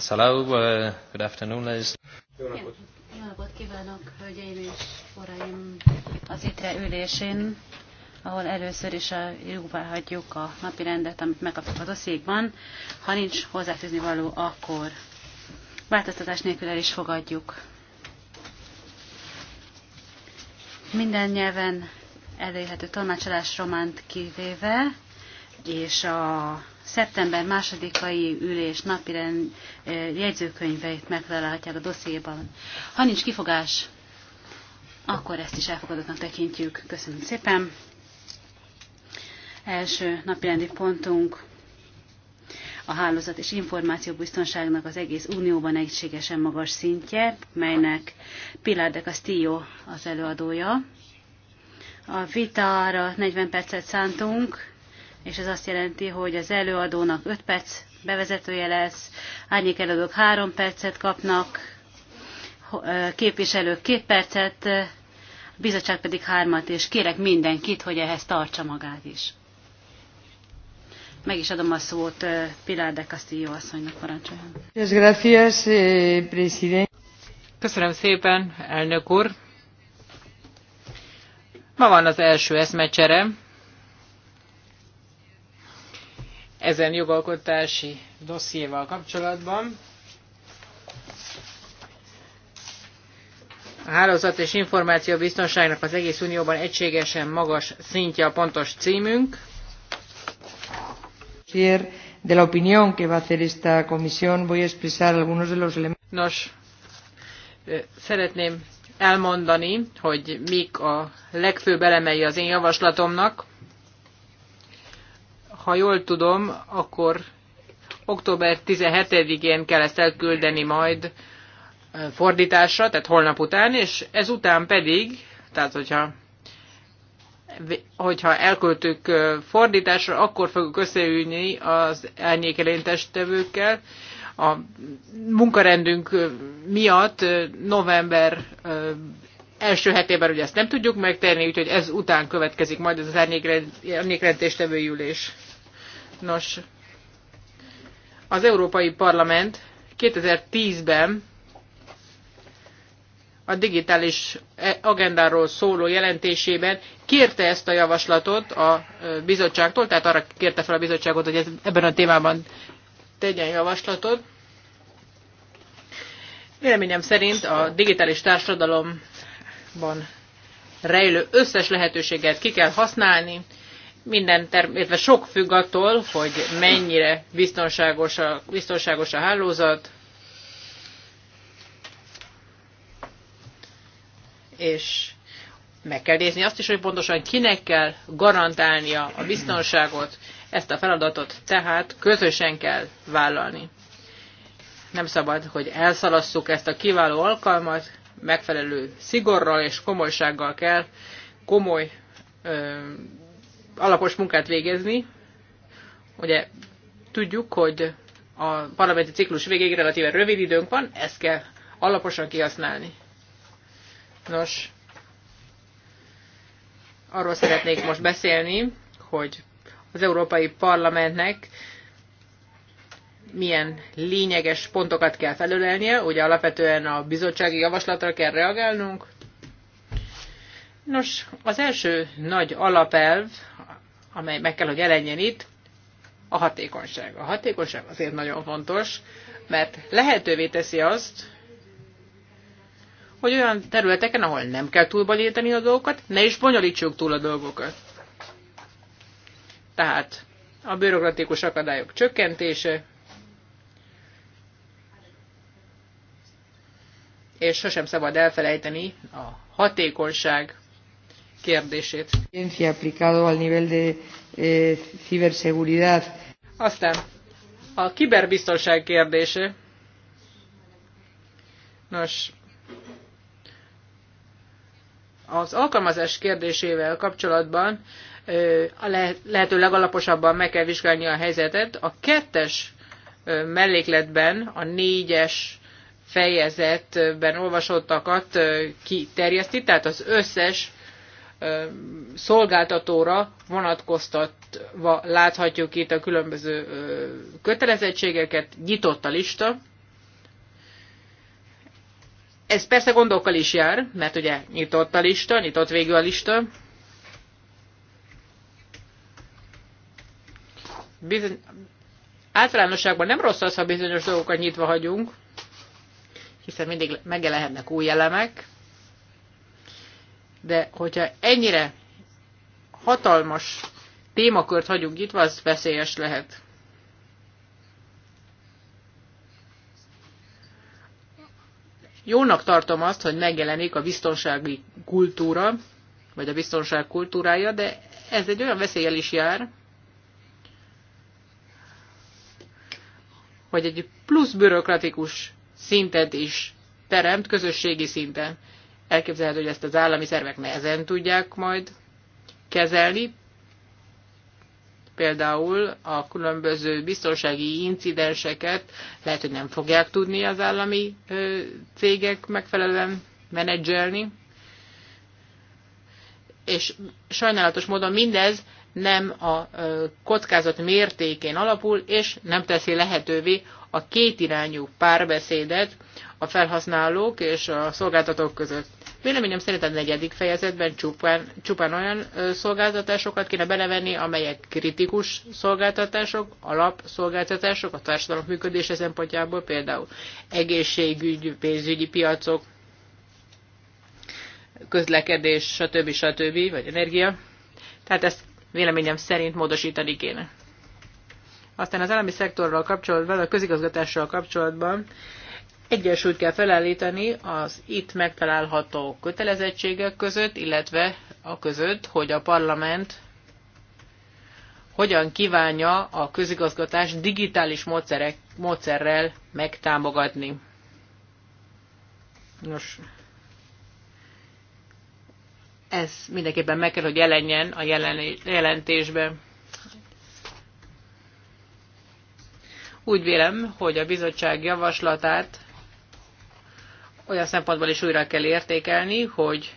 Yes, hello. Uh, good afternoon, ladies. Jó napot. kívánok, hölgyeim és uraim, az ITRE ülésén, ahol először is a, jóvá hagyjuk a napi rendet, amit megkaptuk az oszékban. Ha nincs hozzáfűzni való, akkor változtatás nélkül el is fogadjuk. Minden nyelven elérhető tolmácsolás románt kivéve, és a szeptember másodikai ülés napirend eh, jegyzőkönyveit megtalálhatják a dossziéban. Ha nincs kifogás, akkor ezt is elfogadottnak tekintjük. Köszönöm szépen. Első napirendi pontunk a hálózat és információbiztonságnak az egész unióban egységesen magas szintje, melynek Pilar de Castillo az előadója. A vitára 40 percet szántunk, és ez azt jelenti, hogy az előadónak 5 perc bevezetője lesz, árnyék előadók 3 percet kapnak, képviselők 2 percet, a bizottság pedig 3-at, és kérek mindenkit, hogy ehhez tartsa magát is. Meg is adom a szót Pilar de Castillo asszonynak parancsoljon. Eh, Köszönöm szépen, elnök úr. Ma van az első eszmecsere ezen jogalkotási dossziéval kapcsolatban. A hálózat és információ biztonságnak az egész unióban egységesen magas szintje a pontos címünk. De la opinión que va a hacer esta comisión voy a expresar algunos de los elementos. Nos, szeretném elmondani, hogy mik a legfőbb elemei az én javaslatomnak ha jól tudom, akkor október 17-én kell ezt elküldeni majd fordításra, tehát holnap után, és ezután pedig, tehát hogyha hogyha elküldtük fordításra, akkor fogjuk összeülni az testtevőkkel. A munkarendünk miatt november első hetében ugye ezt nem tudjuk megtenni, úgyhogy ez után következik majd ez az árnyékrendéstevői ülés. Nos, az Európai Parlament 2010-ben a digitális agendáról szóló jelentésében kérte ezt a javaslatot a bizottságtól, tehát arra kérte fel a bizottságot, hogy ebben a témában tegyen javaslatot. Véleményem szerint a digitális társadalomban rejlő összes lehetőséget ki kell használni, minden illetve sok függ attól, hogy mennyire biztonságos a, biztonságos a hálózat, és meg kell nézni azt is, hogy pontosan kinek kell garantálnia a biztonságot, ezt a feladatot tehát közösen kell vállalni. Nem szabad, hogy elszalasszuk ezt a kiváló alkalmat, megfelelő szigorral és komolysággal kell komoly ö, alapos munkát végezni. Ugye tudjuk, hogy a parlamenti ciklus végéig relatíve rövid időnk van, ezt kell alaposan kihasználni. Nos, arról szeretnék most beszélni, hogy az Európai Parlamentnek milyen lényeges pontokat kell felölelnie, ugye alapvetően a bizottsági javaslatra kell reagálnunk, Nos, az első nagy alapelv, amely meg kell, hogy jelenjen itt, a hatékonyság. A hatékonyság azért nagyon fontos, mert lehetővé teszi azt, hogy olyan területeken, ahol nem kell túlbonyolítani a dolgokat, ne is bonyolítsuk túl a dolgokat. Tehát a bürokratikus akadályok csökkentése, és sosem szabad elfelejteni a hatékonyság kérdését. Eh, Aztán a kiberbiztonság kérdése. Nos, az alkalmazás kérdésével kapcsolatban a lehető legalaposabban meg kell vizsgálni a helyzetet. A kettes mellékletben, a négyes fejezetben olvasottakat kiterjeszti, tehát az összes szolgáltatóra vonatkoztatva láthatjuk itt a különböző kötelezettségeket, nyitott a lista. Ez persze gondokkal is jár, mert ugye nyitott a lista, nyitott végül a lista. Bizony, általánosságban nem rossz az, ha bizonyos dolgokat nyitva hagyunk, hiszen mindig megjelenhetnek új elemek, de hogyha ennyire hatalmas témakört hagyunk itt, az veszélyes lehet. Jónak tartom azt, hogy megjelenik a biztonsági kultúra, vagy a biztonság kultúrája, de ez egy olyan veszélyel is jár, hogy egy plusz bürokratikus szintet is teremt közösségi szinten. Elképzelhető, hogy ezt az állami szervek nehezen tudják majd kezelni. Például a különböző biztonsági incidenseket lehet, hogy nem fogják tudni az állami cégek megfelelően menedzselni. És sajnálatos módon mindez nem a kockázat mértékén alapul, és nem teszi lehetővé a kétirányú párbeszédet a felhasználók és a szolgáltatók között. Véleményem szerint a negyedik fejezetben csupán, csupán olyan szolgáltatásokat kéne belevenni, amelyek kritikus szolgáltatások, alapszolgáltatások a társadalom működése szempontjából, például egészségügy, pénzügyi piacok, közlekedés, stb. stb. vagy energia. Tehát ezt véleményem szerint módosítani kéne. Aztán az állami szektorral kapcsolatban, a közigazgatással kapcsolatban Egyensúlyt kell felállítani az itt megtalálható kötelezettségek között, illetve a között, hogy a parlament hogyan kívánja a közigazgatást digitális módszerek, módszerrel megtámogatni. Nos, ez mindenképpen meg kell, hogy jelenjen a jelen, jelentésbe. Úgy vélem, hogy a bizottság javaslatát olyan szempontból is újra kell értékelni, hogy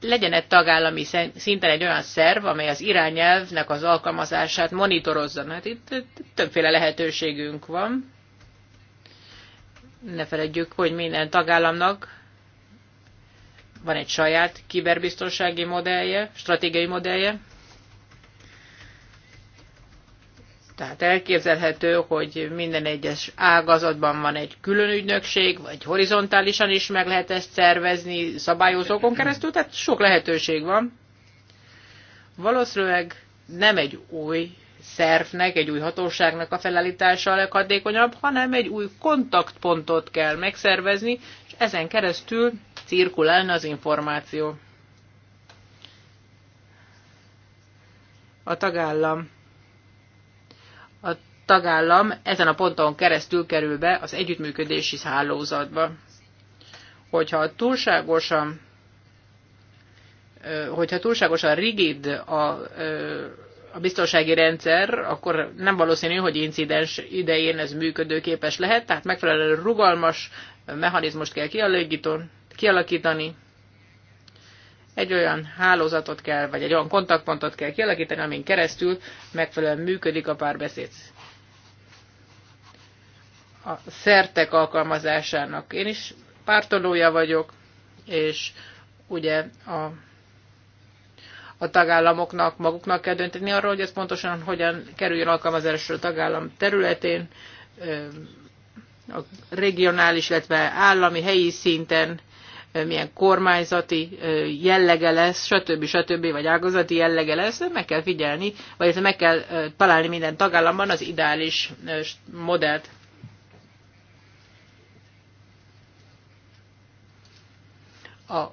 legyen egy tagállami szinten egy olyan szerv, amely az irányelvnek az alkalmazását monitorozza. Hát itt többféle lehetőségünk van. Ne feledjük, hogy minden tagállamnak van egy saját kiberbiztonsági modellje, stratégiai modellje, Tehát elképzelhető, hogy minden egyes ágazatban van egy külön ügynökség, vagy horizontálisan is meg lehet ezt szervezni szabályozókon keresztül, tehát sok lehetőség van. Valószínűleg nem egy új szervnek, egy új hatóságnak a felállítása a leghatékonyabb, hanem egy új kontaktpontot kell megszervezni, és ezen keresztül cirkulálna az információ. A tagállam tagállam ezen a ponton keresztül kerül be az együttműködési hálózatba. Hogyha túlságosan hogyha túlságosan rigid a, a biztonsági rendszer, akkor nem valószínű, hogy incidens idején ez működőképes lehet, tehát megfelelő rugalmas mechanizmust kell kialakítani. Egy olyan hálózatot kell, vagy egy olyan kontaktpontot kell kialakítani, amin keresztül megfelelően működik a párbeszéd a szertek alkalmazásának. Én is pártolója vagyok, és ugye a, a tagállamoknak maguknak kell dönteni arról, hogy ez pontosan hogyan kerüljön alkalmazásra a tagállam területén, a regionális, illetve állami, helyi szinten, milyen kormányzati jellege lesz, stb. stb. vagy ágazati jellege lesz, meg kell figyelni, vagy meg kell találni minden tagállamban az ideális modellt. A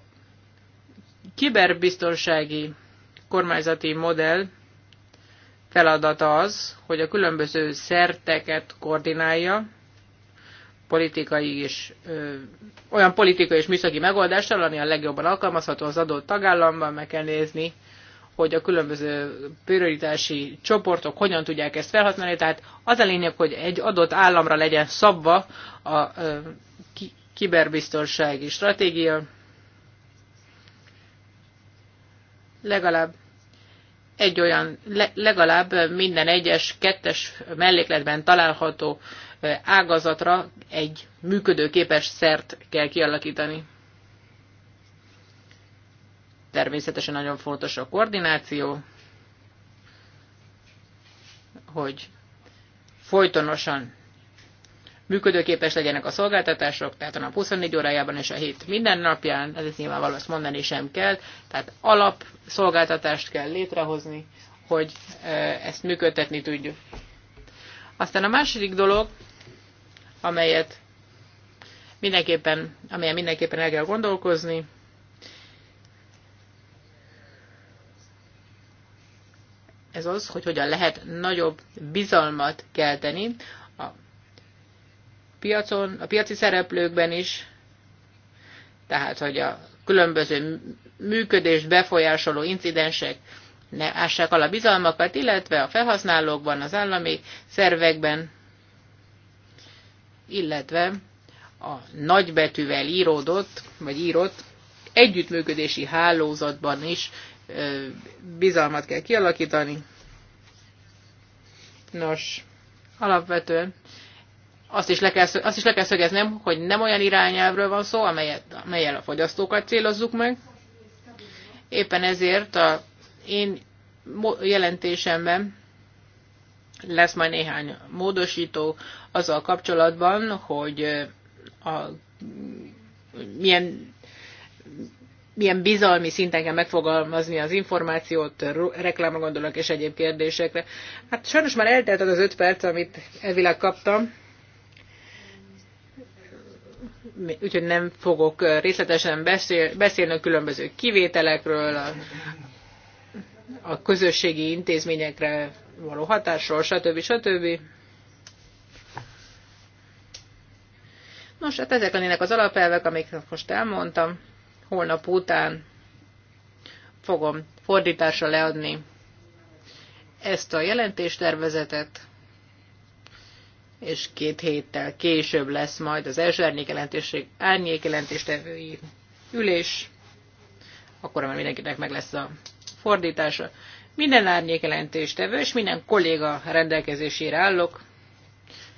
kiberbiztonsági kormányzati modell feladata az, hogy a különböző szerteket koordinálja, politikai és ö, olyan politikai és műszaki megoldással, ami a legjobban alkalmazható az adott tagállamban, meg kell nézni, hogy a különböző prioritási csoportok hogyan tudják ezt felhasználni. Tehát az a lényeg, hogy egy adott államra legyen szabva a ö, ki, kiberbiztonsági stratégia, legalább egy olyan, legalább minden egyes kettes mellékletben található ágazatra egy működőképes szert kell kialakítani. Természetesen nagyon fontos a koordináció, hogy folytonosan működőképes legyenek a szolgáltatások, tehát a nap 24 órájában és a hét minden napján, ez nyilvánvaló, ezt mondani sem kell, tehát alap szolgáltatást kell létrehozni, hogy ezt működtetni tudjuk. Aztán a második dolog, amelyet mindenképpen, amelyen mindenképpen el kell gondolkozni, ez az, hogy hogyan lehet nagyobb bizalmat kelteni piacon, a piaci szereplőkben is, tehát hogy a különböző működést befolyásoló incidensek ne ássák alá bizalmakat, illetve a felhasználókban, az állami szervekben, illetve a nagybetűvel íródott, vagy írott együttműködési hálózatban is bizalmat kell kialakítani. Nos, alapvetően azt is, le kell, azt is le kell szögeznem, hogy nem olyan irányelvről van szó, amelyet, amelyel a fogyasztókat célozzuk meg. Éppen ezért a én jelentésemben lesz majd néhány módosító azzal kapcsolatban, hogy a, milyen, milyen bizalmi szinten kell megfogalmazni az információt, reklámra gondolok és egyéb kérdésekre. Hát sajnos már eltelt az öt perc, amit elvileg kaptam úgyhogy nem fogok részletesen beszél, beszélni a különböző kivételekről, a, a közösségi intézményekre való hatásról, stb. stb. Nos, hát ezek lennének az alapelvek, amiket most elmondtam. Holnap után fogom fordításra leadni ezt a jelentéstervezetet és két héttel később lesz majd az első árnyékjelentőség, árnyékjelentéstevői ülés, akkor már mindenkinek meg lesz a fordítása. Minden árnyékjelentéstevő és minden kolléga rendelkezésére állok,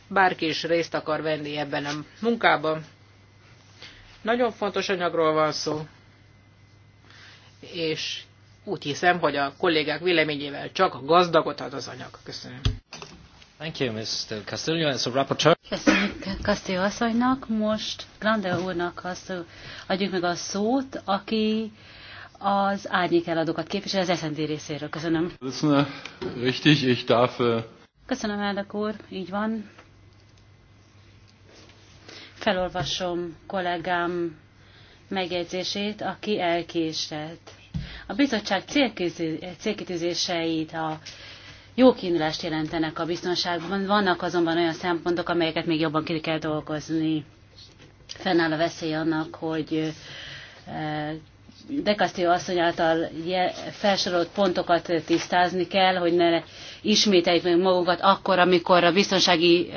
bárki is részt akar venni ebben a munkában. Nagyon fontos anyagról van szó, és úgy hiszem, hogy a kollégák véleményével csak gazdagodhat az anyag. Köszönöm. Thank you, Mr. Castillo, as a rapporteur. Köszönjük Castillo asszonynak. Most Glande úrnak azt adjuk meg a szót, aki az árnyék eladókat képvisel az SZND részéről. Köszönöm. Richtig, ich darf... Äh, Köszönöm, elnök úr, így van. Felolvasom kollégám megjegyzését, aki elkésett. A bizottság célkitűzéseit a jó kiindulást jelentenek a biztonságban, vannak azonban olyan szempontok, amelyeket még jobban ki kell dolgozni. Fennáll a veszély annak, hogy De Castillo asszony által felsorolt pontokat tisztázni kell, hogy ne ismételjük meg magunkat akkor, amikor a biztonsági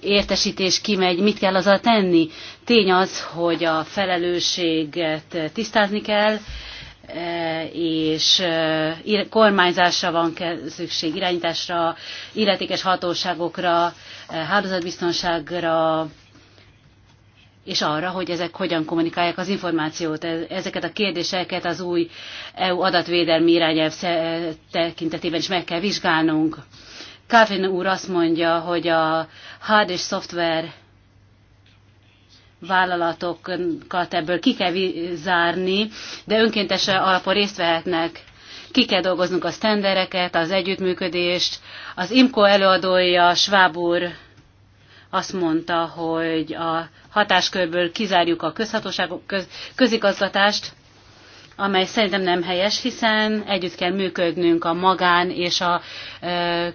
értesítés kimegy, mit kell azzal tenni. Tény az, hogy a felelősséget tisztázni kell, Eh, és eh, kormányzásra van szükség, irányításra, illetékes hatóságokra, eh, hálózatbiztonságra, és arra, hogy ezek hogyan kommunikálják az információt. Ezeket a kérdéseket az új EU adatvédelmi irányelv tekintetében is meg kell vizsgálnunk. Calvin úr azt mondja, hogy a hard és szoftver vállalatokat ebből ki kell zárni, de önkéntes alapon részt vehetnek. Ki kell dolgoznunk a sztendereket, az együttműködést. Az IMCO előadója, Schwab úr, azt mondta, hogy a hatáskörből kizárjuk a közhatóságok, köz, közigazgatást, amely szerintem nem helyes, hiszen együtt kell működnünk a magán és a e,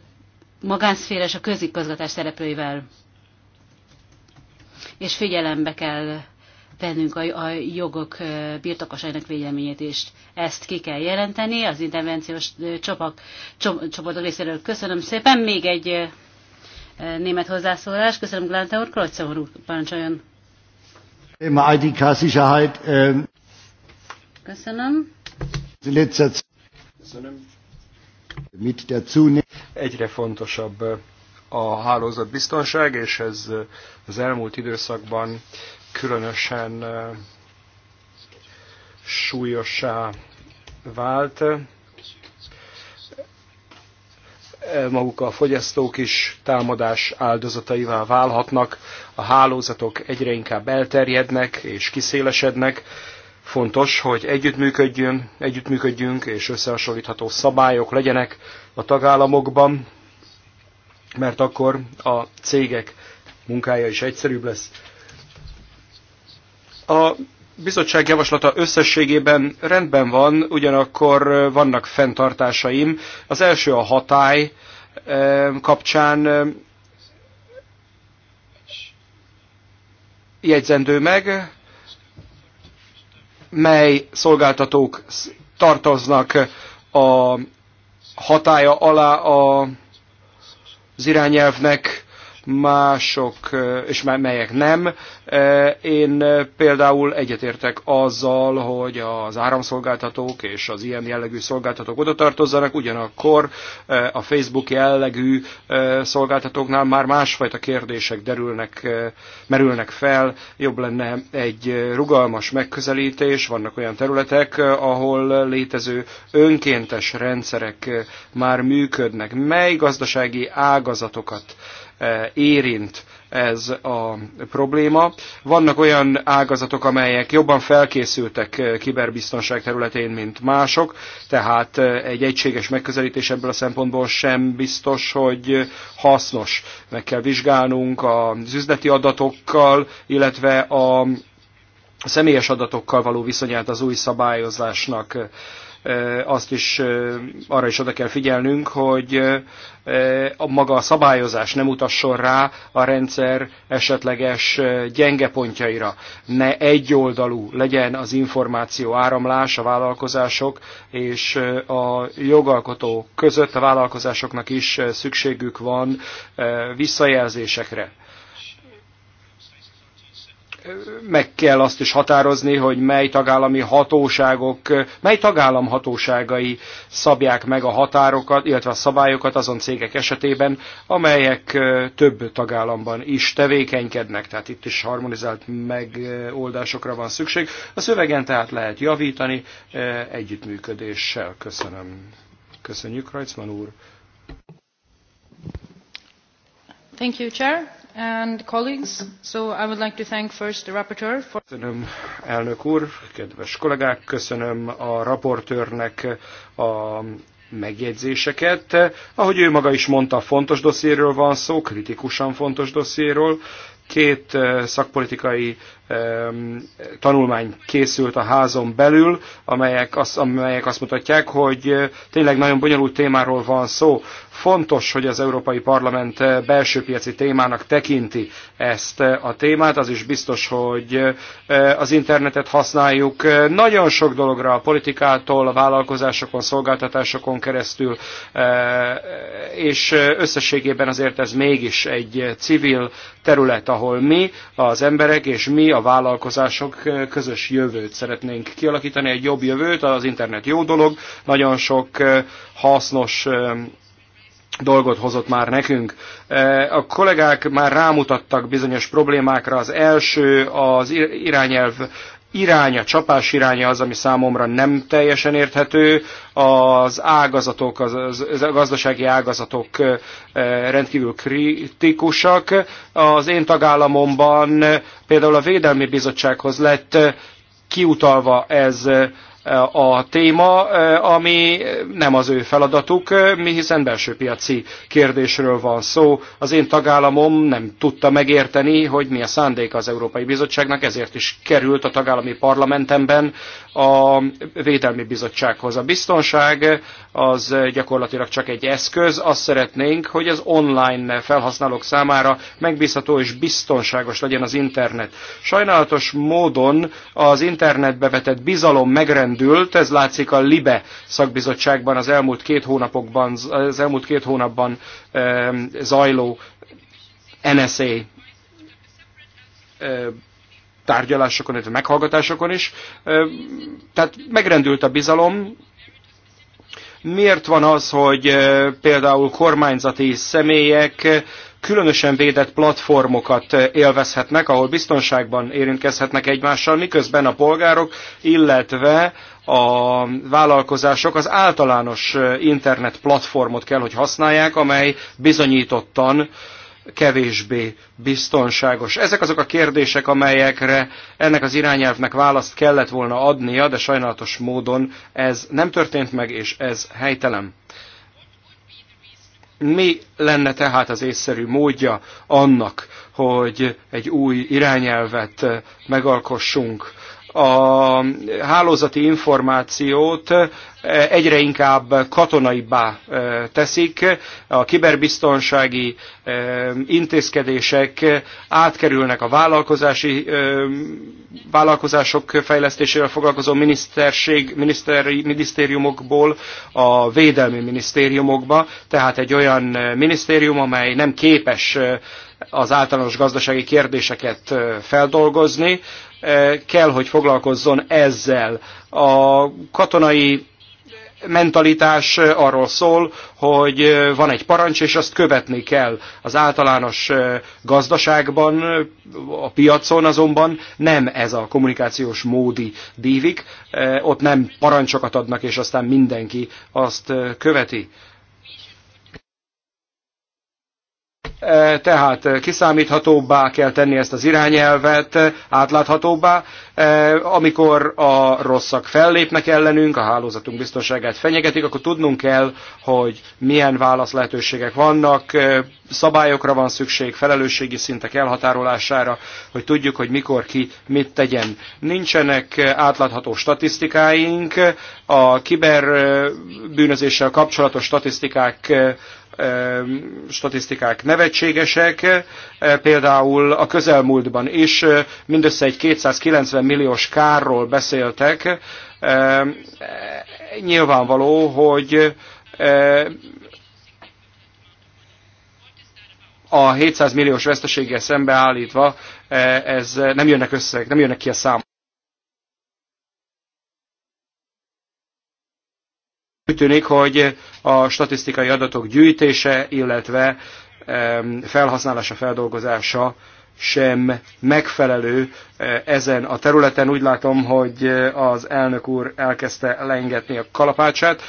magánszféra és a közigazgatás szereplőivel és figyelembe kell tennünk a, a jogok birtokosainak véleményét is. Ezt ki kell jelenteni az intervenciós csopak, csoportok részéről. Köszönöm szépen. Még egy német hozzászólás. Köszönöm, Glánta úr. Krojca úr, parancsoljon. Äh, Köszönöm. Köszönöm. Egyre fontosabb a hálózatbiztonság, és ez az elmúlt időszakban különösen súlyossá vált. E, maguk a fogyasztók is támadás áldozataivá válhatnak, a hálózatok egyre inkább elterjednek és kiszélesednek. Fontos, hogy együttműködjön, együttműködjünk és összehasonlítható szabályok legyenek a tagállamokban mert akkor a cégek munkája is egyszerűbb lesz. A bizottság javaslata összességében rendben van, ugyanakkor vannak fenntartásaim. Az első a hatály kapcsán jegyzendő meg, mely szolgáltatók tartoznak a hatája alá a az irányelvnek mások, és melyek nem. Én például egyetértek azzal, hogy az áramszolgáltatók és az ilyen jellegű szolgáltatók oda tartozzanak, ugyanakkor a Facebook jellegű szolgáltatóknál már másfajta kérdések derülnek, merülnek fel. Jobb lenne egy rugalmas megközelítés, vannak olyan területek, ahol létező önkéntes rendszerek már működnek. Mely gazdasági ágazatokat érint ez a probléma. Vannak olyan ágazatok, amelyek jobban felkészültek eh, kiberbiztonság területén, mint mások, tehát eh, egy egységes megközelítés ebből a szempontból sem biztos, hogy eh, hasznos. Meg kell vizsgálnunk az üzleti adatokkal, illetve a személyes adatokkal való viszonyát az új szabályozásnak azt is arra is oda kell figyelnünk, hogy a maga a szabályozás nem utasson rá a rendszer esetleges gyenge pontjaira. Ne egyoldalú legyen az információ áramlás a vállalkozások és a jogalkotó között a vállalkozásoknak is szükségük van visszajelzésekre meg kell azt is határozni, hogy mely tagállami hatóságok, mely tagállam hatóságai szabják meg a határokat, illetve a szabályokat azon cégek esetében, amelyek több tagállamban is tevékenykednek. Tehát itt is harmonizált megoldásokra van szükség. A szövegen tehát lehet javítani együttműködéssel. Köszönöm. Köszönjük, Rajcman úr. Thank you, Chair and colleagues. So I would like to thank first the rapporteur for... Köszönöm, elnök úr, kedves kollégák, köszönöm a raportőrnek a megjegyzéseket. Ahogy ő maga is mondta, fontos dossziéről van szó, kritikusan fontos dossziéről, Két szakpolitikai tanulmány készült a házon belül, amelyek azt, amelyek azt mutatják, hogy tényleg nagyon bonyolult témáról van szó. Fontos, hogy az Európai Parlament belső piaci témának tekinti ezt a témát. Az is biztos, hogy az internetet használjuk nagyon sok dologra, a politikától, a vállalkozásokon, szolgáltatásokon keresztül, és összességében azért ez mégis egy civil terület ahol mi, az emberek és mi, a vállalkozások eh, közös jövőt szeretnénk kialakítani, egy jobb jövőt, az internet jó dolog, nagyon sok eh, hasznos eh, dolgot hozott már nekünk. A kollégák már rámutattak bizonyos problémákra. Az első az irányelv iránya, csapás iránya az, ami számomra nem teljesen érthető. Az ágazatok, az, az gazdasági ágazatok rendkívül kritikusak. Az én tagállamomban például a Védelmi Bizottsághoz lett kiutalva ez a téma, eh, ami nem az ő feladatuk, eh, mi hiszen belső piaci kérdésről van szó. Az én tagállamom nem tudta megérteni, hogy mi a szándék az Európai Bizottságnak, ezért is került a tagállami parlamentemben a Védelmi Bizottsághoz. A biztonság az gyakorlatilag csak egy eszköz. Azt szeretnénk, hogy az online felhasználók számára megbízható és biztonságos legyen az internet. Sajnálatos módon az internetbe vetett bizalom megrendült, ez látszik a LIBE szakbizottságban az elmúlt két hónapokban, az elmúlt két hónapban ehm, zajló NSA ehm, tárgyalásokon, illetve meghallgatásokon is. Tehát megrendült a bizalom. Miért van az, hogy például kormányzati személyek különösen védett platformokat élvezhetnek, ahol biztonságban érintkezhetnek egymással, miközben a polgárok, illetve a vállalkozások az általános internet platformot kell, hogy használják, amely bizonyítottan kevésbé biztonságos. Ezek azok a kérdések, amelyekre ennek az irányelvnek választ kellett volna adnia, de sajnálatos módon ez nem történt meg, és ez helytelen. Mi lenne tehát az észszerű módja annak, hogy egy új irányelvet megalkossunk? a hálózati információt eh, egyre inkább katonaibbá eh, teszik, a kiberbiztonsági eh, intézkedések átkerülnek a vállalkozási, vállalkozások fejlesztésével foglalkozó miniszterség, miniszteri, minisztériumokból a védelmi minisztériumokba, tehát egy olyan minisztérium, amely nem képes az általános gazdasági kérdéseket feldolgozni, Eh, kell, hogy foglalkozzon ezzel. A katonai mentalitás eh, arról szól, hogy eh, van egy parancs, és azt követni kell. Az általános gazdaságban, a piacon azonban nem ez a kommunikációs módi dívik, ott nem parancsokat adnak, és aztán mindenki azt követi. E, tehát e, kiszámíthatóbbá kell tenni ezt az irányelvet, e, átláthatóbbá, amikor a rosszak fellépnek ellenünk, a hálózatunk biztonságát fenyegetik, akkor tudnunk kell, hogy milyen válasz lehetőségek vannak, szabályokra van szükség, felelősségi szintek elhatárolására, hogy tudjuk, hogy mikor ki mit tegyen. Nincsenek átlátható statisztikáink, a kiberbűnözéssel kapcsolatos statisztikák statisztikák nevetségesek, például a közelmúltban is mindössze egy 290 milliós kárról beszéltek. Nyilvánvaló, hogy a 700 milliós veszteséggel szembeállítva ez nem jönnek össze, nem jönnek ki a számok. Úgy tűnik, hogy a statisztikai adatok gyűjtése, illetve felhasználása, feldolgozása sem megfelelő e, ezen a területen. Úgy látom, hogy az elnök úr elkezdte lengetni a kalapácsát.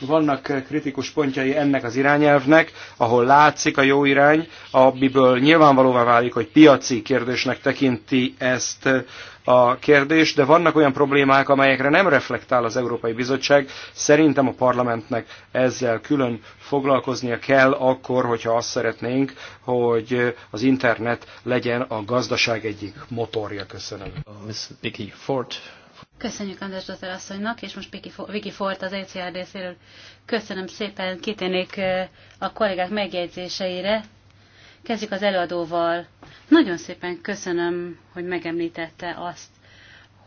Vannak eh, kritikus pontjai ennek az irányelvnek, ahol látszik a jó irány, amiből nyilvánvalóvá válik, hogy piaci kérdésnek tekinti ezt eh, a kérdést, de vannak olyan problémák, amelyekre nem reflektál az Európai Bizottság. Szerintem a parlamentnek ezzel külön foglalkoznia kell akkor, hogyha azt szeretnénk, hogy eh, az internet legyen a gazdaság egyik motorja. Köszönöm. Uh, Miss Vicky Ford. Köszönjük András Dozer asszonynak, és most Viki Fort az ECR részéről. Köszönöm szépen, kitérnék a kollégák megjegyzéseire. Kezdjük az előadóval. Nagyon szépen köszönöm, hogy megemlítette azt,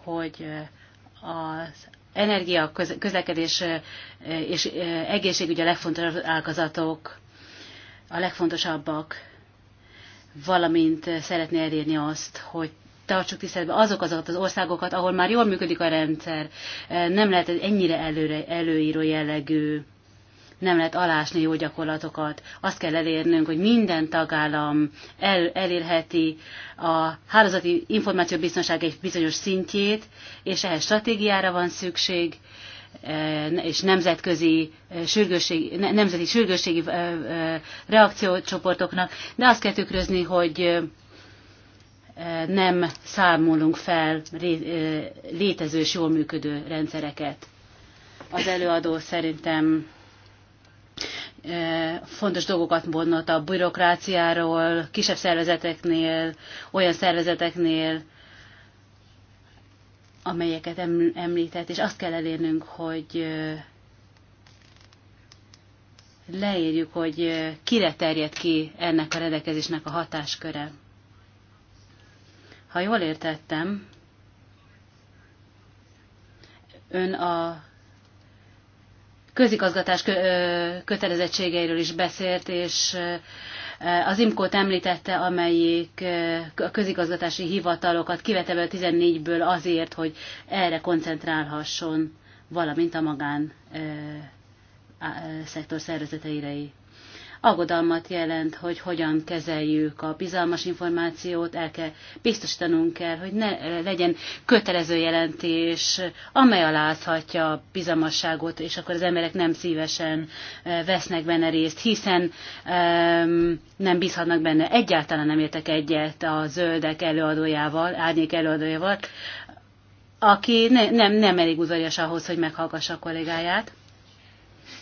hogy az energia, közlekedés és egészségügy a legfontosabb ágazatok, a legfontosabbak, valamint szeretné elérni azt, hogy tartsuk tiszteletben azok azokat az országokat, ahol már jól működik a rendszer, e, nem lehet ennyire előre, előíró jellegű, nem lehet alásni jó gyakorlatokat. Azt kell elérnünk, hogy minden tagállam el, elérheti a hálózati információbiztonság egy bizonyos szintjét, és ehhez stratégiára van szükség, e, és nemzetközi e, sürgősség, nemzeti sürgősségi reakciócsoportoknak, de azt kell tükrözni, hogy nem számolunk fel létező és jól működő rendszereket. Az előadó szerintem fontos dolgokat mondott a bürokráciáról, kisebb szervezeteknél, olyan szervezeteknél, amelyeket említett, és azt kell elérnünk, hogy leírjuk, hogy kire terjed ki ennek a rendelkezésnek a hatásköre. Ha jól értettem, ön a közigazgatás kötelezettségeiről is beszélt, és az IMKO-t említette, amelyik a közigazgatási hivatalokat kivette a 14-ből azért, hogy erre koncentrálhasson, valamint a magán szektor szervezeteirei aggodalmat jelent, hogy hogyan kezeljük a bizalmas információt, el kell biztosítanunk kell, hogy ne eh, legyen kötelező jelentés, amely alázhatja a bizalmasságot, és akkor az emberek nem szívesen eh, vesznek benne részt, hiszen um, nem bízhatnak benne. Egyáltalán nem értek egyet a zöldek előadójával, árnyék előadójával, aki ne, nem, nem elég udvarias ahhoz, hogy meghallgassa a kollégáját.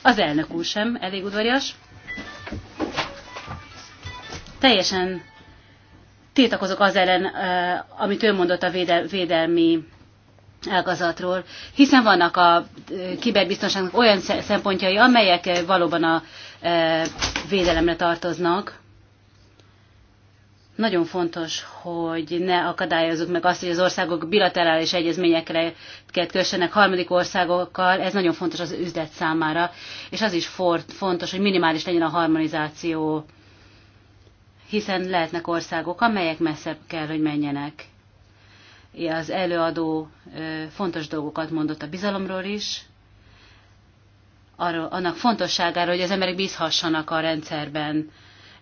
Az elnök úr sem elég udvarias teljesen tiltakozok az ellen, amit ő mondott a védelmi elgazatról, hiszen vannak a kiberbiztonságnak olyan szempontjai, amelyek valóban a védelemre tartoznak. Nagyon fontos, hogy ne akadályozzuk meg azt, hogy az országok bilaterális egyezményekre kössenek harmadik országokkal. Ez nagyon fontos az üzlet számára, és az is fontos, hogy minimális legyen a harmonizáció hiszen lehetnek országok, amelyek messzebb kell, hogy menjenek. Az előadó fontos dolgokat mondott a bizalomról is, arról, annak fontosságára, hogy az emberek bízhassanak a rendszerben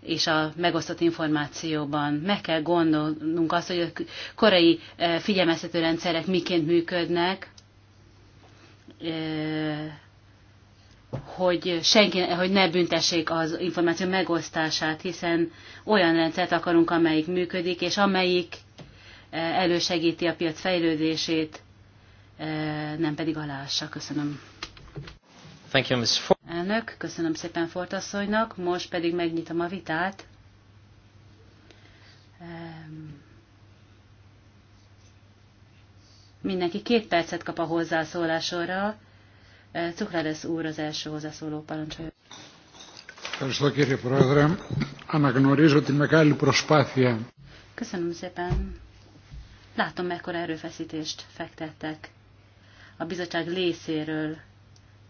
és a megosztott információban. Meg kell gondolnunk azt, hogy a korai figyelmeztető rendszerek miként működnek, hogy, senki, hogy ne büntessék az információ megosztását, hiszen olyan rendszert akarunk, amelyik működik, és amelyik eh, elősegíti a piac fejlődését, eh, nem pedig alássa. Köszönöm. Thank you, Ms. For Elnök, köszönöm szépen Fortasszonynak, most pedig megnyitom a vitát. Mindenki két percet kap a hozzászólásra Cukrádesz úr az első hozzászóló parancsolja. Köszönöm szépen. Látom, mekkora erőfeszítést fektettek a bizottság részéről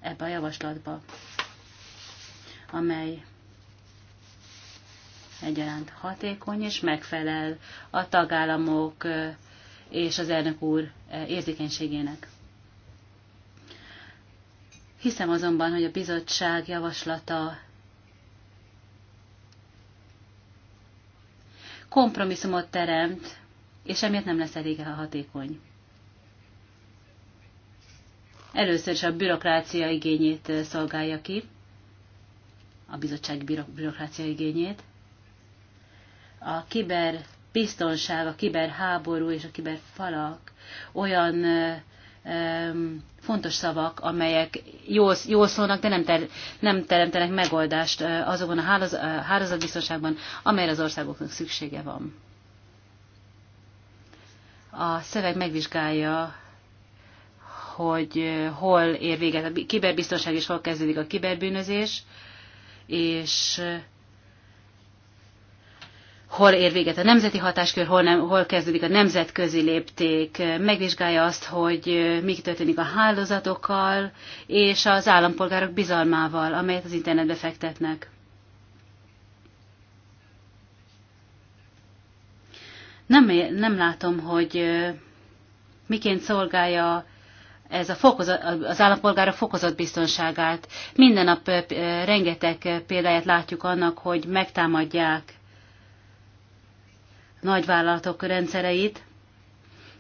ebbe a javaslatba, amely egyaránt hatékony és megfelel a tagállamok és az elnök úr érzékenységének. Hiszem azonban, hogy a bizottság javaslata kompromisszumot teremt, és emiatt nem lesz elég hatékony. Először is a bürokrácia igényét szolgálja ki, a bizottság bürokrácia igényét. A kiberbiztonság, a kiberháború és a kiberfalak olyan fontos szavak, amelyek jól, jól szólnak, de nem, ter, nem teremtenek megoldást eh, azokon a hálaz, eh, hálózatbiztonságban, amelyre az országoknak szüksége van. A szöveg megvizsgálja, hogy eh, hol ér véget a kiberbiztonság és hol kezdődik a kiberbűnözés, és hol ér véget a nemzeti hatáskör, hol, nem, hol kezdődik a nemzetközi lépték, megvizsgálja azt, hogy mi történik a hálózatokkal és az állampolgárok bizalmával, amelyet az internetbe fektetnek. Nem, nem látom, hogy miként szolgálja ez a fokozat, az állampolgárok fokozott biztonságát. Minden nap rengeteg példáját látjuk annak, hogy megtámadják nagyvállalatok rendszereit,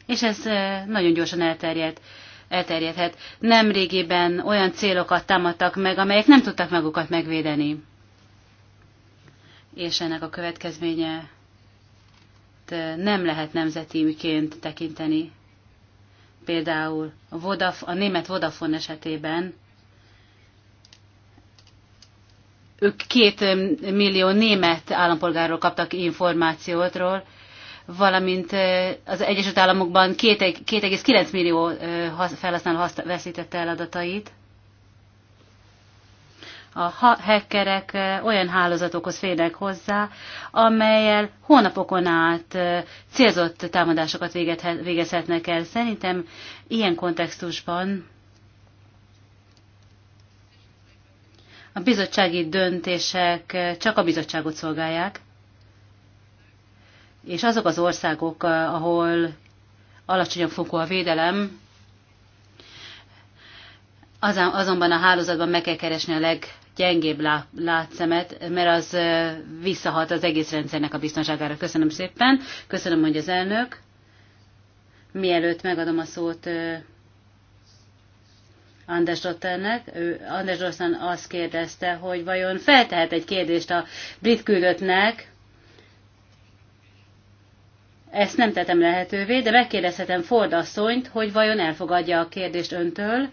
és ez eh, nagyon gyorsan elterjedt elterjedhet. Nemrégiben olyan célokat támadtak meg, amelyek nem tudtak magukat megvédeni. És ennek a következménye eh, nem lehet nemzetiként tekinteni. Például a, Vodaf, a német Vodafone esetében ők két millió német állampolgárról kaptak információtról, valamint eh, az Egyesült Államokban 2,9 millió eh, felhasználó veszítette el adatait. A hackerek eh, olyan hálózatokhoz férnek hozzá, amelyel hónapokon át célzott támadásokat végezhetnek el. Szerintem ilyen kontextusban a bizottsági döntések csak a bizottságot szolgálják, és azok az országok, ahol alacsonyabb fokú a védelem, azonban a hálózatban meg kell keresni a leggyengébb látszemet, mert az visszahat az egész rendszernek a biztonságára. Köszönöm szépen, köszönöm, hogy az elnök. Mielőtt megadom a szót Anders Rottennek. Ő, Anders Rotten azt kérdezte, hogy vajon feltehet egy kérdést a brit küldöttnek, ezt nem tettem lehetővé, de megkérdezhetem Ford asszonyt, hogy vajon elfogadja a kérdést öntől,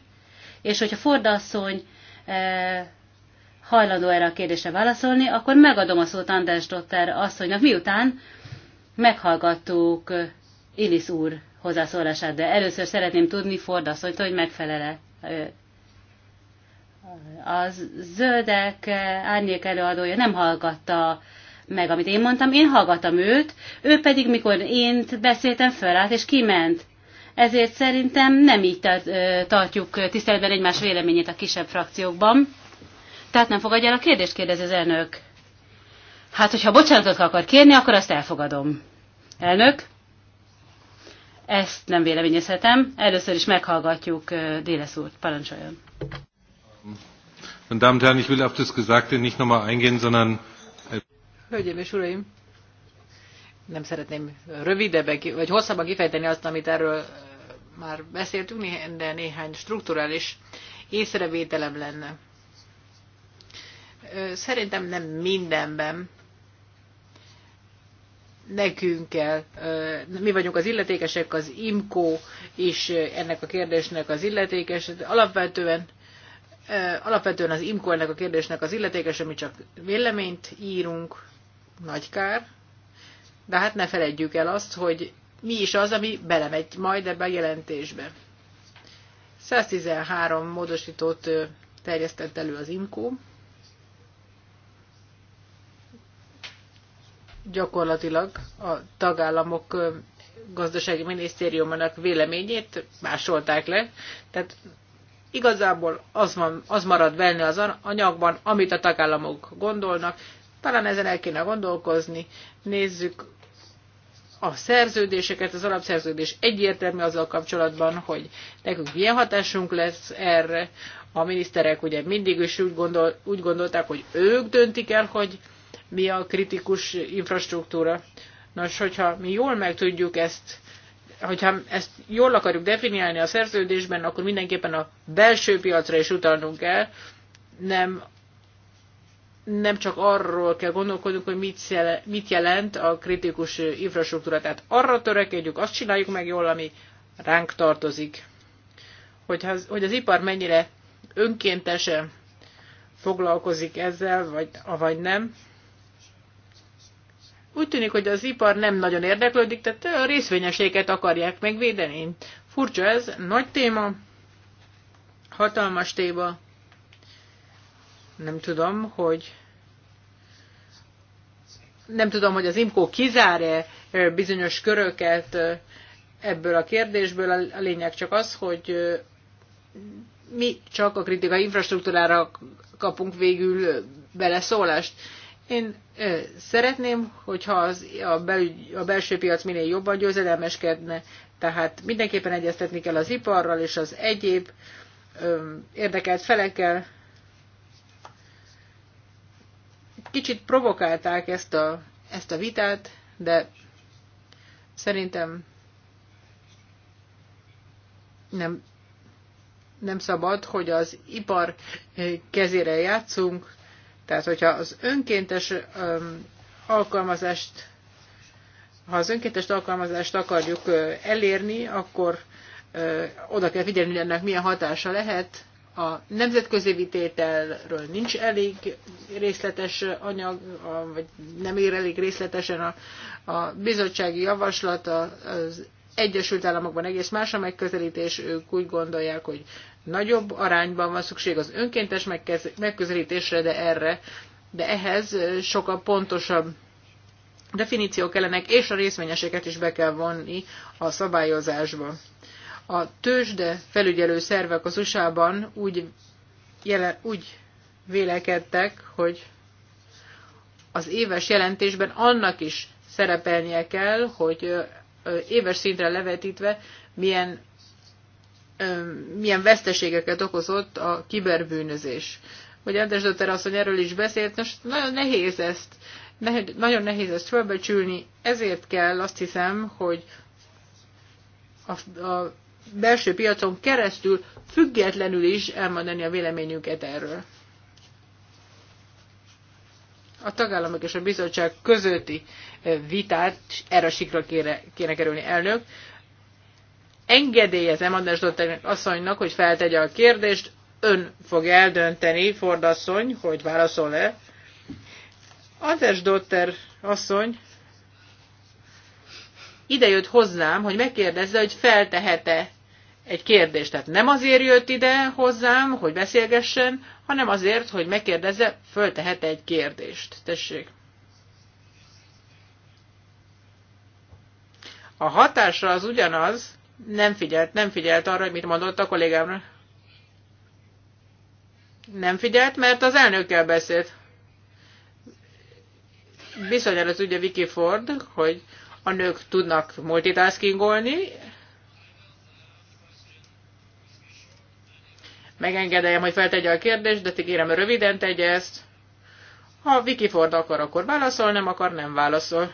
és hogyha Ford asszony e, hajlandó erre a kérdésre válaszolni, akkor megadom a szót Anders Dotter asszonynak, miután meghallgattuk Illis úr hozzászólását, de először szeretném tudni Ford asszonyt, hogy megfelele a zöldek árnyék előadója nem hallgatta meg, amit én mondtam, én hallgattam őt, ő pedig, mikor én beszéltem, fölállt és kiment. Ezért szerintem nem így tartjuk tiszteletben egymás véleményét a kisebb frakciókban. Tehát nem fogadja el a kérdést, kérdez az elnök. Hát, hogyha bocsánatot akar kérni, akkor azt elfogadom. Elnök? Ezt nem véleményezhetem. Először is meghallgatjuk Déles úr. Parancsoljon. Meine Damen und Herren, ich will auf das Gesagte nicht nochmal eingehen, sondern... Äh, Hölgyeim és Uraim, nem szeretném rövidebben, vagy hosszabban kifejteni azt, amit erről már beszéltünk, de néhány strukturális észrevételem lenne. Szerintem nem mindenben nekünk kell, mi vagyunk az illetékesek, az IMCO is ennek a kérdésnek az illetékes. Alapvetően, alapvetően az IMCO ennek a kérdésnek az illetékes, mi csak véleményt írunk, nagy kár, de hát ne feledjük el azt, hogy mi is az, ami belemegy majd ebbe a jelentésbe. 113 módosítót terjesztett elő az IMCO, gyakorlatilag a tagállamok gazdasági minisztériumának véleményét másolták le. Tehát igazából az, van, az marad benne az anyagban, amit a tagállamok gondolnak. Talán ezen el kéne gondolkozni. Nézzük a szerződéseket, az alapszerződés egyértelmű azzal kapcsolatban, hogy nekünk milyen hatásunk lesz erre. A miniszterek ugye mindig is úgy, gondol, úgy gondolták, hogy ők döntik el, hogy mi a kritikus infrastruktúra. Nos, hogyha mi jól meg tudjuk ezt, hogyha ezt jól akarjuk definiálni a szerződésben, akkor mindenképpen a belső piacra is utalnunk kell, nem, nem csak arról kell gondolkodnunk, hogy mit jelent a kritikus infrastruktúra. Tehát arra törekedjük, azt csináljuk meg jól, ami ránk tartozik. Hogy az, hogy az ipar mennyire önkéntesen foglalkozik ezzel, vagy, vagy nem, úgy tűnik, hogy az ipar nem nagyon érdeklődik, tehát a részvényeséget akarják megvédeni. Furcsa ez, nagy téma, hatalmas téma. Nem tudom, hogy nem tudom, hogy az IMCO kizár-e bizonyos köröket ebből a kérdésből. A lényeg csak az, hogy mi csak a kritika infrastruktúrára kapunk végül beleszólást. Én ö, szeretném, hogyha az, a, belügy, a belső piac minél jobban győzelemeskedne, tehát mindenképpen egyeztetni kell az iparral és az egyéb ö, érdekelt felekkel. Kicsit provokálták ezt a, ezt a vitát, de szerintem nem, nem szabad, hogy az ipar kezére játszunk, tehát, hogyha az önkéntes alkalmazást, ha az önkéntes alkalmazást akarjuk elérni, akkor oda kell figyelni, hogy ennek milyen hatása lehet. A nemzetközi vitételről nincs elég részletes anyag, vagy nem ér elég részletesen a, a bizottsági javaslat, az Egyesült Államokban egész más a megközelítés, ők úgy gondolják, hogy Nagyobb arányban van szükség az önkéntes megközelítésre, de erre, de ehhez sokkal pontosabb definíciók kellenek, és a részvényeseket is be kell vonni a szabályozásba. A tőzsde felügyelő szervek az USA-ban úgy, jele, úgy vélekedtek, hogy az éves jelentésben annak is szerepelnie kell, hogy éves szintre levetítve milyen milyen veszteségeket okozott a kiberbűnözés. Hogy András Dötter asszony erről is beszélt, most nagyon nehéz ezt, nagyon nehéz ezt fölbecsülni, ezért kell azt hiszem, hogy a, a belső piacon keresztül függetlenül is elmondani a véleményünket erről. A tagállamok és a bizottság közötti vitát erre a sikra kéne, kéne kerülni elnök engedélyezem Anders Dotternek asszonynak, hogy feltegye a kérdést, ön fog eldönteni, Ford asszony, hogy válaszol-e. Anders Dotter asszony idejött hozzám, hogy megkérdezze, hogy feltehet-e egy kérdést. Tehát nem azért jött ide hozzám, hogy beszélgessen, hanem azért, hogy megkérdezze, föltehet -e egy kérdést. Tessék. A hatása az ugyanaz, nem figyelt, nem figyelt arra, hogy mit mondott a kollégámra. Nem figyelt, mert az elnökkel beszélt. Bizonyára az ugye Vicky Ford, hogy a nők tudnak multitaskingolni. Megengedem, hogy feltegye a kérdést, de kérem, röviden tegye ezt. Ha Vicky Ford akar, akkor válaszol, nem akar, nem válaszol.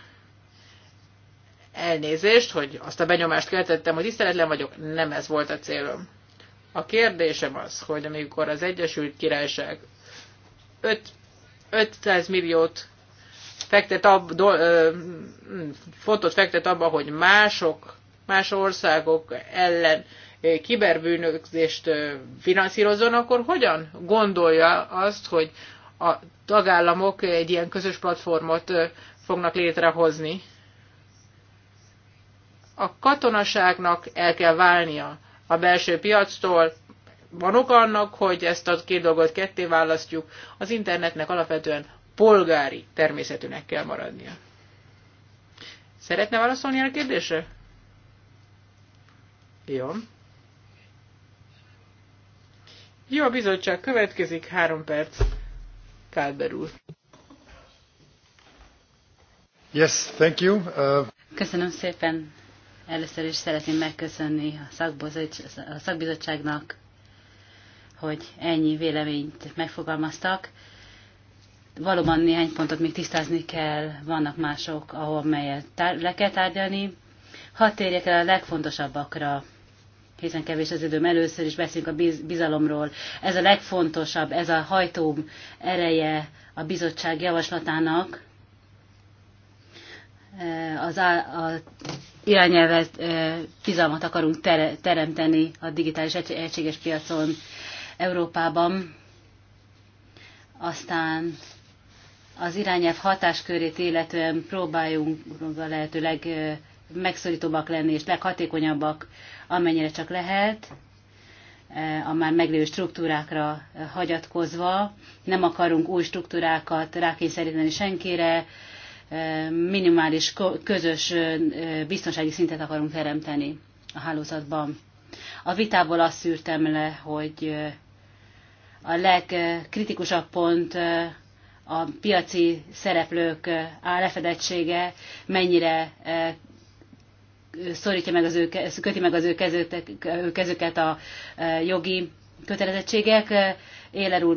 Elnézést, hogy azt a benyomást keltettem, hogy tiszteletlen vagyok, nem ez volt a célom. A kérdésem az, hogy amikor az Egyesült Királyság 5, 500 milliót fektet ab, do, ö, mm, fontot fektet abba, hogy mások, más országok ellen kiberbűnözést finanszírozzon, akkor hogyan gondolja azt, hogy a tagállamok egy ilyen közös platformot fognak létrehozni? a katonaságnak el kell válnia a belső piactól, van oka annak, hogy ezt a két dolgot ketté választjuk, az internetnek alapvetően polgári természetűnek kell maradnia. Szeretne válaszolni a kérdésre? Jó. Jó, a bizottság következik, három perc. Kálber úr. Yes, thank you. Uh... Köszönöm szépen. Először is szeretném megköszönni a, a szakbizottságnak, hogy ennyi véleményt megfogalmaztak. Valóban néhány pontot még tisztázni kell, vannak mások, ahol melyet le kell tárgyalni. Hadd térjek el a legfontosabbakra, hiszen kevés az időm, először is beszélünk a biz bizalomról. Ez a legfontosabb, ez a hajtó ereje a bizottság javaslatának, eh, az a, a irányelvet, bizalmat akarunk teremteni a digitális egységes piacon Európában. Aztán az irányelv hatáskörét illetően próbáljunk a lehető legmegszorítóbbak lenni és leghatékonyabbak, amennyire csak lehet, a már meglévő struktúrákra hagyatkozva. Nem akarunk új struktúrákat rákényszeríteni senkire, minimális közös biztonsági szintet akarunk teremteni a hálózatban. A vitából azt szűrtem le, hogy a legkritikusabb pont a piaci szereplők lefedettsége mennyire szorítja meg az ő, köti meg az ő, kezüket a jogi kötelezettségek. Éler úr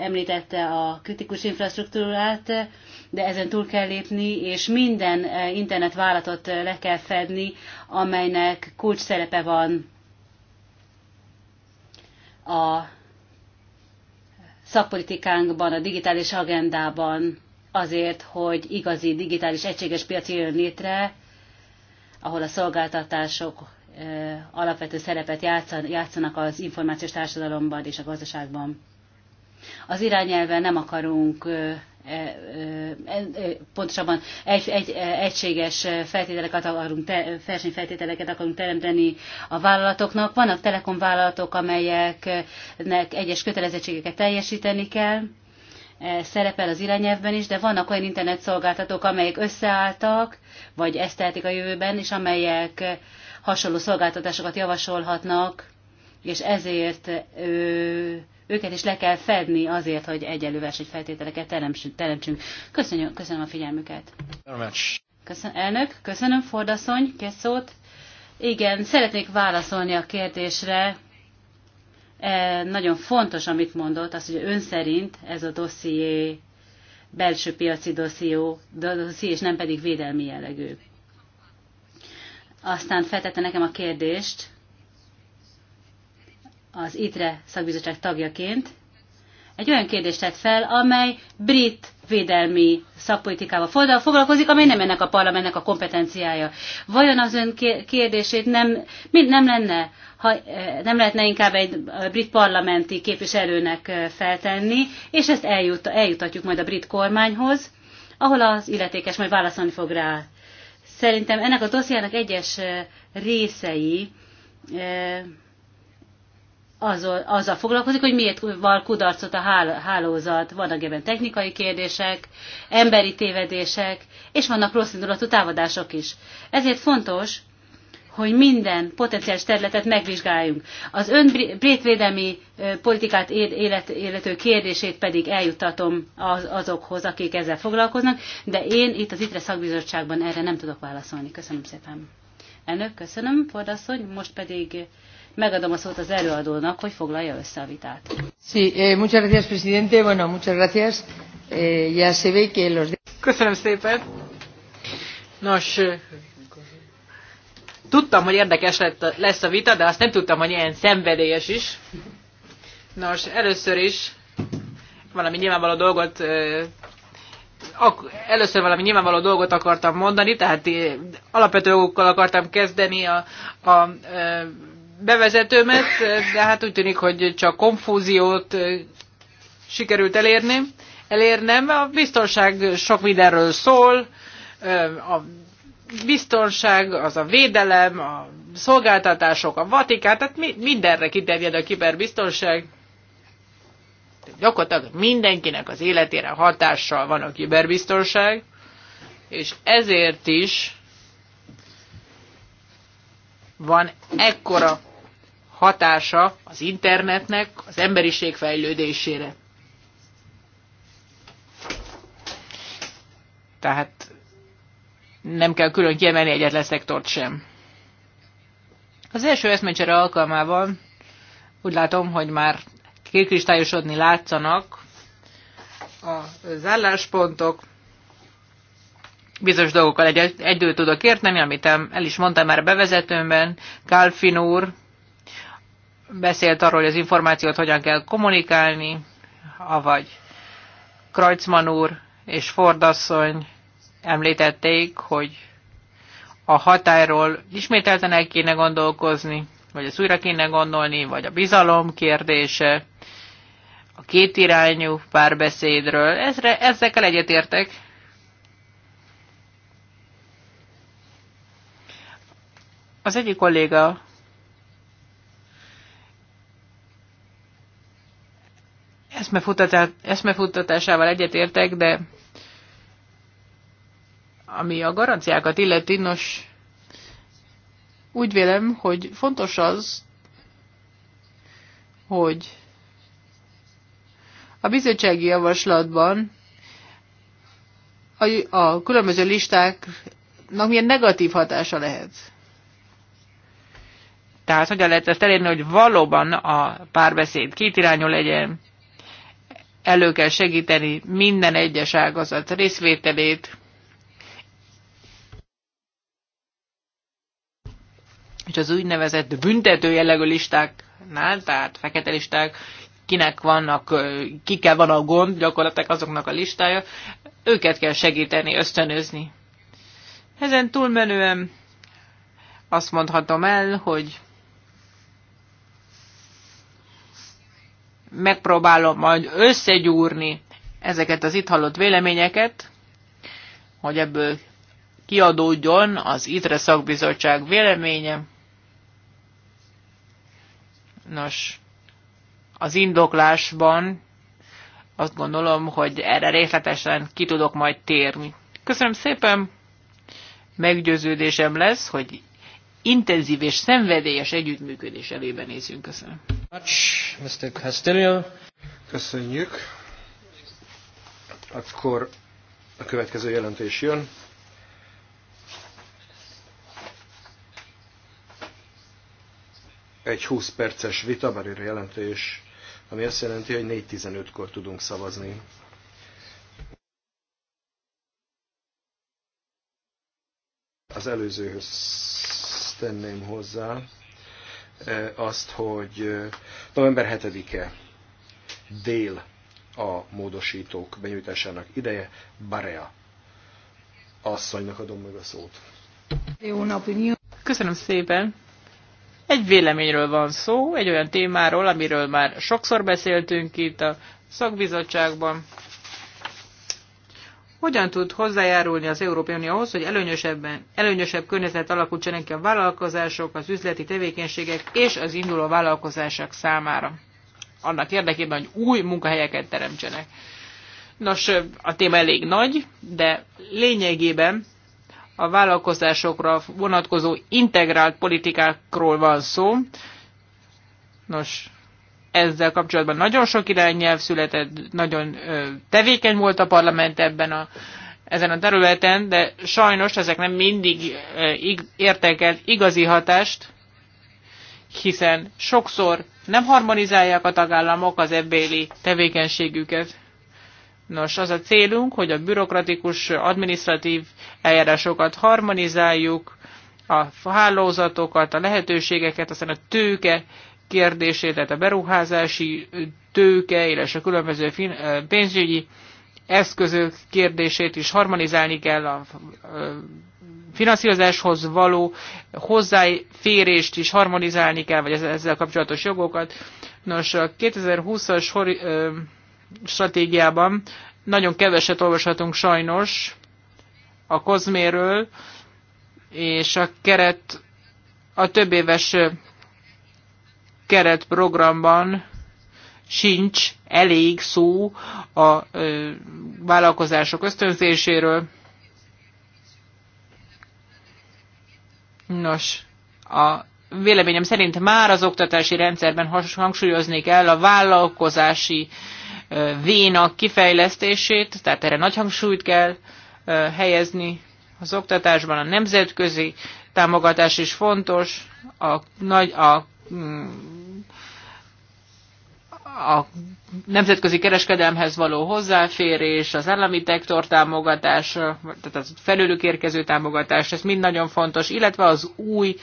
említette a kritikus infrastruktúrát, de ezen túl kell lépni, és minden eh, internetvállalatot eh, le kell fedni, amelynek kulcs szerepe van a szakpolitikánkban, a digitális agendában azért, hogy igazi digitális egységes piac jön létre, ahol a szolgáltatások eh, alapvető szerepet játszanak az információs társadalomban és a gazdaságban. Az irányelve nem akarunk E, e, e, pontosabban egy, egy, egységes feltételeket akarunk, versenyfeltételeket akarunk teremteni a vállalatoknak. Vannak telekomvállalatok, amelyeknek egyes kötelezettségeket teljesíteni kell, szerepel az irányelvben is, de vannak olyan internetszolgáltatók, amelyek összeálltak, vagy ezt tehetik a jövőben, és amelyek hasonló szolgáltatásokat javasolhatnak, és ezért ö, őket is le kell fedni azért, hogy egyenlő feltételeket teremtsünk. Köszönöm, köszönöm a figyelmüket. Köszönöm, elnök, köszönöm, Fordasszony, kész szót. Igen, szeretnék válaszolni a kérdésre. E, nagyon fontos, amit mondott, az, hogy ön szerint ez a dosszié belső piaci dosszió, dosszié, és nem pedig védelmi jellegű. Aztán feltette nekem a kérdést, az ITRE szakbizottság tagjaként egy olyan kérdést tett fel, amely brit védelmi szakpolitikával foglalkozik, amely nem ennek a parlamentnek a kompetenciája. Vajon az ön kérdését nem, mind nem lenne, ha e, nem lehetne inkább egy brit parlamenti képviselőnek e, feltenni, és ezt eljut, eljutatjuk majd a brit kormányhoz, ahol az illetékes majd válaszolni fog rá. Szerintem ennek a dossziának egyes e, részei azzal, azzal foglalkozik, hogy miért van kudarcot a hálózat. Vannak ebben technikai kérdések, emberi tévedések, és vannak rossz indulatú távadások is. Ezért fontos, hogy minden potenciális területet megvizsgáljunk. Az ön brétvédelmi politikát élet, élető kérdését pedig eljuttatom az, azokhoz, akik ezzel foglalkoznak, de én itt az ITRE szakbizottságban erre nem tudok válaszolni. Köszönöm szépen. Elnök, köszönöm, fordasszony. Most pedig Megadom a szót az előadónak, hogy foglalja össze a vitát. Sí, eh, muchas gracias, presidente. Bueno, muchas gracias. Eh, ya se ve que los... Köszönöm szépen. Nos, eh, tudtam, hogy érdekes lett, lesz a vita, de azt nem tudtam, hogy ilyen szenvedélyes is. Nos, először is valami nyilvánvaló dolgot eh, először valami nyilvánvaló dolgot akartam mondani, tehát eh, alapvető jogokkal akartam kezdeni a, a, a bevezetőmet, de hát úgy tűnik, hogy csak konfúziót sikerült elérni. Elérnem, a biztonság sok mindenről szól, a biztonság, az a védelem, a szolgáltatások, a Vatikán, tehát mindenre kiterjed a kiberbiztonság. Gyakorlatilag mindenkinek az életére hatással van a kiberbiztonság, és ezért is van ekkora hatása az internetnek az emberiség fejlődésére. Tehát nem kell külön kiemelni egyetlen szektort sem. Az első eszmecsere alkalmával úgy látom, hogy már kikristályosodni látszanak az álláspontok, bizonyos dolgokkal egy, egyről tudok érteni, amit el is mondtam már a bevezetőmben. Kálfin úr beszélt arról, hogy az információt hogyan kell kommunikálni, avagy Kreutzmann úr és Ford asszony említették, hogy a hatályról ismételten el kéne gondolkozni, vagy ezt újra kéne gondolni, vagy a bizalom kérdése, a kétirányú párbeszédről. Ezre, ezekkel egyetértek, Az egyik kolléga eszmefuttatásával egyetértek, de ami a garanciákat illeti, nos, úgy vélem, hogy fontos az, hogy a bizottsági javaslatban a, a különböző listáknak milyen negatív hatása lehet. Tehát hogyan lehet ezt elérni, hogy valóban a párbeszéd kétirányú legyen, elő kell segíteni minden egyes ágazat részvételét, és az úgynevezett büntető jellegű listáknál, tehát fekete listák, kinek vannak, kikkel van a gond, gyakorlatilag azoknak a listája, őket kell segíteni, ösztönözni. Ezen túlmenően azt mondhatom el, hogy megpróbálom majd összegyúrni ezeket az itt hallott véleményeket, hogy ebből kiadódjon az ITRE szakbizottság véleménye. Nos, az indoklásban azt gondolom, hogy erre részletesen ki tudok majd térni. Köszönöm szépen! Meggyőződésem lesz, hogy intenzív és szenvedélyes együttműködés elébe nézünk. Köszönöm. Mr. Castillo. Köszönjük. Akkor a következő jelentés jön. Egy 20 perces vita, bár jelentés, ami azt jelenti, hogy 4.15-kor tudunk szavazni. Az előzőhöz tenném hozzá, Eh, azt, hogy eh, november 7-e dél a módosítók benyújtásának ideje. Barea asszonynak adom meg a szót. Jó napot! Köszönöm szépen! Egy véleményről van szó, egy olyan témáról, amiről már sokszor beszéltünk itt a szakbizottságban hogyan tud hozzájárulni az Európai Unióhoz, hogy előnyösebben, előnyösebb környezet alakultsanak ki a vállalkozások, az üzleti tevékenységek és az induló vállalkozások számára. Annak érdekében, hogy új munkahelyeket teremtsenek. Nos, a téma elég nagy, de lényegében a vállalkozásokra vonatkozó integrált politikákról van szó. Nos, ezzel kapcsolatban nagyon sok irányelv született, nagyon tevékeny volt a parlament ebben a, ezen a területen, de sajnos ezek nem mindig értek el igazi hatást, hiszen sokszor nem harmonizálják a tagállamok az ebbéli tevékenységüket. Nos, az a célunk, hogy a bürokratikus administratív eljárásokat harmonizáljuk, a hálózatokat, a lehetőségeket, aztán a tőke kérdését, tehát a beruházási tőke, illetve a különböző pénzügyi eszközök kérdését is harmonizálni kell a finanszírozáshoz való hozzáférést is harmonizálni kell, vagy ezzel kapcsolatos jogokat. Nos, a 2020-as stratégiában nagyon keveset olvashatunk sajnos a kozméről, és a keret a több éves keretprogramban sincs elég szó a vállalkozások ösztönzéséről. Nos, a véleményem szerint már az oktatási rendszerben hangsúlyozni kell a vállalkozási vénak kifejlesztését, tehát erre nagy hangsúlyt kell helyezni az oktatásban. A nemzetközi támogatás is fontos, a, nagy, a mm, a nemzetközi kereskedelmhez való hozzáférés, az állami tektor támogatás, tehát az felőlük érkező támogatás, ez mind nagyon fontos, illetve az új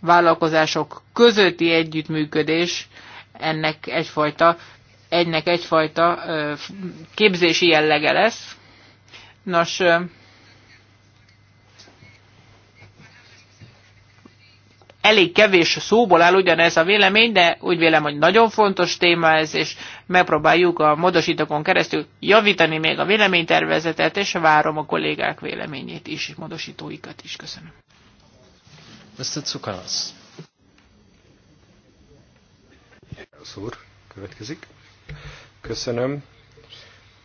vállalkozások közötti együttműködés ennek egyfajta, egynek egyfajta képzési jellege lesz. Nos, elég kevés szóból áll ugyanez a vélemény, de úgy vélem, hogy nagyon fontos téma ez, és megpróbáljuk a módosítókon keresztül javítani még a véleménytervezetet, és várom a kollégák véleményét is, és módosítóikat is. Köszönöm. Mr. Cukalas. Az következik. Köszönöm.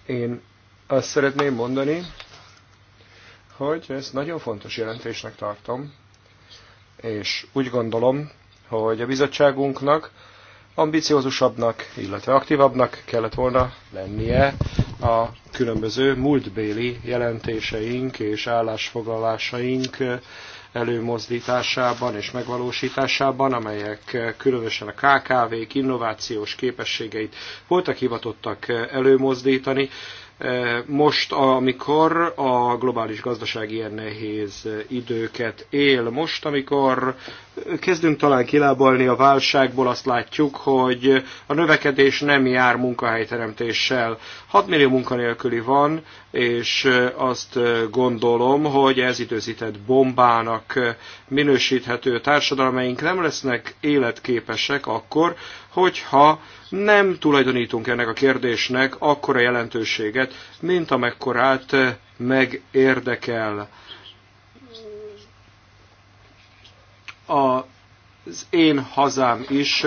Én azt szeretném mondani, hogy ezt nagyon fontos jelentésnek tartom, és úgy gondolom, hogy a bizottságunknak ambiciózusabbnak, illetve aktívabbnak kellett volna lennie a különböző múltbéli jelentéseink és állásfoglalásaink előmozdításában és megvalósításában, amelyek különösen a KKV-k innovációs képességeit voltak hivatottak előmozdítani, E, most, amikor a globális gazdaság ilyen nehéz időket él, most, amikor kezdünk talán kilábalni a válságból, azt látjuk, hogy a növekedés nem jár munkahelyteremtéssel. 6 millió munkanélküli van, és azt gondolom, hogy ez időzített bombának minősíthető társadalmaink nem lesznek életképesek akkor, hogyha nem tulajdonítunk ennek a kérdésnek akkora jelentőséget, mint amekkorát megérdekel az én hazám is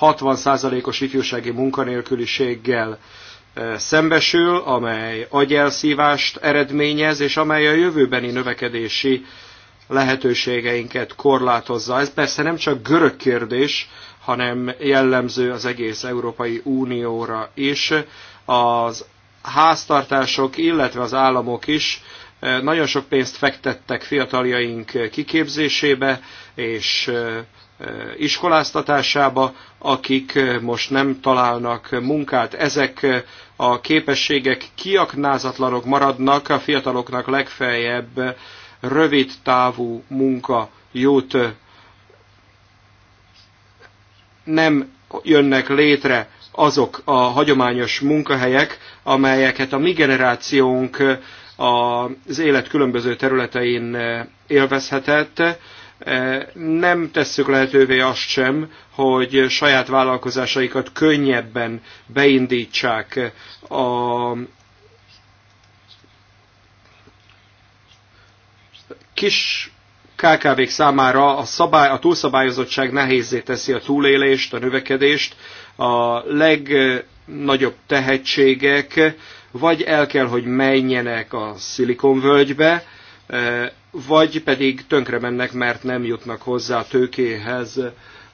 60%-os ifjúsági munkanélküliséggel e, szembesül, amely agyelszívást eredményez, és amely a jövőbeni növekedési lehetőségeinket korlátozza. Ez persze nem csak görög kérdés, hanem jellemző az egész Európai Unióra is. Az háztartások, illetve az államok is nagyon sok pénzt fektettek fiataljaink kiképzésébe és iskoláztatásába, akik most nem találnak munkát. Ezek a képességek kiaknázatlanok maradnak, a fiataloknak legfeljebb rövid távú munka jut. Nem jönnek létre azok a hagyományos munkahelyek, amelyeket a mi generációnk az élet különböző területein eh, élvezhetett. Eh, nem tesszük lehetővé azt sem, hogy saját vállalkozásaikat könnyebben beindítsák a kis KKV-k számára a, szabály, a túlszabályozottság nehézé teszi a túlélést, a növekedést. A legnagyobb tehetségek vagy el kell, hogy menjenek a szilikonvölgybe, e, vagy pedig tönkre mennek, mert nem jutnak hozzá a tőkéhez.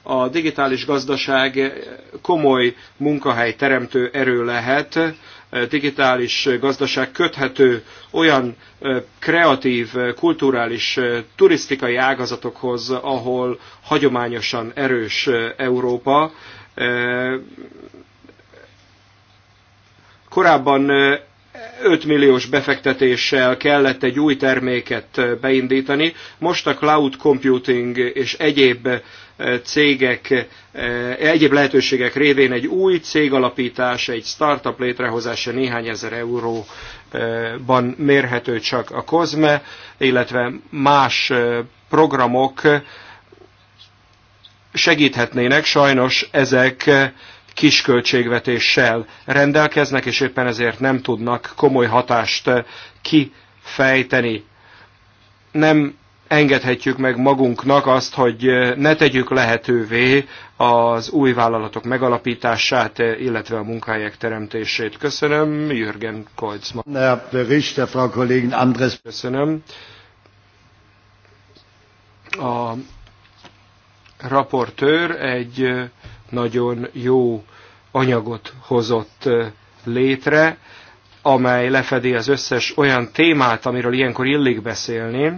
A digitális gazdaság komoly munkahely teremtő erő lehet, e, digitális gazdaság köthető olyan e, kreatív, kulturális, turisztikai ágazatokhoz, ahol hagyományosan erős Európa, Korábban 5 milliós befektetéssel kellett egy új terméket beindítani, most a cloud computing és egyéb cégek, egyéb lehetőségek révén egy új cégalapítás, egy startup létrehozása néhány ezer euróban mérhető csak a COSME, illetve más programok segíthetnének, sajnos ezek kis költségvetéssel rendelkeznek, és éppen ezért nem tudnak komoly hatást eh, kifejteni. Nem engedhetjük meg magunknak azt, hogy eh, ne tegyük lehetővé az új vállalatok megalapítását, eh, illetve a munkahelyek teremtését. Köszönöm, Jürgen Kreuzmann. Köszönöm. A raportőr egy nagyon jó anyagot hozott létre, amely lefedi az összes olyan témát, amiről ilyenkor illik beszélni.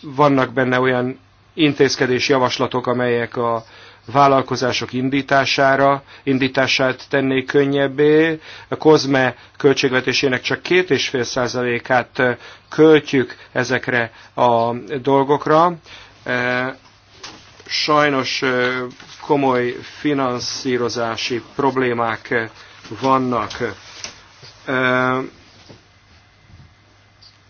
Vannak benne olyan intézkedés javaslatok, amelyek a vállalkozások indítására, indítását tennék könnyebbé. A COSME költségvetésének csak 2,5%-át költjük ezekre a dolgokra. Sajnos komoly finanszírozási problémák vannak.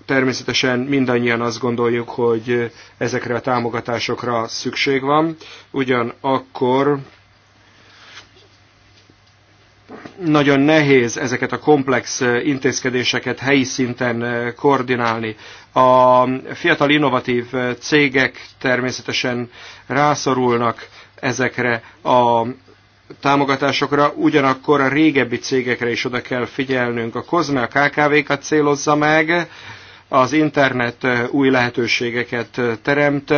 Természetesen mindannyian azt gondoljuk, hogy ezekre a támogatásokra szükség van, ugyanakkor nagyon nehéz ezeket a komplex intézkedéseket helyi szinten koordinálni. A fiatal innovatív cégek természetesen rászorulnak ezekre a támogatásokra, ugyanakkor a régebbi cégekre is oda kell figyelnünk. A COSME a KKV-kat célozza meg, az internet új lehetőségeket teremt,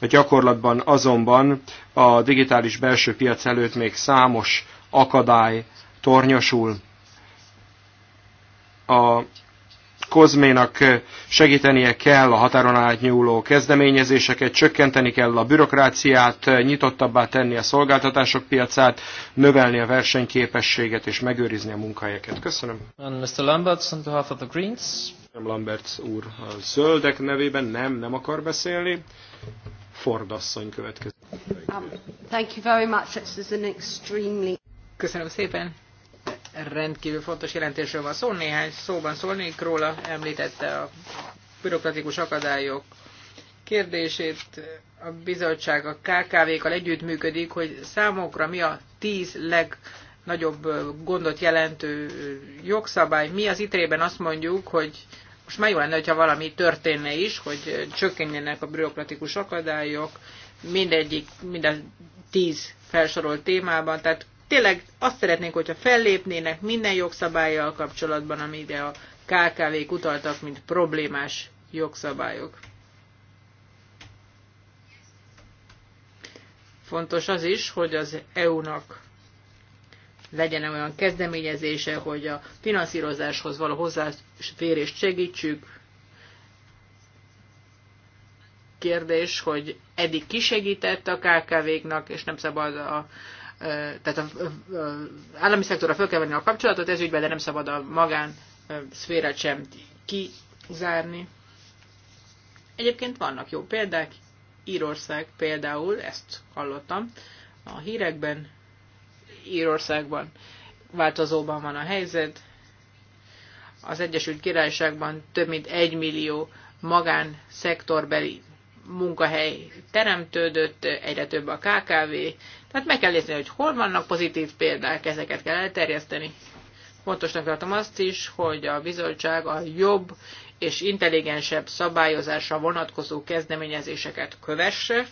a gyakorlatban azonban a digitális belső piac előtt még számos akadály tornyosul. A Kozménak eh, segítenie kell a határon átnyúló kezdeményezéseket, csökkenteni kell a bürokráciát, eh, nyitottabbá tenni a szolgáltatások piacát, növelni a versenyképességet és megőrizni a munkahelyeket. Köszönöm. And Mr. Lamberts on behalf of the Greens. Lamberts úr a zöldek nevében nem, nem akar beszélni. Ford asszony következik. Um, thank you very much. This is an extremely... Köszönöm szépen rendkívül fontos jelentésről van szó. Néhány szóban szólnék róla, említette a bürokratikus akadályok kérdését. A bizottság a KKV-kkal együttműködik, hogy számokra mi a tíz legnagyobb gondot jelentő jogszabály. Mi az itrében azt mondjuk, hogy most már jó lenne, hogyha valami történne is, hogy csökkenjenek a bürokratikus akadályok mindegyik, mind a tíz felsorolt témában, tehát tényleg azt szeretnénk, hogyha fellépnének minden jogszabályjal kapcsolatban, amire a KKV-k utaltak, mint problémás jogszabályok. Fontos az is, hogy az EU-nak legyen -e olyan kezdeményezése, hogy a finanszírozáshoz való hozzáférést segítsük. Kérdés, hogy eddig kisegített a KKV-knak, és nem szabad a tehát az állami szektorra fel kell venni a kapcsolatot ez ügyben, de nem szabad a magán szférát sem kizárni. Egyébként vannak jó példák, Írország például, ezt hallottam a hírekben, Írországban változóban van a helyzet, az Egyesült Királyságban több mint egy millió magánszektorbeli munkahely teremtődött, egyre több a KKV, tehát meg kell nézni, hogy hol vannak pozitív példák, ezeket kell elterjeszteni. Fontosnak tartom azt is, hogy a bizottság a jobb és intelligensebb szabályozásra vonatkozó kezdeményezéseket kövesse,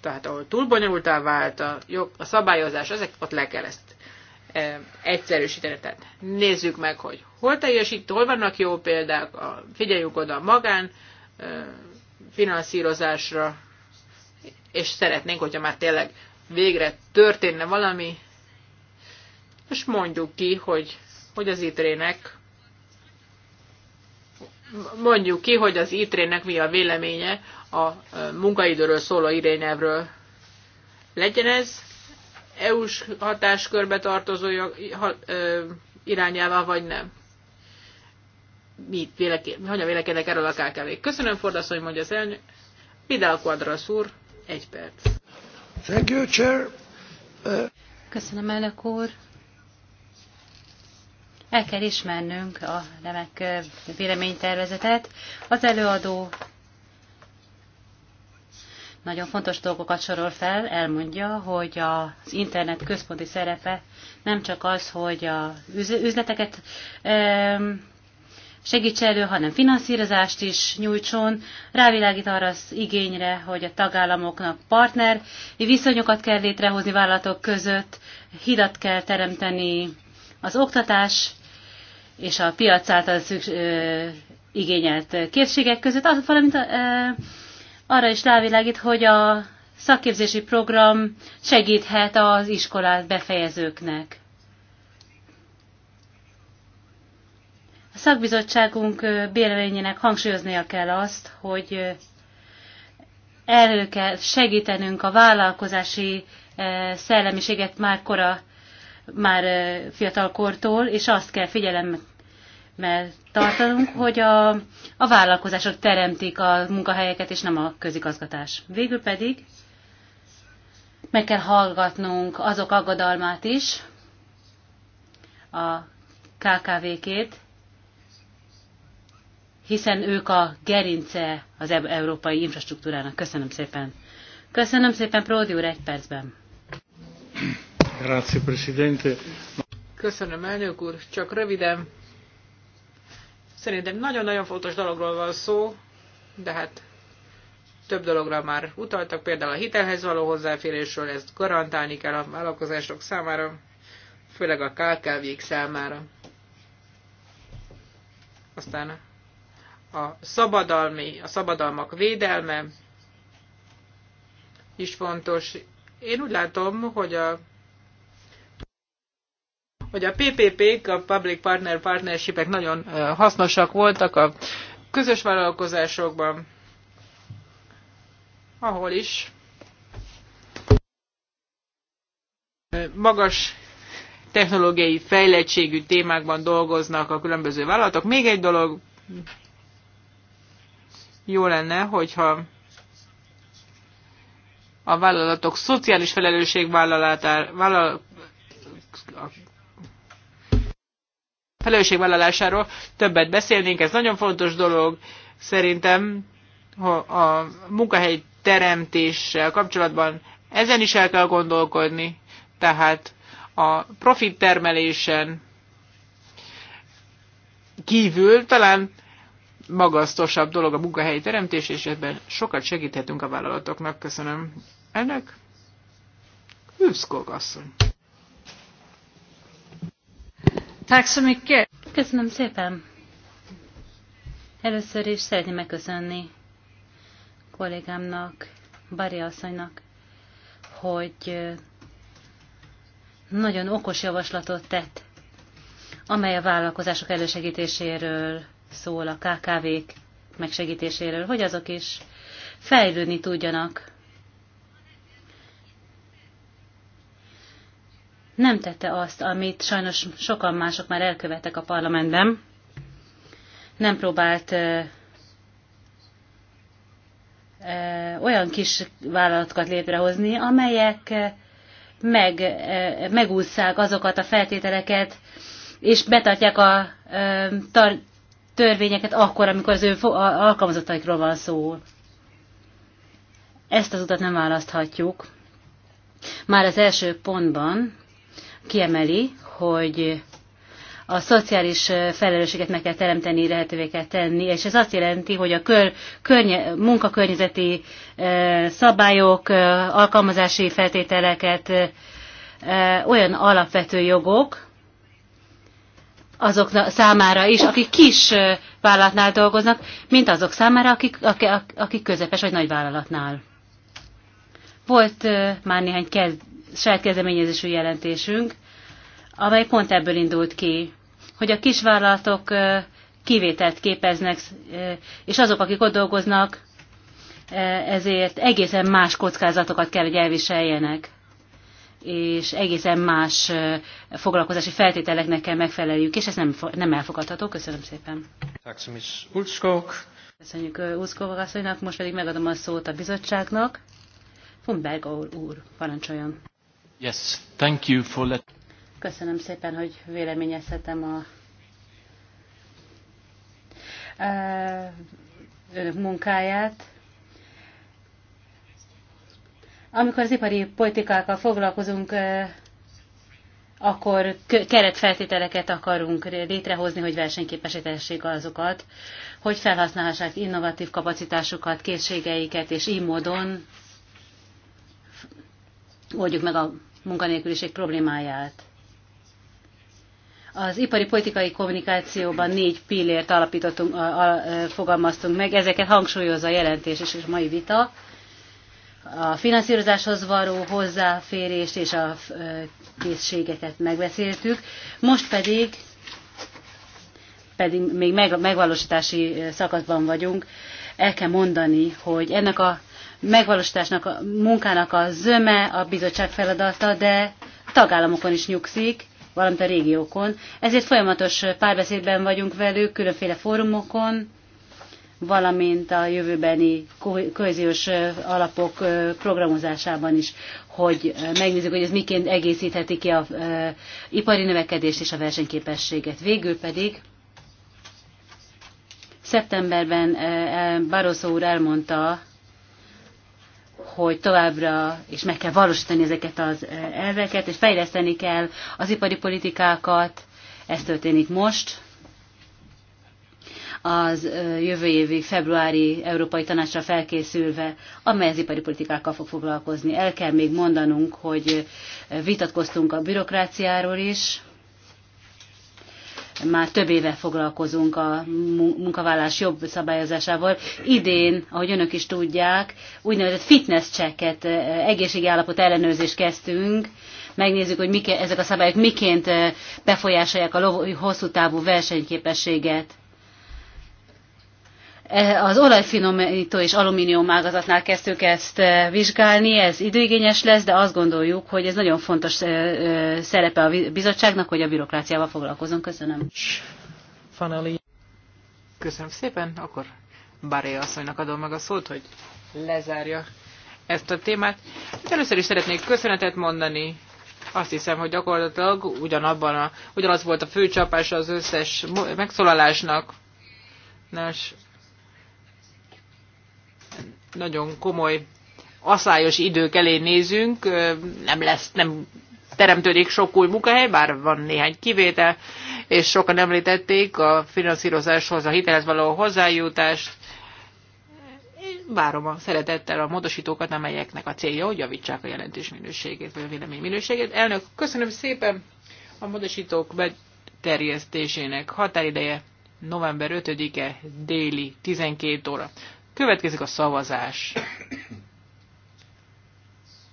tehát ahol túl bonyolultá vált a, jog, a szabályozás, ezek ott le kell ezt egyszerűsíteni. Tehát nézzük meg, hogy hol teljesít, hol vannak jó példák, a, figyeljünk oda a magán finanszírozásra, és szeretnénk, hogyha már tényleg végre történne valami, és mondjuk ki, hogy, hogy az itrének mondjuk ki, hogy az itrének mi a véleménye a munkaidőről szóló irényelvről. Legyen ez EU-s hatáskörbe tartozó irányává, vagy nem. Mit véleke, hogyan vélekednek erről a kkv -k? Köszönöm, Fordasz, hogy mondja az elnök. Vidal Quadras úr, egy perc. Thank you, chair. Uh... Köszönöm, elnök úr. El kell ismernünk a remek véleménytervezetet. Az előadó nagyon fontos dolgokat sorol fel, elmondja, hogy az internet központi szerepe nem csak az, hogy a üzleteket segítse elő, hanem finanszírozást is nyújtson, rávilágít arra az igényre, hogy a tagállamoknak partner viszonyokat kell létrehozni vállalatok között, hidat kell teremteni az oktatás és a piac által szüks, ö, igényelt készségek között, valamint a, ö, arra is rávilágít, hogy a szakképzési program segíthet az iskolát befejezőknek. A szakbizottságunk véleményének hangsúlyoznia kell azt, hogy elő kell segítenünk a vállalkozási szellemiséget már kora, már fiatalkortól, és azt kell figyelemmel tartanunk, hogy a, a vállalkozások teremtik a munkahelyeket, és nem a közigazgatás. Végül pedig meg kell hallgatnunk azok aggodalmát is, a KKV-két, hiszen ők a gerince az e- európai infrastruktúrának. Köszönöm szépen. Köszönöm szépen, Pródi úr, egy percben. Grazie, Presidente. Köszönöm, elnök úr. Csak röviden Szerintem nagyon-nagyon fontos dologról van szó, de hát több dologra már utaltak, például a hitelhez való hozzáférésről, ezt garantálni kell a vállalkozások számára, főleg a kkv számára. Aztán a szabadalmi, a szabadalmak védelme is fontos. Én úgy látom, hogy a hogy a ppp a Public Partner Partnershipek nagyon hasznosak voltak a közös vállalkozásokban, ahol is magas technológiai fejlettségű témákban dolgoznak a különböző vállalatok. Még egy dolog jó lenne, hogyha a vállalatok szociális felelősségvállalását, vállal, a felelősségvállalásáról többet beszélnénk, ez nagyon fontos dolog. Szerintem a munkahely teremtéssel kapcsolatban ezen is el kell gondolkodni, tehát a profit termelésen kívül talán magasztosabb dolog a munkahelyi teremtés, és ebben sokat segíthetünk a vállalatoknak. Köszönöm. Ennek Hűszkog asszony. Köszönöm szépen. Először is szeretném megköszönni kollégámnak, Bari asszonynak, hogy nagyon okos javaslatot tett, amely a vállalkozások elősegítéséről szól, a KKV-k megsegítéséről, hogy azok is fejlődni tudjanak nem tette azt, amit sajnos sokan mások már elkövettek a parlamentben. Nem próbált olyan kis vállalatokat létrehozni, amelyek meg, megúszszák azokat a feltételeket, és betartják a törvényeket akkor, amikor az ő alkalmazottaikról van szó. Ezt az utat nem választhatjuk. Már az első pontban kiemeli, hogy a szociális eh, felelősséget meg kell teremteni, lehetővé kell tenni, és ez azt jelenti, hogy a kör, környe, munkakörnyezeti eh, szabályok, eh, alkalmazási feltételeket, olyan alapvető jogok, azok számára is, akik kis vállalatnál dolgoznak, mint azok számára, akik, akik közepes vagy nagy vállalatnál. Volt már néhány kezd, saját kezdeményezésű jelentésünk, amely pont ebből indult ki, hogy a kisvállalatok kivételt képeznek, és azok, akik ott dolgoznak, ezért egészen más kockázatokat kell, hogy elviseljenek, és egészen más foglalkozási feltételeknek kell megfelelniük, és ez nem, nem elfogadható. Köszönöm szépen. Köszönjük Úszkova asszonynak, most pedig megadom a szót a bizottságnak. Fumberg úr, parancsoljon. Köszönöm szépen, hogy véleményezhetem a önök munkáját. Amikor az ipari politikákkal foglalkozunk, akkor keretfeltételeket akarunk létrehozni, hogy versenyképesítessék azokat, hogy felhasználhassák innovatív kapacitásukat, készségeiket, és így módon oldjuk meg a munkanélküliség problémáját. Az ipari politikai kommunikációban négy pillért alapítottunk, fogalmaztunk meg, ezeket hangsúlyozza a jelentés és a mai vita. A finanszírozáshoz való hozzáférést és a készségeket megbeszéltük, most pedig pedig még meg, megvalósítási szakaszban vagyunk, el kell mondani, hogy ennek a megvalósításnak, a munkának a zöme a bizottság feladata, de a tagállamokon is nyugszik, valamint a régiókon. Ezért folyamatos párbeszédben vagyunk velük, különféle fórumokon, valamint a jövőbeni kohéziós alapok programozásában is, hogy megnézzük, hogy ez miként egészítheti ki a ipari növekedést és a versenyképességet. Végül pedig szeptemberben Barroso úr elmondta, hogy továbbra is meg kell valósítani ezeket az eh, elveket, és fejleszteni kell az ipari politikákat. Ez történik most. Az eh, jövő évi februári Európai Tanácsra felkészülve, amely az ipari politikákkal fog foglalkozni. El kell még mondanunk, hogy eh, vitatkoztunk a bürokráciáról is, már több éve foglalkozunk a munkavállás jobb szabályozásával. Idén, ahogy önök is tudják, úgynevezett fitness checket, eh, egészségi állapot ellenőrzést kezdtünk, megnézzük, hogy mik, ezek a szabályok miként eh, befolyásolják a hosszú távú versenyképességet E, az olajfinomító és alumínium ágazatnál kezdtük ezt e, vizsgálni, ez időigényes lesz, de azt gondoljuk, hogy ez nagyon fontos e, szerepe a bizottságnak, hogy a bürokráciával foglalkozunk. Köszönöm. Köszönöm szépen, akkor Baré asszonynak adom meg a szót, hogy lezárja ezt a témát. Először is szeretnék köszönetet mondani. Azt hiszem, hogy gyakorlatilag ugyanabban a, ugyanaz volt a főcsapás az összes megszólalásnak. Nos, nagyon komoly aszályos idők elé nézünk, nem lesz, nem teremtődik sok új munkahely, bár van néhány kivétel, és sokan említették a finanszírozáshoz, a hitelhez való hozzájutást. Én várom a szeretettel a módosítókat, amelyeknek a célja, hogy javítsák a jelentés minőségét, vagy a vélemény minőségét. Elnök, köszönöm szépen a módosítók beterjesztésének határideje november 5-e déli 12 óra. Következik a szavazás.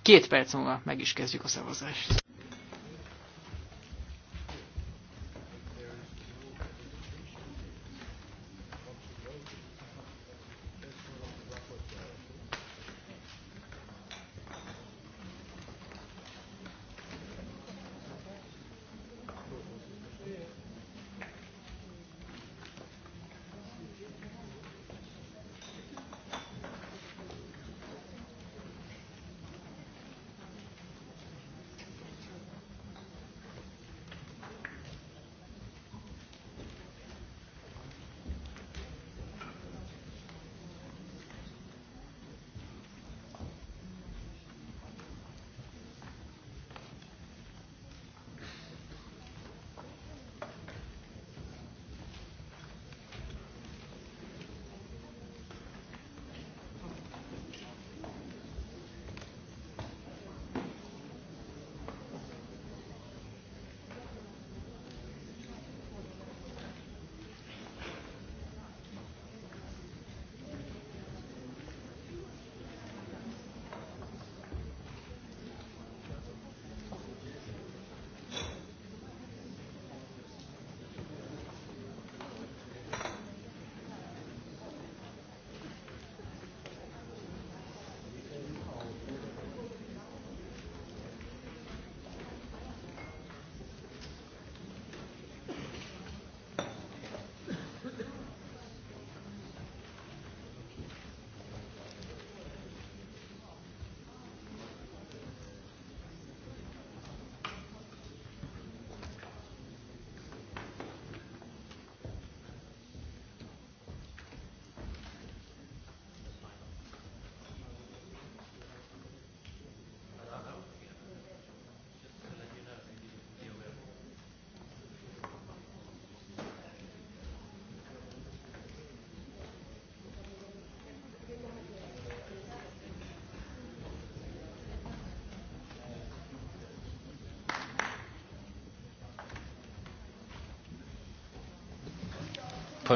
Két perc múlva meg is kezdjük a szavazást.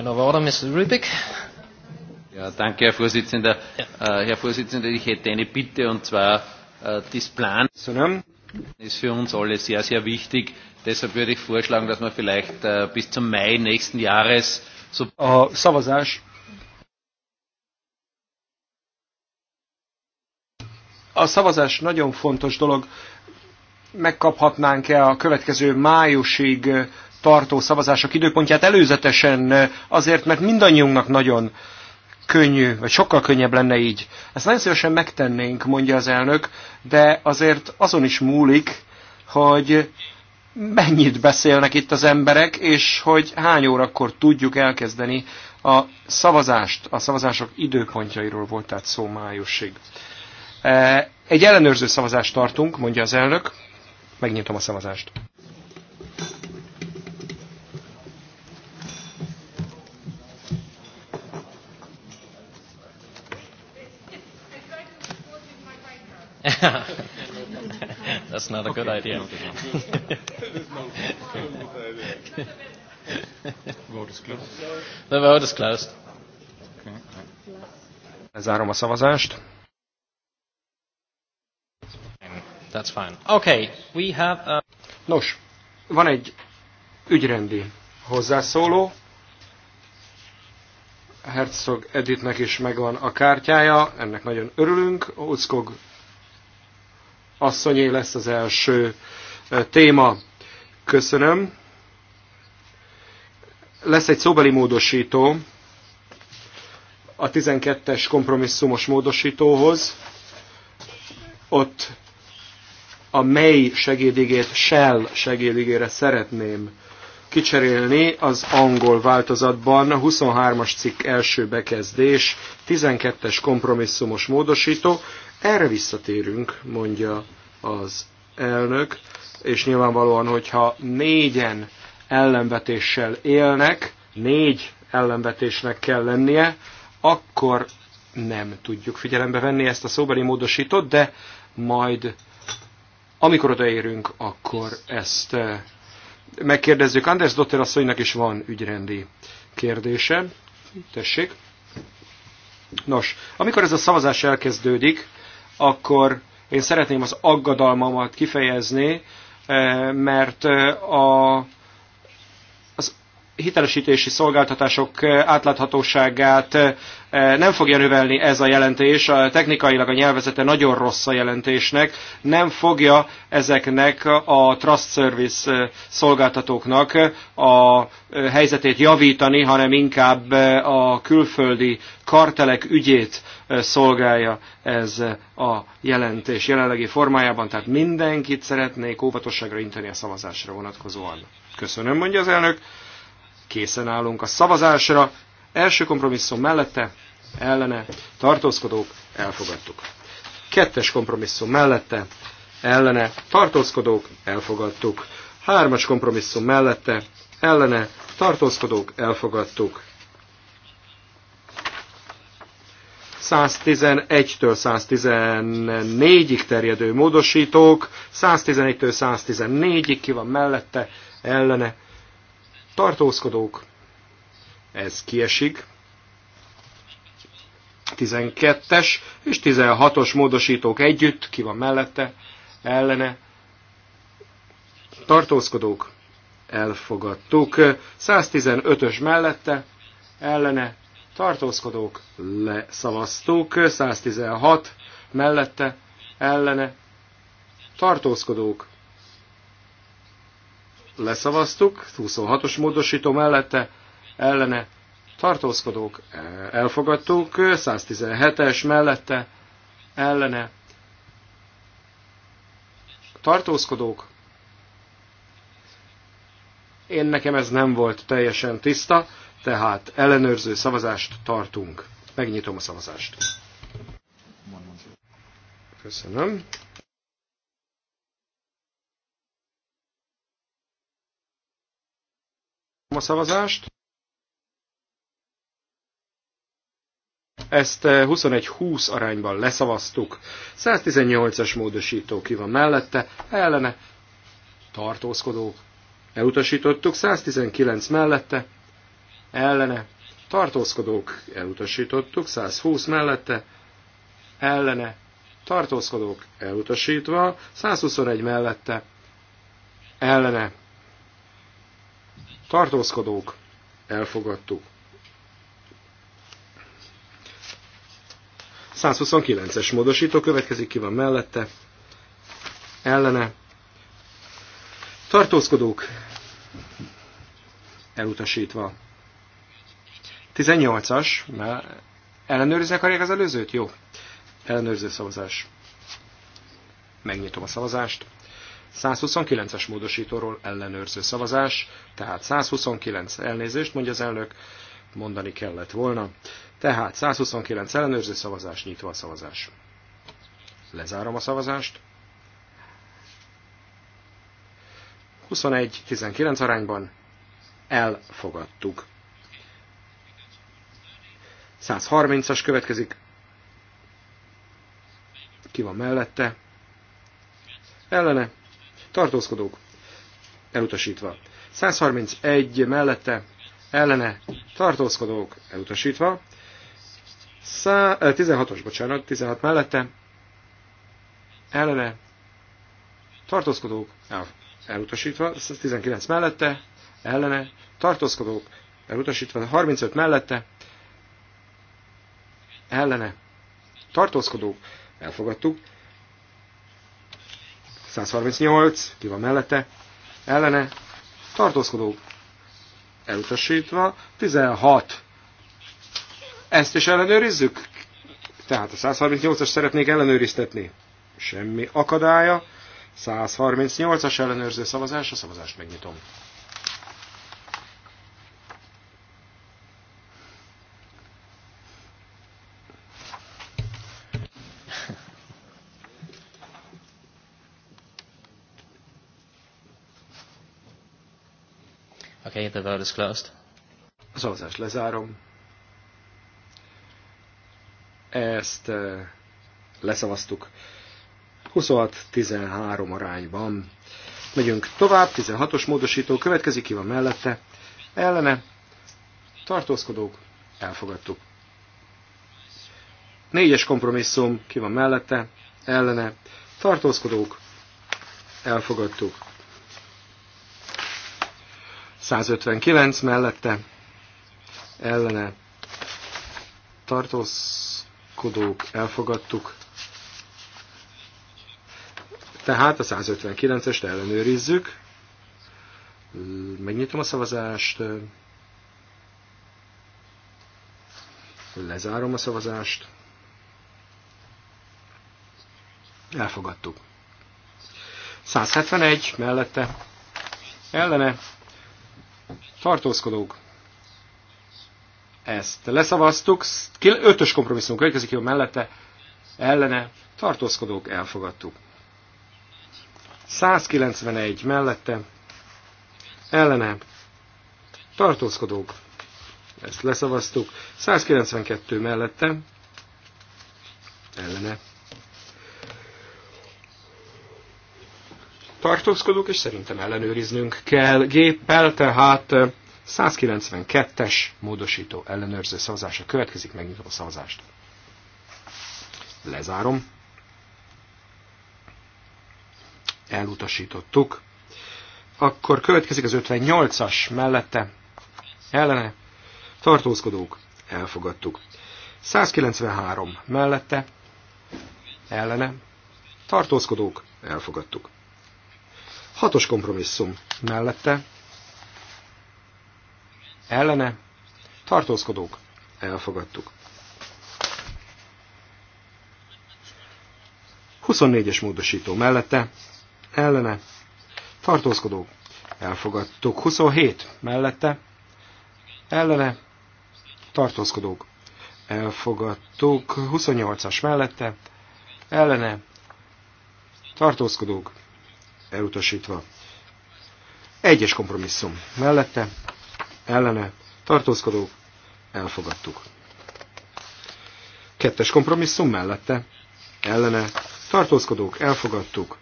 point of order, Mr. Rubik. Ja, danke, Herr Vorsitzender. Ja. Eh, herr Vorsitzender, ich hätte eine Bitte, und zwar eh, das Plan ist für uns alle sehr, sehr wichtig. Deshalb würde ich vorschlagen, dass man vielleicht eh, bis zum Mai nächsten Jahres so... A szavazás a szavazás nagyon fontos dolog. Megkaphatnánk-e a következő májusig tartó szavazások időpontját előzetesen, azért, mert mindannyiunknak nagyon könnyű, vagy sokkal könnyebb lenne így. Ezt nagyon szívesen megtennénk, mondja az elnök, de azért azon is múlik, hogy mennyit beszélnek itt az emberek, és hogy hány órakor tudjuk elkezdeni a szavazást. A szavazások időpontjairól volt tehát szó májusig. Egy ellenőrző szavazást tartunk, mondja az elnök. Megnyitom a szavazást. That's not a okay. good idea. Vote is closed. The vote is closed. Lezárom a szavazást. That's fine. Okay, we have a... Nos, van egy ügyrendi hozzászóló. Herzog Editnek is megvan a kártyája, ennek nagyon örülünk. Uckog asszonyé lesz az első téma. Köszönöm. Lesz egy szóbeli módosító a 12-es kompromisszumos módosítóhoz. Ott a mely segédigét shell segédigére szeretném kicserélni az angol változatban a 23-as cikk első bekezdés, 12-es kompromisszumos módosító. Erre visszatérünk, mondja az elnök, és nyilvánvalóan, hogyha négyen ellenvetéssel élnek, négy ellenvetésnek kell lennie, akkor nem tudjuk figyelembe venni ezt a szóbeli módosítót, de majd amikor odaérünk, akkor ezt eh, megkérdezzük. Anders Dotter asszonynak is van ügyrendi kérdése. Tessék. Nos, amikor ez a szavazás elkezdődik, akkor én szeretném az aggadalmamat kifejezni, eh, mert eh, a hitelesítési szolgáltatások eh, átláthatóságát eh, nem fogja növelni ez a jelentés, a technikailag a nyelvezete nagyon rossz a jelentésnek, nem fogja ezeknek a trust service eh, szolgáltatóknak a helyzetét javítani, hanem inkább a külföldi kartelek ügyét szolgálja ez a jelentés jelenlegi formájában, tehát mindenkit szeretnék óvatosságra inteni a szavazásra vonatkozóan. Köszönöm, mondja az elnök készen állunk a szavazásra. Első kompromisszum mellette, ellene, tartózkodók, elfogadtuk. Kettes kompromisszum mellette, ellene, tartózkodók, elfogadtuk. Hármas kompromisszum mellette, ellene, tartózkodók, elfogadtuk. 111-től 114-ig terjedő módosítók, 111-től 114-ig ki van mellette, ellene, tartózkodók, ez kiesik. 12-es és 16-os módosítók együtt, ki van mellette, ellene, tartózkodók, elfogadtuk. 115-ös mellette, ellene, tartózkodók, leszavaztuk. 116 mellette, ellene, tartózkodók, leszavaztuk, 26-os módosító mellette ellene tartózkodók e, elfogadtuk, 117-es mellette ellene tartózkodók. Én nekem ez nem volt teljesen tiszta, tehát ellenőrző szavazást tartunk. Megnyitom a szavazást. Köszönöm. a szavazást. Ezt 21-20 eh, arányban leszavaztuk. 118-as módosító ki van mellette, ellene tartózkodók. Elutasítottuk 119 mellette, ellene tartózkodók. Elutasítottuk 120 mellette, ellene tartózkodók. Elutasítva 121 mellette, ellene tartózkodók, elfogadtuk. 129-es módosító következik, ki van mellette, ellene, tartózkodók, elutasítva. 18-as, mert ellenőrizni akarják az előzőt? Jó. Ellenőrző szavazás. Megnyitom a szavazást. 129-es módosítóról ellenőrző szavazás, tehát 129 elnézést, mondja az elnök, mondani kellett volna. Tehát 129 ellenőrző szavazás, nyitva a szavazás. Lezárom a szavazást. 21-19 arányban elfogadtuk. 130-as következik. Ki van mellette? Ellene tartózkodók elutasítva. 131 mellette ellene tartózkodók elutasítva. 16-os, bocsánat, 16 mellette ellene tartózkodók elutasítva, 19 mellette ellene tartózkodók elutasítva, 35 mellette ellene tartózkodók elfogadtuk, 138, ki van mellette, ellene, tartózkodó, elutasítva, 16, ezt is ellenőrizzük? Tehát a 138-as szeretnék ellenőriztetni. Semmi akadálya. 138-as ellenőrző szavazás, a szavazást megnyitom. The is closed. szavazást lezárom. Ezt eh, leszavaztuk. 26-13 arányban. Megyünk tovább, 16-os módosító következik, ki van mellette. Ellene, tartózkodók, elfogadtuk. 4-es kompromisszum, ki van mellette, ellene, tartózkodók, elfogadtuk. 159 mellette ellene tartózkodók elfogadtuk. Tehát a 159-est ellenőrizzük. Megnyitom a szavazást. Lezárom a szavazást. Elfogadtuk. 171 mellette ellene tartózkodók, ezt leszavaztuk, ötös kompromisszum következik, jó mellette, ellene, tartózkodók, elfogadtuk. 191 mellette, ellene, tartózkodók, ezt leszavaztuk, 192 mellette, ellene, tartózkodunk, és szerintem ellenőriznünk kell géppel, tehát 192-es módosító ellenőrző szavazása következik, megnyitom a szavazást. Lezárom. Elutasítottuk. Akkor következik az 58-as mellette. Ellene. Tartózkodók. Elfogadtuk. 193 mellette. Ellene. Tartózkodók. Elfogadtuk. Hatos kompromisszum mellette, ellene, tartózkodók, elfogadtuk. 24-es módosító mellette, ellene, tartózkodók, elfogadtuk. 27 mellette, ellene, tartózkodók, elfogadtuk. 28-as mellette, ellene, tartózkodók, elutasítva. Egyes kompromisszum mellette, ellene, tartózkodók, elfogadtuk. Kettes kompromisszum mellette, ellene, tartózkodók, elfogadtuk.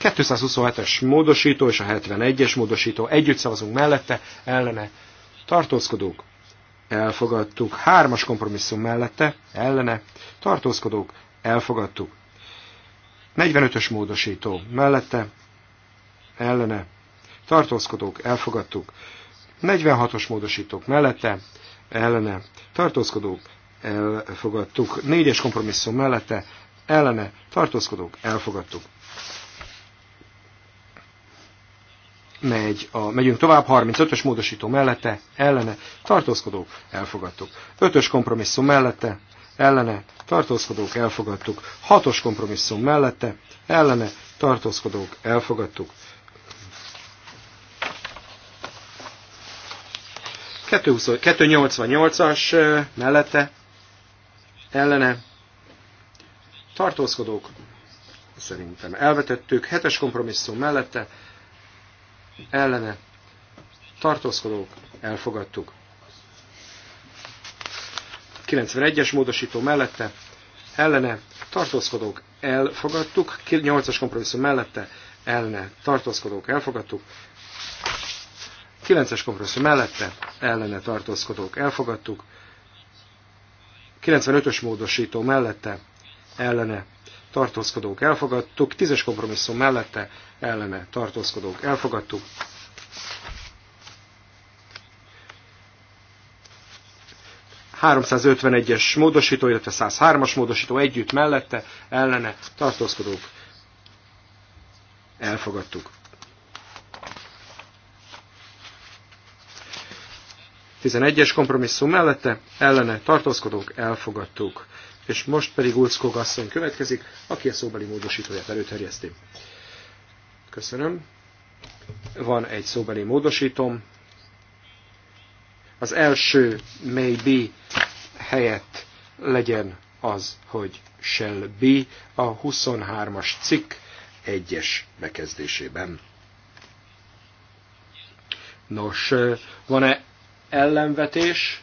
227-es módosító és a 71-es módosító együtt szavazunk mellette, ellene, tartózkodók, elfogadtuk. Hármas kompromisszum mellette, ellene, tartózkodók, elfogadtuk. 45-ös módosító mellette, ellene, tartózkodók, elfogadtuk. 46-os módosítók mellette, ellene, tartózkodók, elfogadtuk. 4-es kompromisszum mellette, ellene, tartózkodók, elfogadtuk. Megy a, megyünk tovább, 35-ös módosító mellette, ellene, tartózkodók, elfogadtuk. 5-ös kompromisszum mellette, ellene tartózkodók elfogadtuk. Hatos kompromisszum mellette ellene tartózkodók elfogadtuk. 288-as mellette ellene tartózkodók szerintem elvetettük, hetes kompromisszum mellette ellene tartózkodók elfogadtuk. 91-es módosító mellette ellene tartózkodók elfogadtuk, 8-as kompromisszum mellette ellene tartózkodók elfogadtuk, 9-es kompromisszum mellette ellene tartózkodók elfogadtuk, 95-ös módosító mellette ellene tartózkodók elfogadtuk, 10-es kompromisszum mellette ellene tartózkodók elfogadtuk, 351-es módosító, illetve 103-as módosító együtt mellette ellene tartózkodók elfogadtuk. 11-es kompromisszum mellette ellene tartózkodók elfogadtuk. És most pedig Ulckog asszony következik, aki a szóbeli módosítóját előterjeszti. Köszönöm. Van egy szóbeli módosítom az első may be helyett legyen az, hogy shall be a 23-as cikk egyes bekezdésében. Nos, van-e ellenvetés?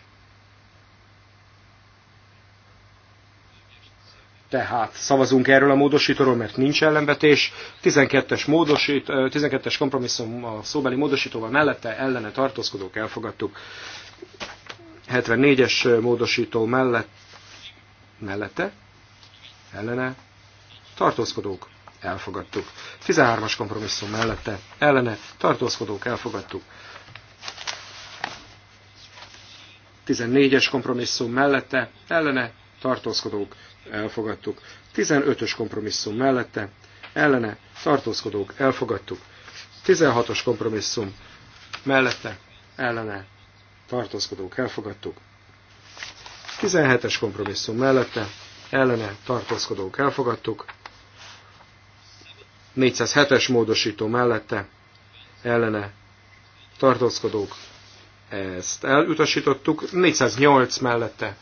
Tehát szavazunk erről a módosítóról, mert nincs ellenvetés. 12-es, módosít, 12-es kompromisszum a szóbeli módosítóval mellette ellene tartózkodók elfogadtuk. 74-es módosító mellett, mellette, ellene, tartózkodók, elfogadtuk. 13-as kompromisszum mellette, ellene, tartózkodók, elfogadtuk. 14-es kompromisszum mellette, ellene, tartózkodók, elfogadtuk. 15-ös kompromisszum mellette, ellene, tartózkodók, elfogadtuk. 16-os kompromisszum mellette, ellene, tartózkodók elfogadtuk. 17-es kompromisszum mellette ellene tartózkodók elfogadtuk. 407-es módosító mellette ellene tartózkodók ezt elutasítottuk. 408 mellette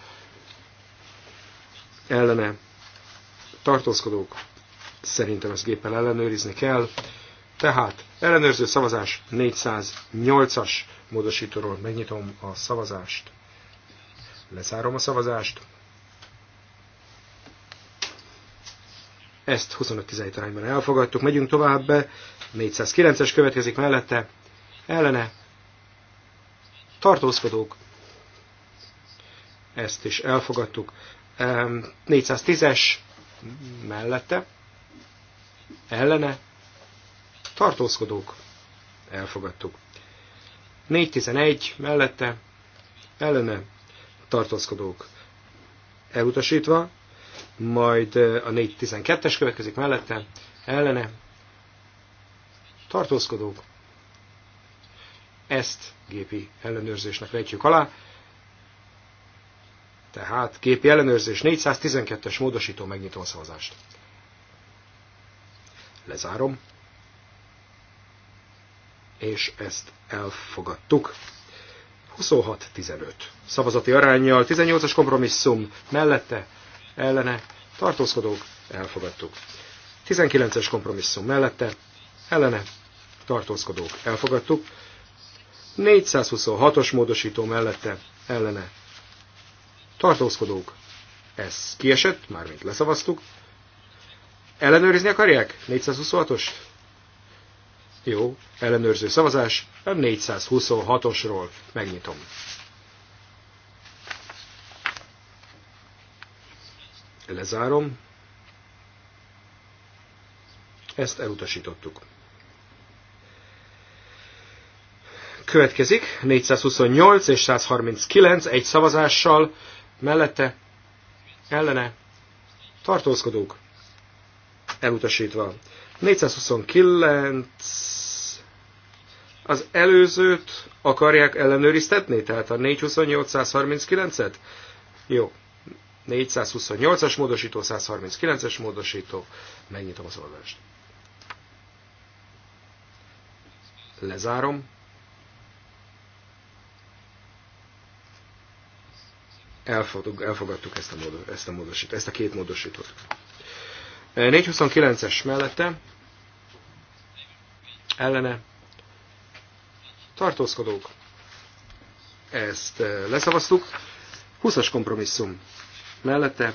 ellene tartózkodók szerintem ezt géppel ellenőrizni kell. Tehát ellenőrző szavazás 408-as módosítóról megnyitom a szavazást. Lezárom a szavazást. Ezt 25-17 arányban elfogadtuk. Megyünk tovább be. 409-es következik mellette. Ellene. Tartózkodók. Ezt is elfogadtuk. 410-es mellette. Ellene tartózkodók, elfogadtuk. 411 mellette, ellene, tartózkodók, elutasítva, majd a 412-es következik mellette, ellene, tartózkodók, ezt gépi ellenőrzésnek vetjük alá, tehát gépi ellenőrzés 412-es módosító, megnyitó szavazást. Lezárom és ezt elfogadtuk. 26-15. Szavazati arányjal 18-as kompromisszum mellette, ellene, tartózkodók, elfogadtuk. 19-es kompromisszum mellette, ellene, tartózkodók, elfogadtuk. 426-os módosító mellette, ellene, tartózkodók, ez kiesett, mármint leszavaztuk. Ellenőrizni akarják? 426 os jó, ellenőrző szavazás. A 426-osról megnyitom. Lezárom. Ezt elutasítottuk. Következik 428 és 139 egy szavazással, mellette, ellene, tartózkodók, elutasítva. 429 az előzőt akarják ellenőriztetni? Tehát a 428 et Jó. 428-as módosító, 139-es módosító. Megnyitom az szolgást. Lezárom. Elfogadtuk, elfogadtuk ezt a, módos, ezt a módosítót, ezt a két módosítót. 429-es mellette ellene tartózkodók. Ezt eh, leszavaztuk. 20-as kompromisszum mellette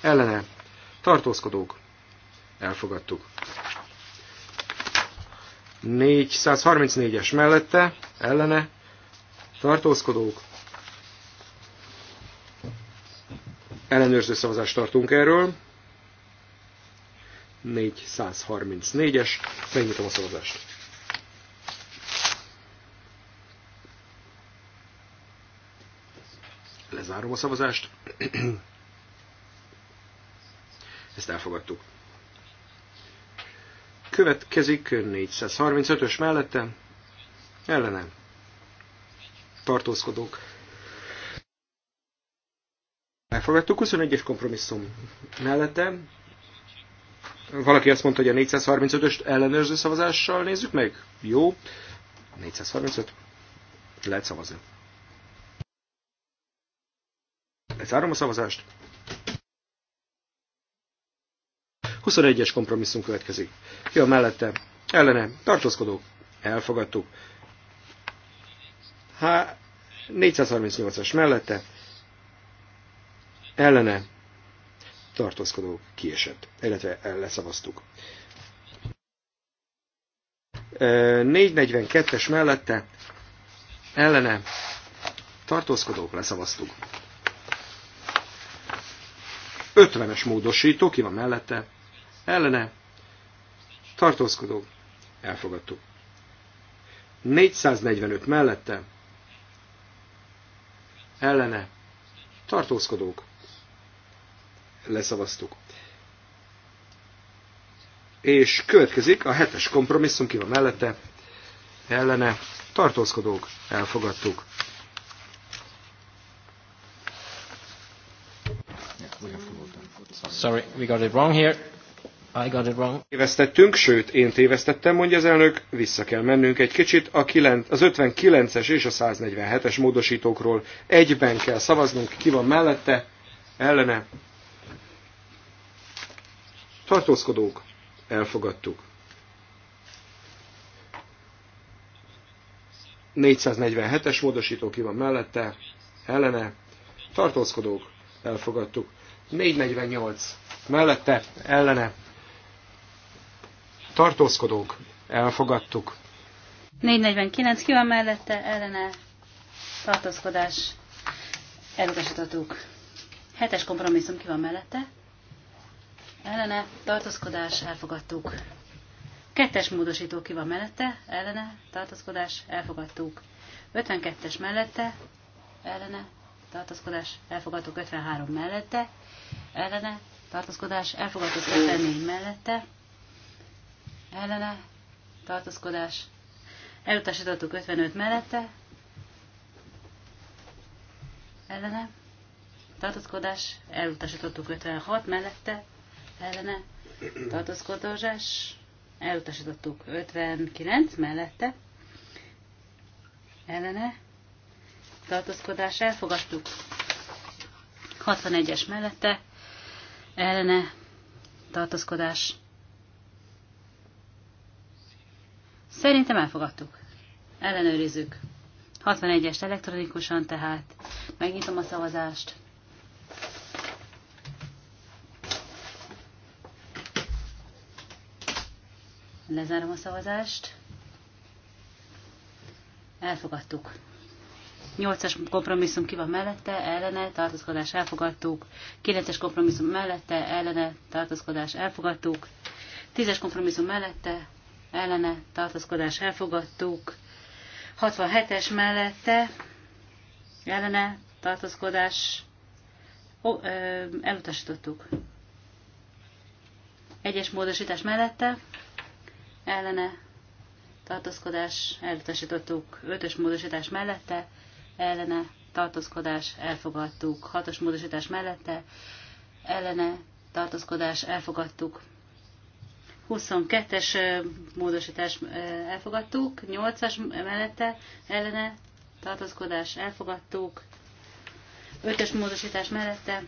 ellene tartózkodók. Elfogadtuk. 434-es mellette ellene tartózkodók. Ellenőrző szavazást tartunk erről. 434-es. Megnyitom a szavazást. Lezárom a szavazást. Ezt elfogadtuk. Következik 435-ös mellette. Ellenem. Tartózkodók. Elfogadtuk 21-es kompromisszum mellette valaki azt mondta, hogy a 435-öst ellenőrző szavazással nézzük meg? Jó. 435. Lehet szavazni. Lezárom a szavazást. 21-es kompromisszum következik. Ki a mellette? Ellene. Tartózkodók. Elfogadtuk. Há, 438-as mellette. Ellene tartózkodó kiesett, illetve leszavaztuk. 442-es mellette ellene tartózkodók leszavaztuk. 50-es módosító, ki van mellette, ellene tartózkodók elfogadtuk. 445 mellette ellene tartózkodók leszavaztuk. És következik a hetes kompromisszum, ki van mellette, ellene, tartózkodók, elfogadtuk. Sorry, we got it wrong here. I got it wrong. Tévesztettünk, sőt, én tévesztettem, mondja az elnök, vissza kell mennünk egy kicsit. A 9, az 59-es és a 147-es módosítókról egyben kell szavaznunk, ki van mellette, ellene, tartózkodók, elfogadtuk. 447-es módosító ki van mellette, ellene, tartózkodók, elfogadtuk. 448 mellette, ellene, tartózkodók, elfogadtuk. 449 ki van mellette, ellene, tartózkodás, elutasítottuk. 7-es kompromisszum ki van mellette, ellene tartózkodás elfogadtuk. Kettes módosító ki van mellette, ellene tartózkodás elfogadtuk. 52-es mellette, ellene tartózkodás elfogadtuk. 53 mellette, ellene tartózkodás elfogadtuk. 54 mellette, ellene tartózkodás elutasítottuk 55 mellette, ellene tartózkodás elutasítottuk 56 mellette, ellene tartózkodás, elutasítottuk 59 mellette, ellene tartózkodás, elfogadtuk 61-es mellette, ellene tartózkodás. Szerintem elfogadtuk. Ellenőrizzük. 61-est elektronikusan tehát. Megnyitom a szavazást. Lezárom a szavazást. Elfogadtuk. 8-as kompromisszum ki van mellette, ellene, tartózkodás elfogadtuk. 9-es kompromisszum mellette, ellene, tartózkodás elfogadtuk. 10-es kompromisszum mellette, ellene, tartózkodás elfogadtuk. 67-es mellette, ellene, tartózkodás ó, ö, elutasítottuk. Egyes módosítás mellette, ellene tartózkodás elutasítottuk 5-ös módosítás mellette, ellene tartózkodás elfogadtuk 6-os módosítás mellette, ellene tartózkodás elfogadtuk 22-es módosítás elfogadtuk, 8-as mellette ellene tartózkodás elfogadtuk, 5-ös módosítás mellette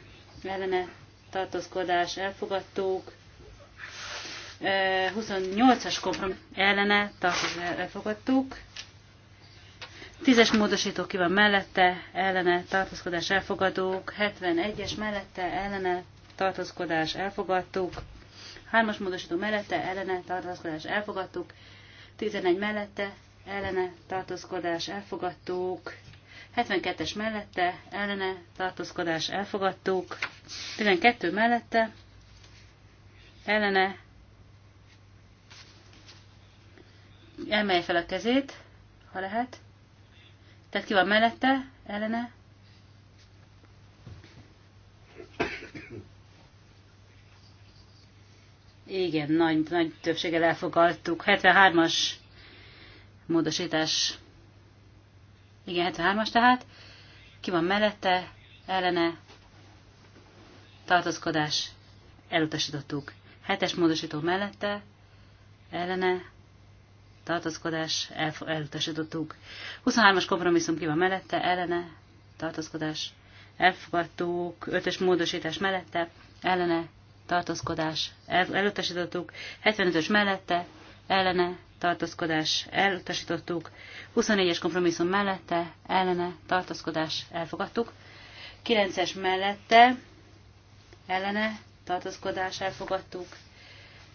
ellene tartózkodás elfogadtuk, 28-as kompromisszum ellene elfogadtuk. 10-es módosító ki van mellette, ellene tartózkodás elfogadók, 71-es mellette, ellene tartózkodás elfogadtuk, 3-as módosító mellette, ellene tartózkodás elfogadtuk, 11 mellette, ellene tartózkodás elfogadtuk, 72-es mellette, ellene tartózkodás elfogadtuk, 12 mellette, ellene emelj fel a kezét, ha lehet. Tehát ki van mellette, ellene. Igen, nagy, nagy többséggel elfogadtuk. 73-as módosítás. Igen, 73-as tehát. Ki van mellette, ellene, Tartozkodás elutasítottuk. 7-es módosító mellette, ellene, tartózkodás el, elutasítottuk. 23-as kompromisszum ki van mellette, ellene, tartózkodás elfogadtuk, 5-ös módosítás mellette, ellene, tartózkodás el, elutasítottuk, 75-ös mellette, ellene, tartózkodás elutasítottuk, 24-es kompromisszum mellette, ellene, tartózkodás elfogadtuk, 9-es mellette, ellene, tartózkodás elfogadtuk,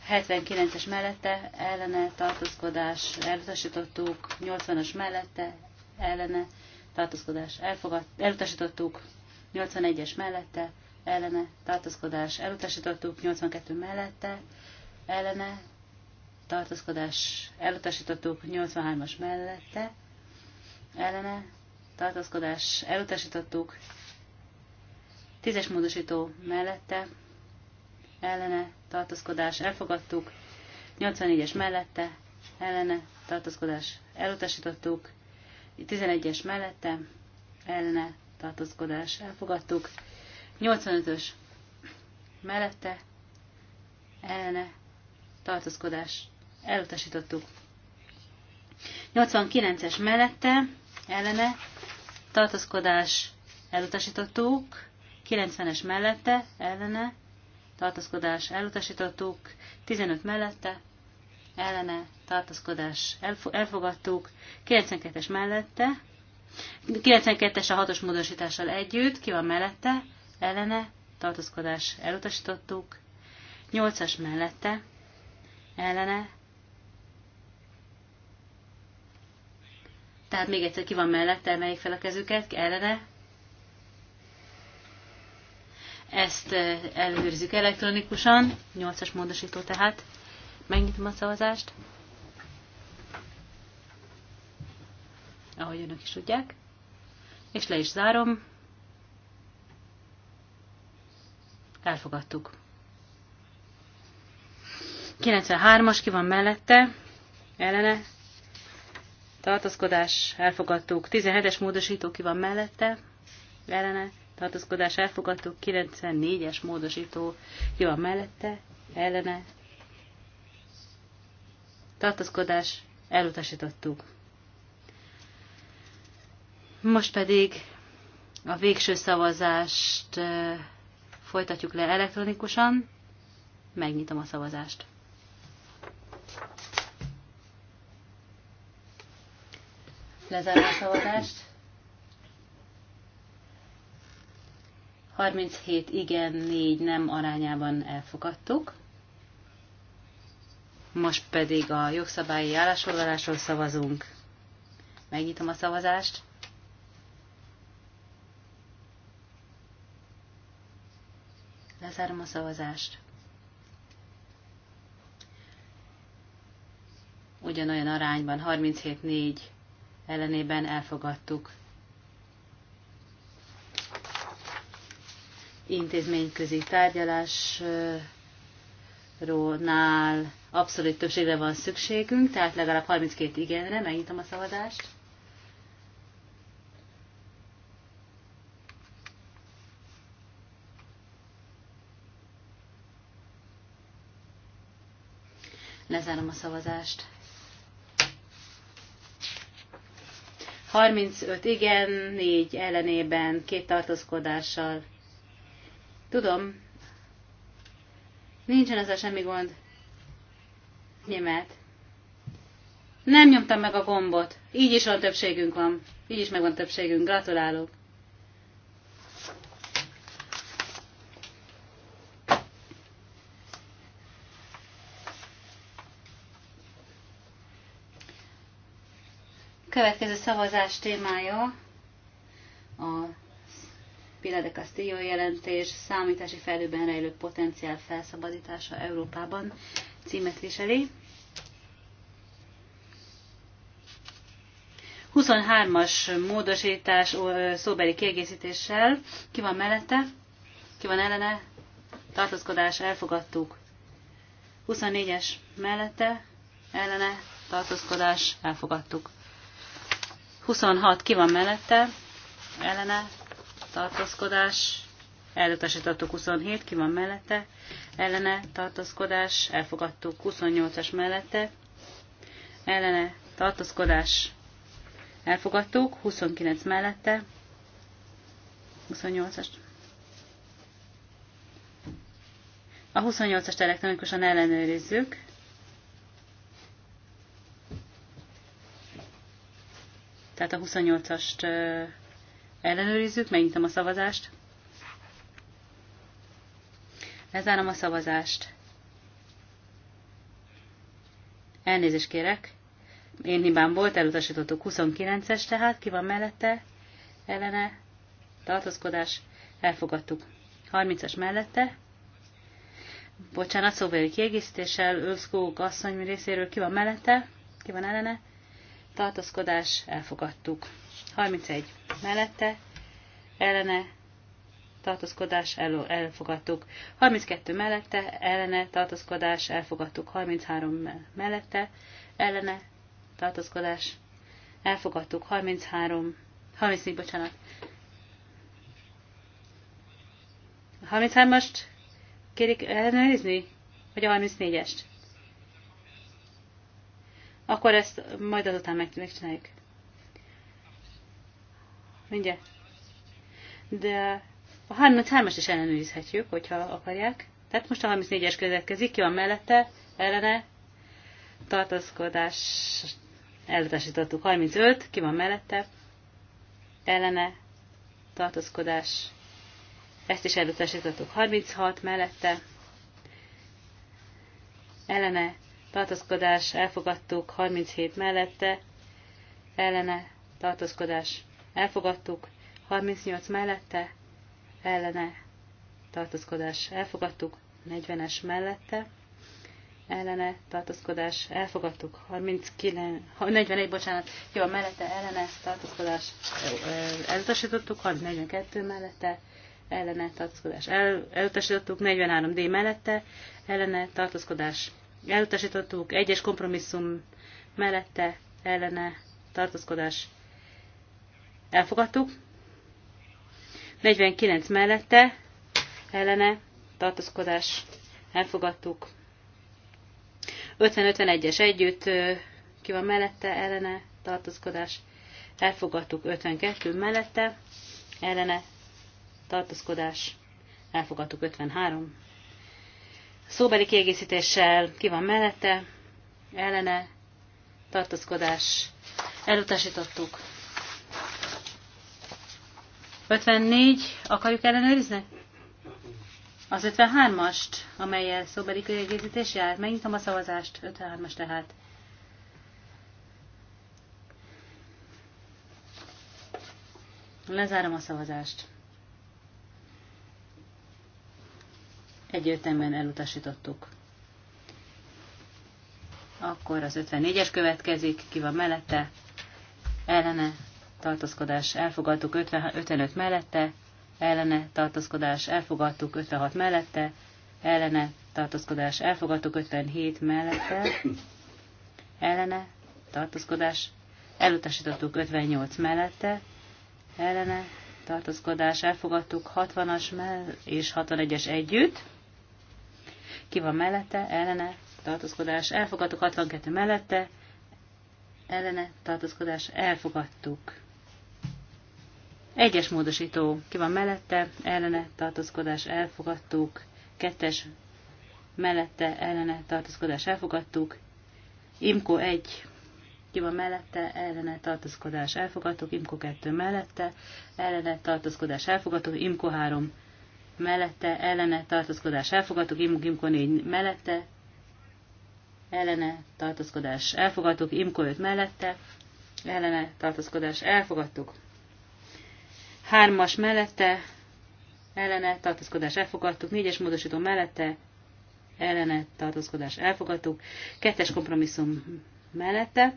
79-es mellette ellene tartózkodás elutasítottuk, 80-as mellette ellene tartózkodás elfogad, elutasítottuk, 81-es mellette ellene tartózkodás elutasítottuk, 82 mellette ellene tartózkodás elutasítottuk, 83-as mellette ellene tartózkodás elutasítottuk, 10-es módosító mellette ellene tartózkodás elfogadtuk, 84-es mellette ellene tartózkodás elutasítottuk, 11-es mellette ellene tartózkodás elfogadtuk, 85-ös mellette ellene tartózkodás elutasítottuk. 89-es mellette ellene tartózkodás elutasítottuk, 90-es mellette ellene tartózkodás elutasítottuk, 15 mellette, ellene, tartózkodás elfogadtuk, 92-es mellette, 92-es a 6-os módosítással együtt, ki van mellette, ellene, tartózkodás elutasítottuk, 8-as mellette, ellene, tehát még egyszer ki van mellette, emeljék fel a kezüket, ellene, ezt eh, ellenőrizzük elektronikusan. 8-as módosító tehát. Megnyitom a szavazást. Ahogy önök is tudják. És le is zárom. Elfogadtuk. 93-as ki van mellette, ellene, tartózkodás, elfogadtuk. 17-es módosító ki van mellette, ellene, tartózkodás elfogadtuk, 94-es módosító jó a mellette, ellene, tartózkodás elutasítottuk. Most pedig a végső szavazást folytatjuk le elektronikusan, megnyitom a szavazást. Lezárom a szavazást. 37 igen, 4 nem arányában elfogadtuk. Most pedig a jogszabályi állásfoglalásról szavazunk. Megnyitom a szavazást. Lezárom a szavazást. Ugyanolyan arányban 37-4 ellenében elfogadtuk. intézményközi tárgyalásról abszolút többségre van szükségünk, tehát legalább 32 igenre, megnyitom a szavazást. Lezárom a szavazást. 35 igen, 4 ellenében, két tartózkodással Tudom, nincsen ezzel semmi gond. Nyimet. Nem nyomtam meg a gombot. Így is van többségünk van. Így is megvan többségünk. Gratulálok. Következő szavazás témája a Pilar de Castillo jelentés számítási fejlőben rejlő potenciál felszabadítása Európában címet viseli. 23-as módosítás szóbeli kiegészítéssel. Ki van mellette? Ki van ellene? Tartózkodás, elfogadtuk. 24-es mellette, ellene, tartózkodás, elfogadtuk. 26 ki van mellette, ellene, tartózkodás, elutasítottuk 27, ki van mellette, ellene tartózkodás, elfogadtuk 28-as mellette, ellene tartózkodás, elfogadtuk 29 mellette, 28-as. A 28-ast elektronikusan ellenőrizzük. Tehát a 28-ast Ellenőrizzük, megnyitom a szavazást. Lezárom a szavazást. Elnézést kérek. Én hibám volt, elutasítottuk 29-es, tehát ki van mellette? Ellene, tartózkodás, elfogadtuk. 30-as mellette. Bocsánat, szóbeli kiegészítéssel, Övszkó asszony részéről ki van mellette, ki van ellene, tartózkodás, elfogadtuk. 31 mellette, ellene, tartózkodás, elfogadtuk. 32 mellette, ellene, tartózkodás, elfogadtuk. 33 mellette, ellene, tartózkodás, elfogadtuk. 33, 34, bocsánat. 33-ast kérik ellenőrizni? Vagy a 34-est? akkor ezt majd azután megcsináljuk. Mindjárt. De a 33-as is ellenőrizhetjük, hogyha akarják. Tehát most a 34-es következik, ki van mellette, ellene, tartózkodás, elutasítottuk 35, ki van mellette, ellene, tartózkodás, ezt is elutasítottuk 36 mellette, ellene, tartózkodás elfogadtuk, 37 mellette, ellene tartózkodás elfogadtuk, 38 mellette, ellene tartózkodás elfogadtuk, 40-es mellette, ellene tartózkodás elfogadtuk, 39, 41, bocsánat, jó, mellette ellene tartózkodás elutasítottuk, 42 mellette, ellene tartózkodás el, elutasítottuk, 43D mellette, ellene tartózkodás elutasítottuk, egyes kompromisszum mellette ellene tartózkodás elfogadtuk, 49 mellette ellene tartózkodás elfogadtuk, 50-51-es együtt ki van mellette ellene tartózkodás elfogadtuk, 52 mellette ellene tartózkodás elfogadtuk, 53 Szóbeli kiegészítéssel ki van mellette, ellene, tartózkodás, elutasítottuk. 54, akarjuk ellenőrizni? Az 53-ast, amelyel szóbeli kiegészítés jár, megnyitom a szavazást, 53-as tehát. Lezárom a szavazást. egyértelműen elutasítottuk. Akkor az 54-es következik, ki van mellette, ellene, tartózkodás, elfogadtuk 55 mellette, ellene, tartózkodás, elfogadtuk 56 mellette, ellene, tartózkodás, elfogadtuk 57 mellette, ellene, tartózkodás, elutasítottuk 58 mellette, ellene, tartózkodás, elfogadtuk 60-as mell és 61-es együtt, ki van mellette, ellene, tartózkodás, elfogadtuk 62 mellette, ellene, tartózkodás, elfogadtuk. Egyes módosító, ki van mellette, ellene, tartózkodás, elfogadtuk. Kettes, mellette, ellene, tartózkodás, elfogadtuk. Imko 1, ki van mellette, ellene tartózkodás elfogadtuk, Imko 2 mellette, ellene tartózkodás elfogadtuk, Imko 3 mellette ellene tartózkodás elfogadtuk, Imko Imko 4 mellette ellene tartózkodás elfogadtuk, Imko 5 mellette ellene tartózkodás elfogadtuk. Hármas mellette ellene tartózkodás elfogadtuk, négyes módosító mellette ellene tartózkodás elfogadtuk, kettes kompromisszum mellette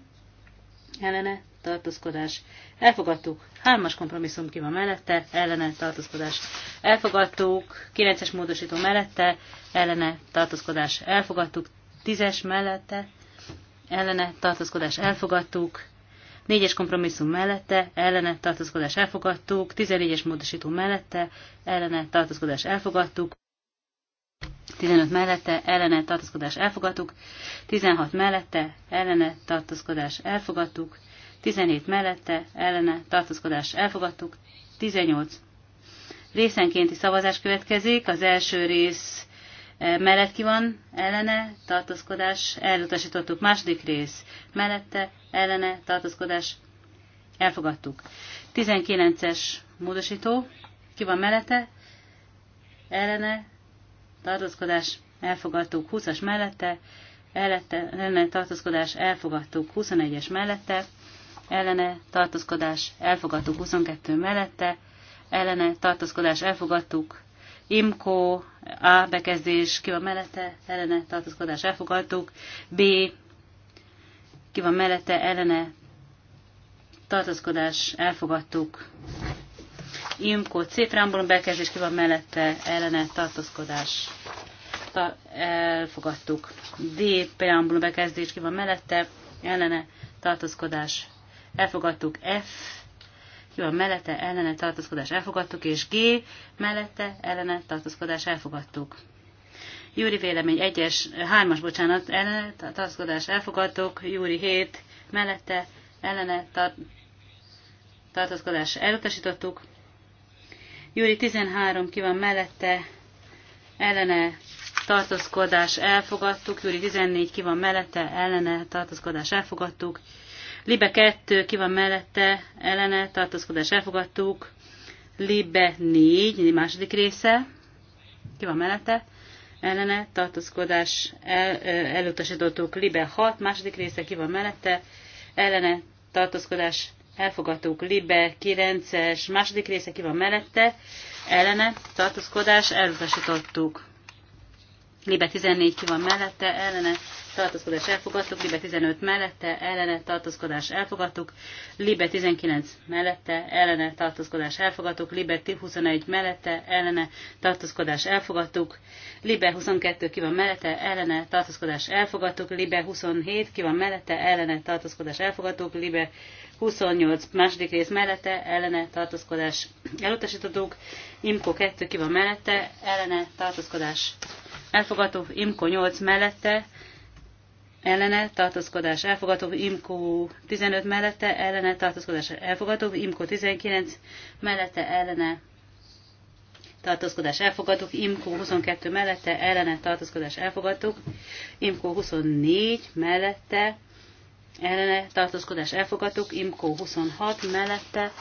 ellene tartózkodás, elfogadtuk. Hármas kompromisszum ki van mellette, ellene tartózkodás, elfogadtuk. Kilences módosító mellette, ellene tartózkodás, elfogadtuk. Tízes mellette, ellene tartózkodás, elfogadtuk. Négyes kompromisszum mellette, ellene tartózkodás, elfogadtuk. tizenegyes módosító mellette, ellene tartózkodás, elfogadtuk. 15 mellette ellene tartózkodás elfogadtuk, 16 mellette ellene tartózkodás elfogadtuk, 17 mellette, ellene, tartózkodás elfogadtuk, 18. Részenkénti szavazás következik, az első rész e, mellett ki van, ellene, tartózkodás, elutasítottuk, második rész mellette, ellene, tartózkodás, elfogadtuk. 19-es módosító, ki van mellette, ellene, tartózkodás, elfogadtuk, 20-as mellette, ellette, ellene tartózkodás elfogadtuk 21-es mellette, ellene tartózkodás elfogadtuk 22 mellette, ellene tartózkodás elfogadtuk, Imko A bekezdés ki van mellette, ellene tartózkodás elfogadtuk, B ki van mellette, ellene tartózkodás elfogadtuk, Imko C preambulum bekezdés ki van mellette, ellene tartózkodás elfogadtuk. D preambulum bekezdés ki van mellette, ellene tartózkodás elfogadtuk, F, ki van mellette, ellene tartózkodás elfogadtuk, és G, mellette, ellene tartózkodás elfogadtuk. Júri vélemény 1-es, 3-as, bocsánat, ellene tartózkodás elfogadtuk, Júri 7, mellette, ellene tart, tartózkodás elutasítottuk, Júri 13 ki van mellette, ellene tartózkodás elfogadtuk, Júri 14 ki van mellette, ellene tartózkodás elfogadtuk, Libe 2, ki van mellette, ellene, tartózkodás elfogadtuk. Libe 4, második része, ki van mellette, ellene, tartózkodás el, elutasítottuk. Libe 6, második része, ki van mellette, ellene, tartózkodás elfogadtuk. Libe 9-es, második része, ki van mellette, ellene, tartózkodás elutasítottuk. Libe 14 ki van mellette, ellene tartózkodás elfogadtuk, Libe 15 mellette, ellene tartózkodás elfogadtuk, Libe 19 mellette, ellene tartózkodás elfogadtuk, Libe 21 mellette, ellene tartózkodás elfogadtuk, Libe 22 ki van mellette, ellene tartózkodás elfogadtuk, Libe 27 ki van mellette, ellene tartózkodás elfogadtuk, Libe 28 második rész mellette, ellene tartózkodás elutasítottuk, Imko 2 ki van mellette, ellene tartózkodás elfogadó IMKO 8 mellette ellene tartózkodás elfogadó IMKO 15 mellette ellene tartózkodás elfogadó IMKO 19 mellette ellene tartózkodás elfogadtuk, IMKO 22 mellette ellene tartózkodás elfogadtuk, IMKO 24 mellette ellene tartózkodás elfogadtuk, IMKO 26 mellette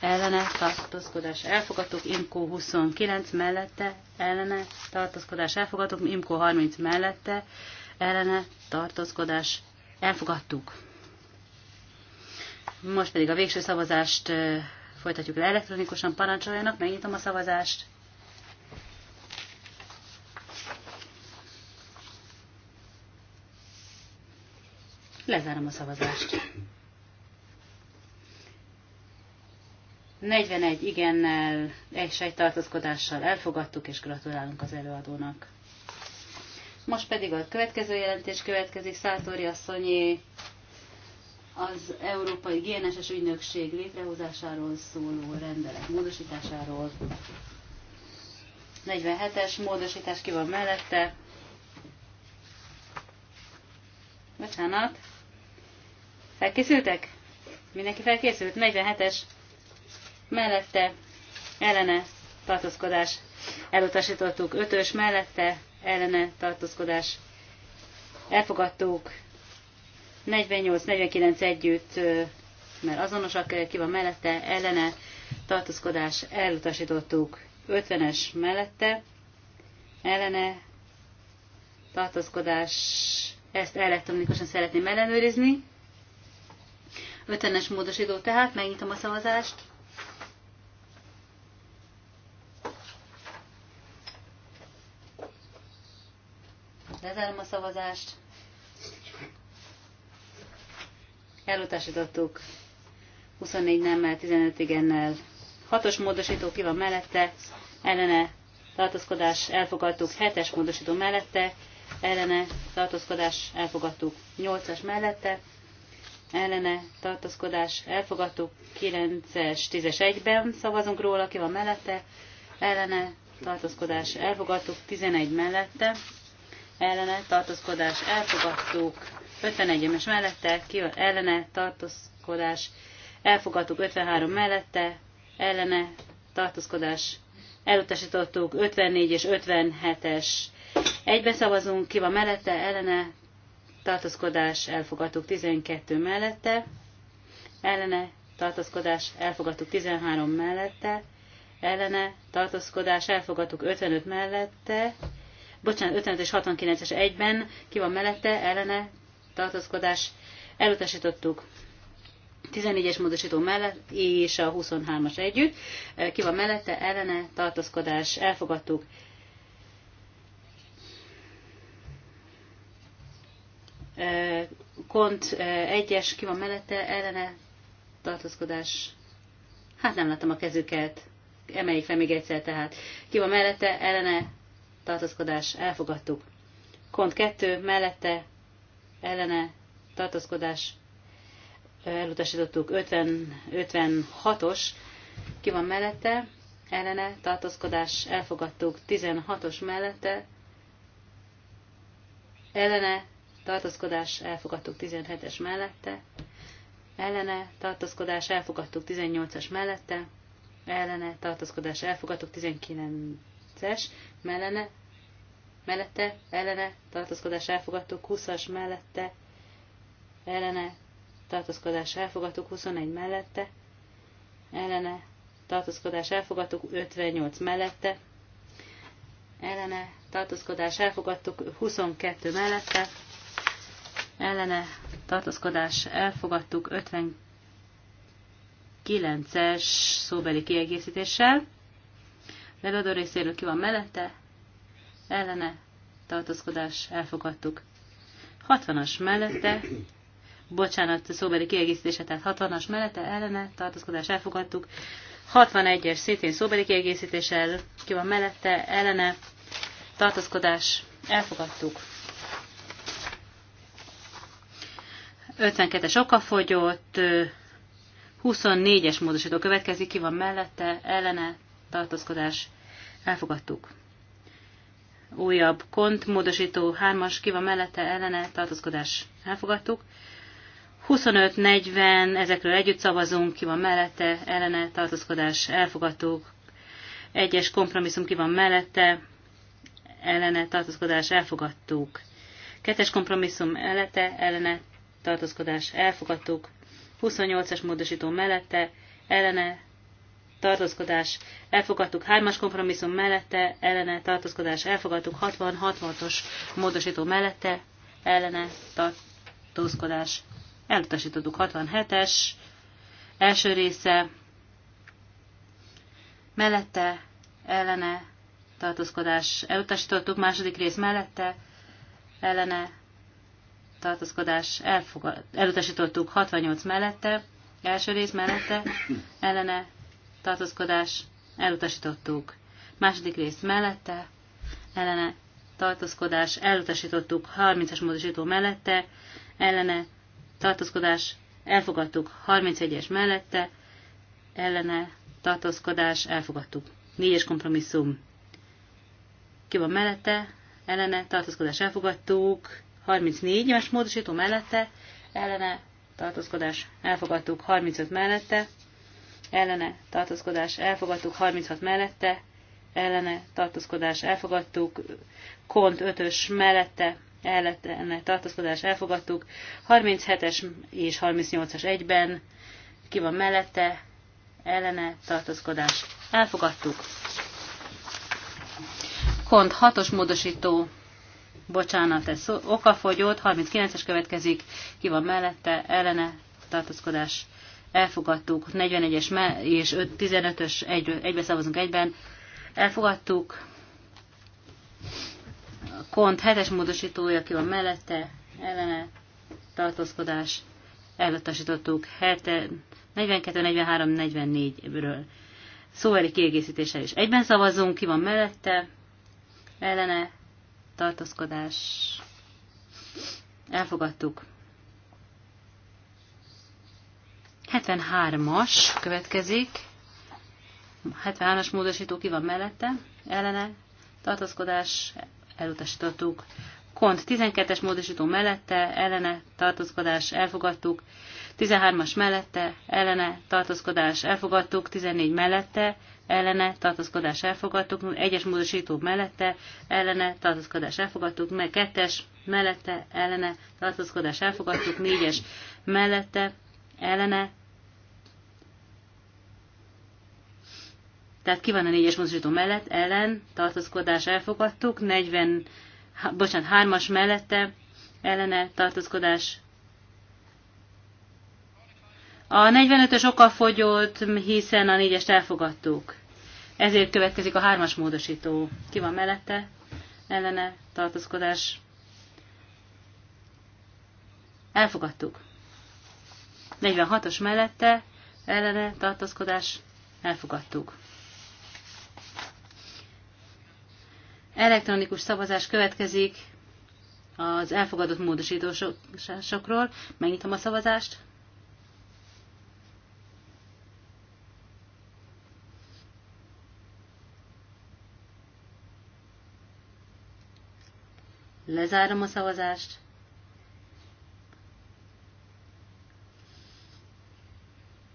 ellene tartózkodás elfogadtuk, Imkó 29 mellette ellene tartózkodás elfogadtuk, Imkó 30 mellette ellene tartózkodás elfogadtuk. Most pedig a végső szavazást folytatjuk le elektronikusan, parancsoljanak, megnyitom a szavazást. Lezárom a szavazást. 41 igennel, egy sejtartozkodással elfogadtuk, és gratulálunk az előadónak. Most pedig a következő jelentés következik, Szátori asszonyi az Európai GNSS Ügynökség létrehozásáról szóló rendelet módosításáról. 47-es módosítás ki van mellette. Bocsánat. Felkészültek? Mindenki felkészült? 47-es mellette ellene tartózkodás elutasítottuk, ötös mellette ellene tartózkodás elfogadtuk, 48-49 együtt, mert azonosak ki van mellette, ellene tartózkodás elutasítottuk, 50-es mellette ellene tartózkodás, ezt elektronikusan szeretném ellenőrizni. 50-es módosító tehát, megnyitom a szavazást. Lezárom a szavazást. Elutasítottuk 24 nemmel, 15 igennel. Hatos módosító ki van mellette, ellene tartózkodás elfogadtuk, hetes módosító mellette, ellene tartózkodás elfogadtuk, nyolcas mellette, ellene tartózkodás elfogadtuk, 9-es, 10-es egyben szavazunk róla, ki van mellette, ellene tartózkodás elfogadtuk, 11 mellette, ellene tartózkodás elfogadtuk, 51-es mellette ki ellene tartózkodás elfogadtuk, 53 mellette ellene tartózkodás elutasítottuk, 54 és 57-es egyben szavazunk, ki van mellette ellene tartózkodás elfogadtuk, 12 mellette ellene tartózkodás elfogadtuk, 13 mellette ellene tartózkodás elfogadtuk, 55 mellette bocsánat, 55 és 69-es egyben, ki van mellette, ellene, tartozkodás, elutasítottuk. 14-es módosító mellett és a 23-as együtt. Ki van mellette, ellene, tartózkodás, elfogadtuk. Kont 1-es, ki van mellette, ellene, tartózkodás. Hát nem láttam a kezüket. Emeljék fel még egyszer, tehát ki van mellette, ellene, tartózkodás elfogadtuk. Kont 2 mellette ellene tartózkodás elutasítottuk 50, 56-os, ki van mellette, ellene tartózkodás elfogadtuk 16-os mellette, ellene tartózkodás elfogadtuk 17-es mellette, ellene tartózkodás elfogadtuk 18-as mellette, ellene tartózkodás elfogadtuk 19-es mellene, mellette, ellene, tartózkodás elfogadtuk, 20-as mellette, ellene, tartózkodás elfogadtuk, 21 mellette, ellene, tartózkodás elfogadtuk, 58 mellette, ellene, tartózkodás elfogadtuk, 22 mellette, ellene, tartózkodás elfogadtuk, 59-es szóbeli kiegészítéssel, Legadó részéről ki van mellette, ellene tartózkodás elfogadtuk. 60-as mellette, bocsánat, szóbeli kiegészítése, tehát 60-as mellette ellene tartózkodás elfogadtuk. 61-es szintén szóbeli kiegészítéssel, ki van mellette, ellene tartózkodás elfogadtuk. 52-es okafogyott, 24-es módosító következik, ki van mellette, ellene, tartózkodás, elfogadtuk újabb kont, módosító hármas, ki van mellette, ellene, tartózkodás, elfogadtuk. 25-40, ezekről együtt szavazunk, ki van mellette, ellene, tartózkodás, elfogadtuk. Egyes kompromisszum ki van mellette, ellene, tartózkodás, elfogadtuk. Kettes kompromisszum mellette, ellene, tartózkodás, elfogadtuk. 28-as módosító mellette, ellene, tartózkodás elfogadtuk, hármas kompromisszum mellette, ellene tartózkodás elfogadtuk, 66 os módosító mellette, ellene tartózkodás elutasítottuk, 67-es első része mellette, ellene tartózkodás elutasítottuk, második rész mellette, ellene tartózkodás elfogad, elutasítottuk 68 mellette, első rész mellette, ellene tartózkodás, elutasítottuk. Második rész mellette, ellene, tartózkodás, elutasítottuk. 30-as módosító mellette, ellene, tartózkodás, elfogadtuk. 31-es mellette, ellene, tartózkodás, elfogadtuk. 4-es kompromisszum. Ki van mellette? Ellene, tartózkodás, elfogadtuk. 34-es módosító mellette, ellene, tartózkodás, elfogadtuk. 35 mellette, ellene tartózkodás elfogadtuk, 36 mellette ellene tartózkodás elfogadtuk, kont 5-ös mellette ellene tartózkodás elfogadtuk, 37-es és 38-as egyben, ki van mellette, ellene tartózkodás elfogadtuk. Kont 6-os módosító, bocsánat, ez okafogyott, 39-es következik, ki van mellette, ellene tartózkodás elfogadtuk, 41-es és 15-ös egy, egybe szavazunk egyben, elfogadtuk, kont 7-es módosítója ki van mellette, ellene tartózkodás, elutasítottuk 42, 43, 44-ről. Szóveli kiegészítéssel is egyben szavazunk, ki van mellette, ellene tartózkodás, elfogadtuk 73-as következik. 73-as módosító ki van mellette, ellene, tartózkodás, elutasítottuk. Kont 12-es módosító mellette, ellene, tartózkodás, elfogadtuk. 13-as mellette, ellene, tartózkodás, elfogadtuk. 14 mellette, ellene, tartózkodás, elfogadtuk. 1-es módosító mellette, ellene, tartózkodás, elfogadtuk. Meg 2-es mellette, ellene, tartózkodás, elfogadtuk. 4-es mellette, ellene, Tehát ki van a négyes módosító mellett, ellen, tartózkodás elfogadtuk, 40, bocsánat, hármas mellette, ellene, tartózkodás. A 45-ös fogyott, hiszen a négyest elfogadtuk. Ezért következik a hármas módosító. Ki van mellette? Ellene, tartózkodás. Elfogadtuk. 46-os mellette, ellene, tartózkodás. Elfogadtuk. Elektronikus szavazás következik az elfogadott módosításokról. Megnyitom a szavazást. Lezárom a szavazást.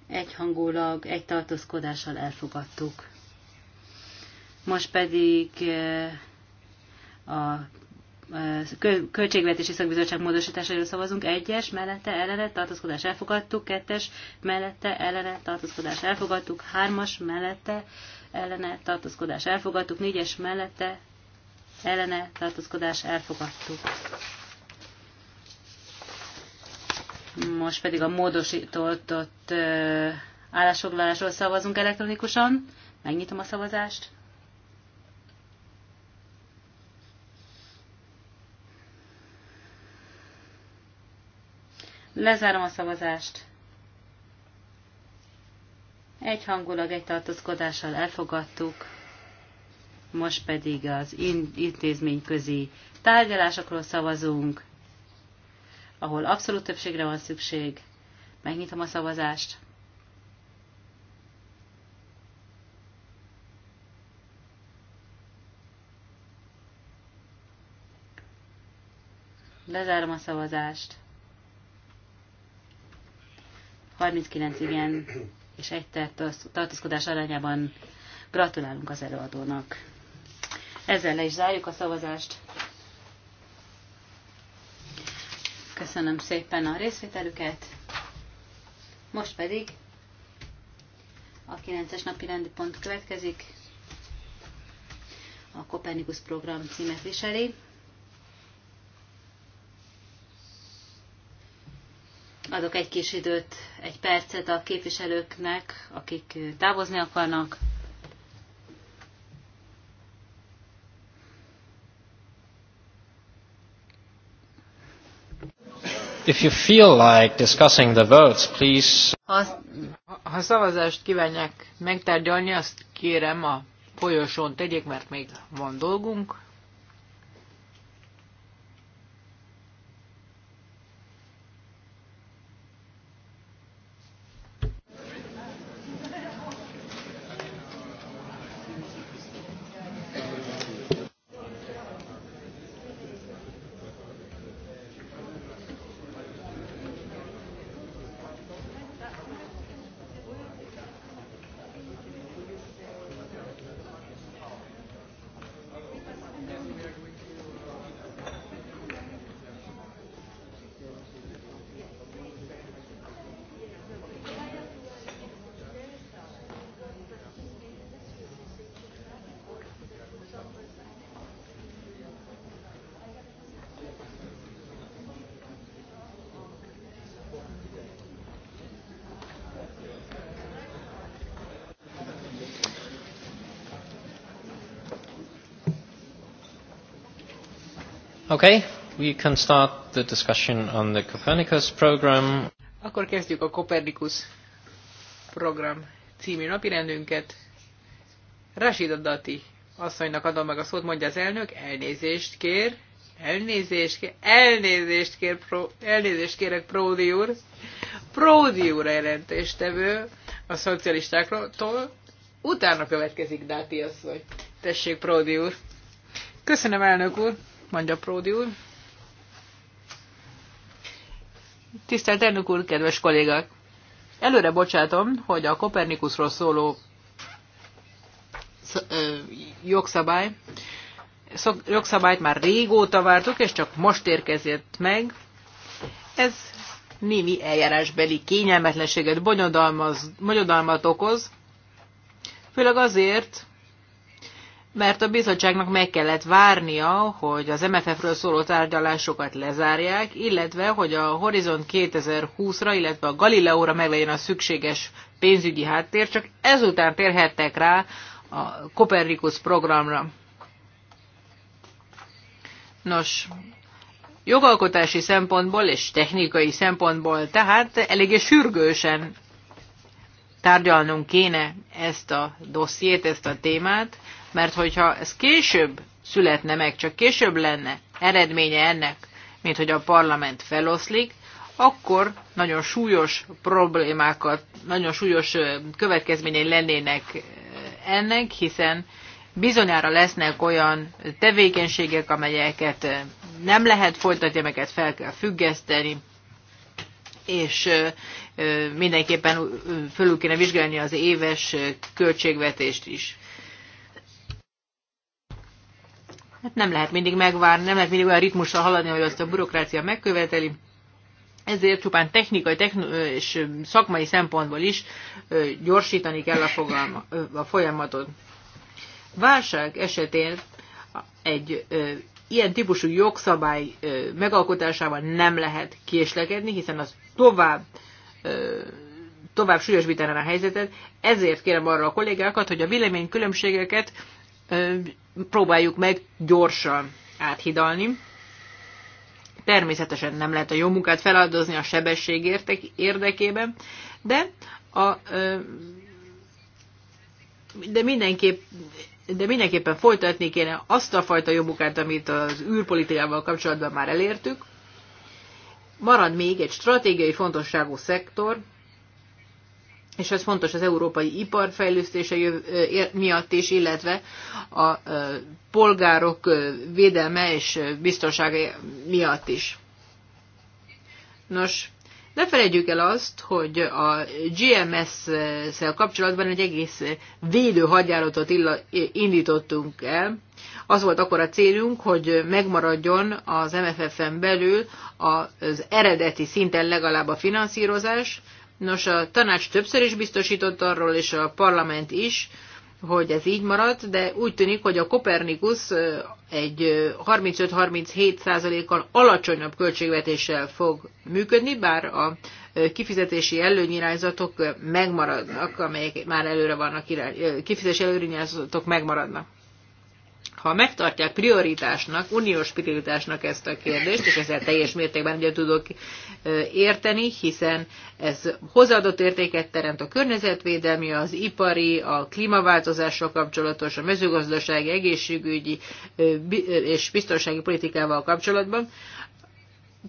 Egyhangulag, egy tartózkodással elfogadtuk. Most pedig eh, a eh, Költségvetési Szakbizottság módosításáról szavazunk. Egyes, mellette, ellene, tartózkodás elfogadtuk. Kettes, mellette, ellene, tartózkodás elfogadtuk. Hármas, mellette, ellene, tartózkodás elfogadtuk. Négyes, mellette, ellene, tartózkodás elfogadtuk. Most pedig a módosított állásfoglalásról szavazunk elektronikusan. Megnyitom a szavazást. Lezárom a szavazást. Egyhangulag egy tartózkodással elfogadtuk. Most pedig az intézményközi tárgyalásokról szavazunk, ahol abszolút többségre van szükség. Megnyitom a szavazást. Lezárom a szavazást. 39 igen és egy tartózkodás arányában gratulálunk az előadónak. Ezzel le is zárjuk a szavazást. Köszönöm szépen a részvételüket. Most pedig a 9-es napi rendi pont következik. A Kopernikus program címet viseli. Adok egy kis időt, egy percet a képviselőknek, akik távozni akarnak. If you feel like discussing the votes, please. Ha, ha szavazást kívánják megtárgyalni, azt kérem a folyosón tegyék, mert még van dolgunk. Okay, we can start the discussion on the Copernicus program. Akkor kezdjük a Copernicus program című napirendünket. Rashid Adati asszonynak adom meg a szót, mondja az elnök, elnézést kér, elnézést kér, elnézést kér, pro, elnézést kérek Pródi úr. Pródi úr jelentéstevő a szocialistáktól, utána következik Dáti asszony. Tessék, Pródi úr. Köszönöm, elnök úr mondja Pródi úr. Tisztelt elnök úr, kedves kollégák! Előre bocsátom, hogy a Kopernikusról szóló jogszabály, jogszabályt már régóta vártuk, és csak most érkezett meg. Ez némi eljárásbeli kényelmetlenséget, bonyodalmat okoz, főleg azért, mert a bizottságnak meg kellett várnia, hogy az MFF-ről szóló tárgyalásokat lezárják, illetve hogy a Horizont 2020-ra, illetve a Galileóra meglegyen a szükséges pénzügyi háttér, csak ezután térhettek rá a Copernicus programra. Nos, jogalkotási szempontból és technikai szempontból, tehát eléggé sürgősen tárgyalnunk kéne ezt a dossziét, ezt a témát, mert hogyha ez később születne meg, csak később lenne eredménye ennek, mint hogy a parlament feloszlik, akkor nagyon súlyos problémákat, nagyon súlyos következményei lennének ennek, hiszen bizonyára lesznek olyan tevékenységek, amelyeket nem lehet folytatni, amelyeket fel kell függeszteni, és mindenképpen fölül kéne vizsgálni az éves költségvetést is. hát nem lehet mindig megvárni, nem lehet mindig olyan ritmussal haladni, hogy azt a bürokrácia megköveteli. Ezért csupán technikai techn- és szakmai szempontból is gyorsítani kell a, fogalma, a folyamatot. Válság esetén egy ö, ilyen típusú jogszabály ö, megalkotásával nem lehet késlekedni, hiszen az tovább ö, tovább súlyosbítaná a helyzetet. Ezért kérem arra a kollégákat, hogy a véleménykülönbségeket próbáljuk meg gyorsan áthidalni. Természetesen nem lehet a jó munkát feláldozni a sebesség érdekében, de a, de mindenképp de mindenképpen folytatni kéne azt a fajta jó munkát, amit az űrpolitikával kapcsolatban már elértük. Marad még egy stratégiai fontosságú szektor, és ez fontos az európai ipar fejlesztése miatt is, illetve a polgárok védelme és biztonsága miatt is. Nos, ne felejtjük el azt, hogy a GMS-szel kapcsolatban egy egész védőhagyjáratot indítottunk el. Az volt akkor a célunk, hogy megmaradjon az MFF-en belül az eredeti szinten legalább a finanszírozás, Nos, a tanács többször is biztosított arról, és a parlament is, hogy ez így maradt, de úgy tűnik, hogy a Kopernikus egy 35-37%-kal alacsonyabb költségvetéssel fog működni, bár a kifizetési előnyirányzatok megmaradnak, amelyek már előre vannak, kifizetési előnyirányzatok megmaradnak ha megtartják prioritásnak, uniós prioritásnak ezt a kérdést, és ezzel teljes mértékben ugye tudok érteni, hiszen ez hozzáadott értéket teremt a környezetvédelmi, az ipari, a klímaváltozással kapcsolatos, a mezőgazdasági, egészségügyi és biztonsági politikával kapcsolatban.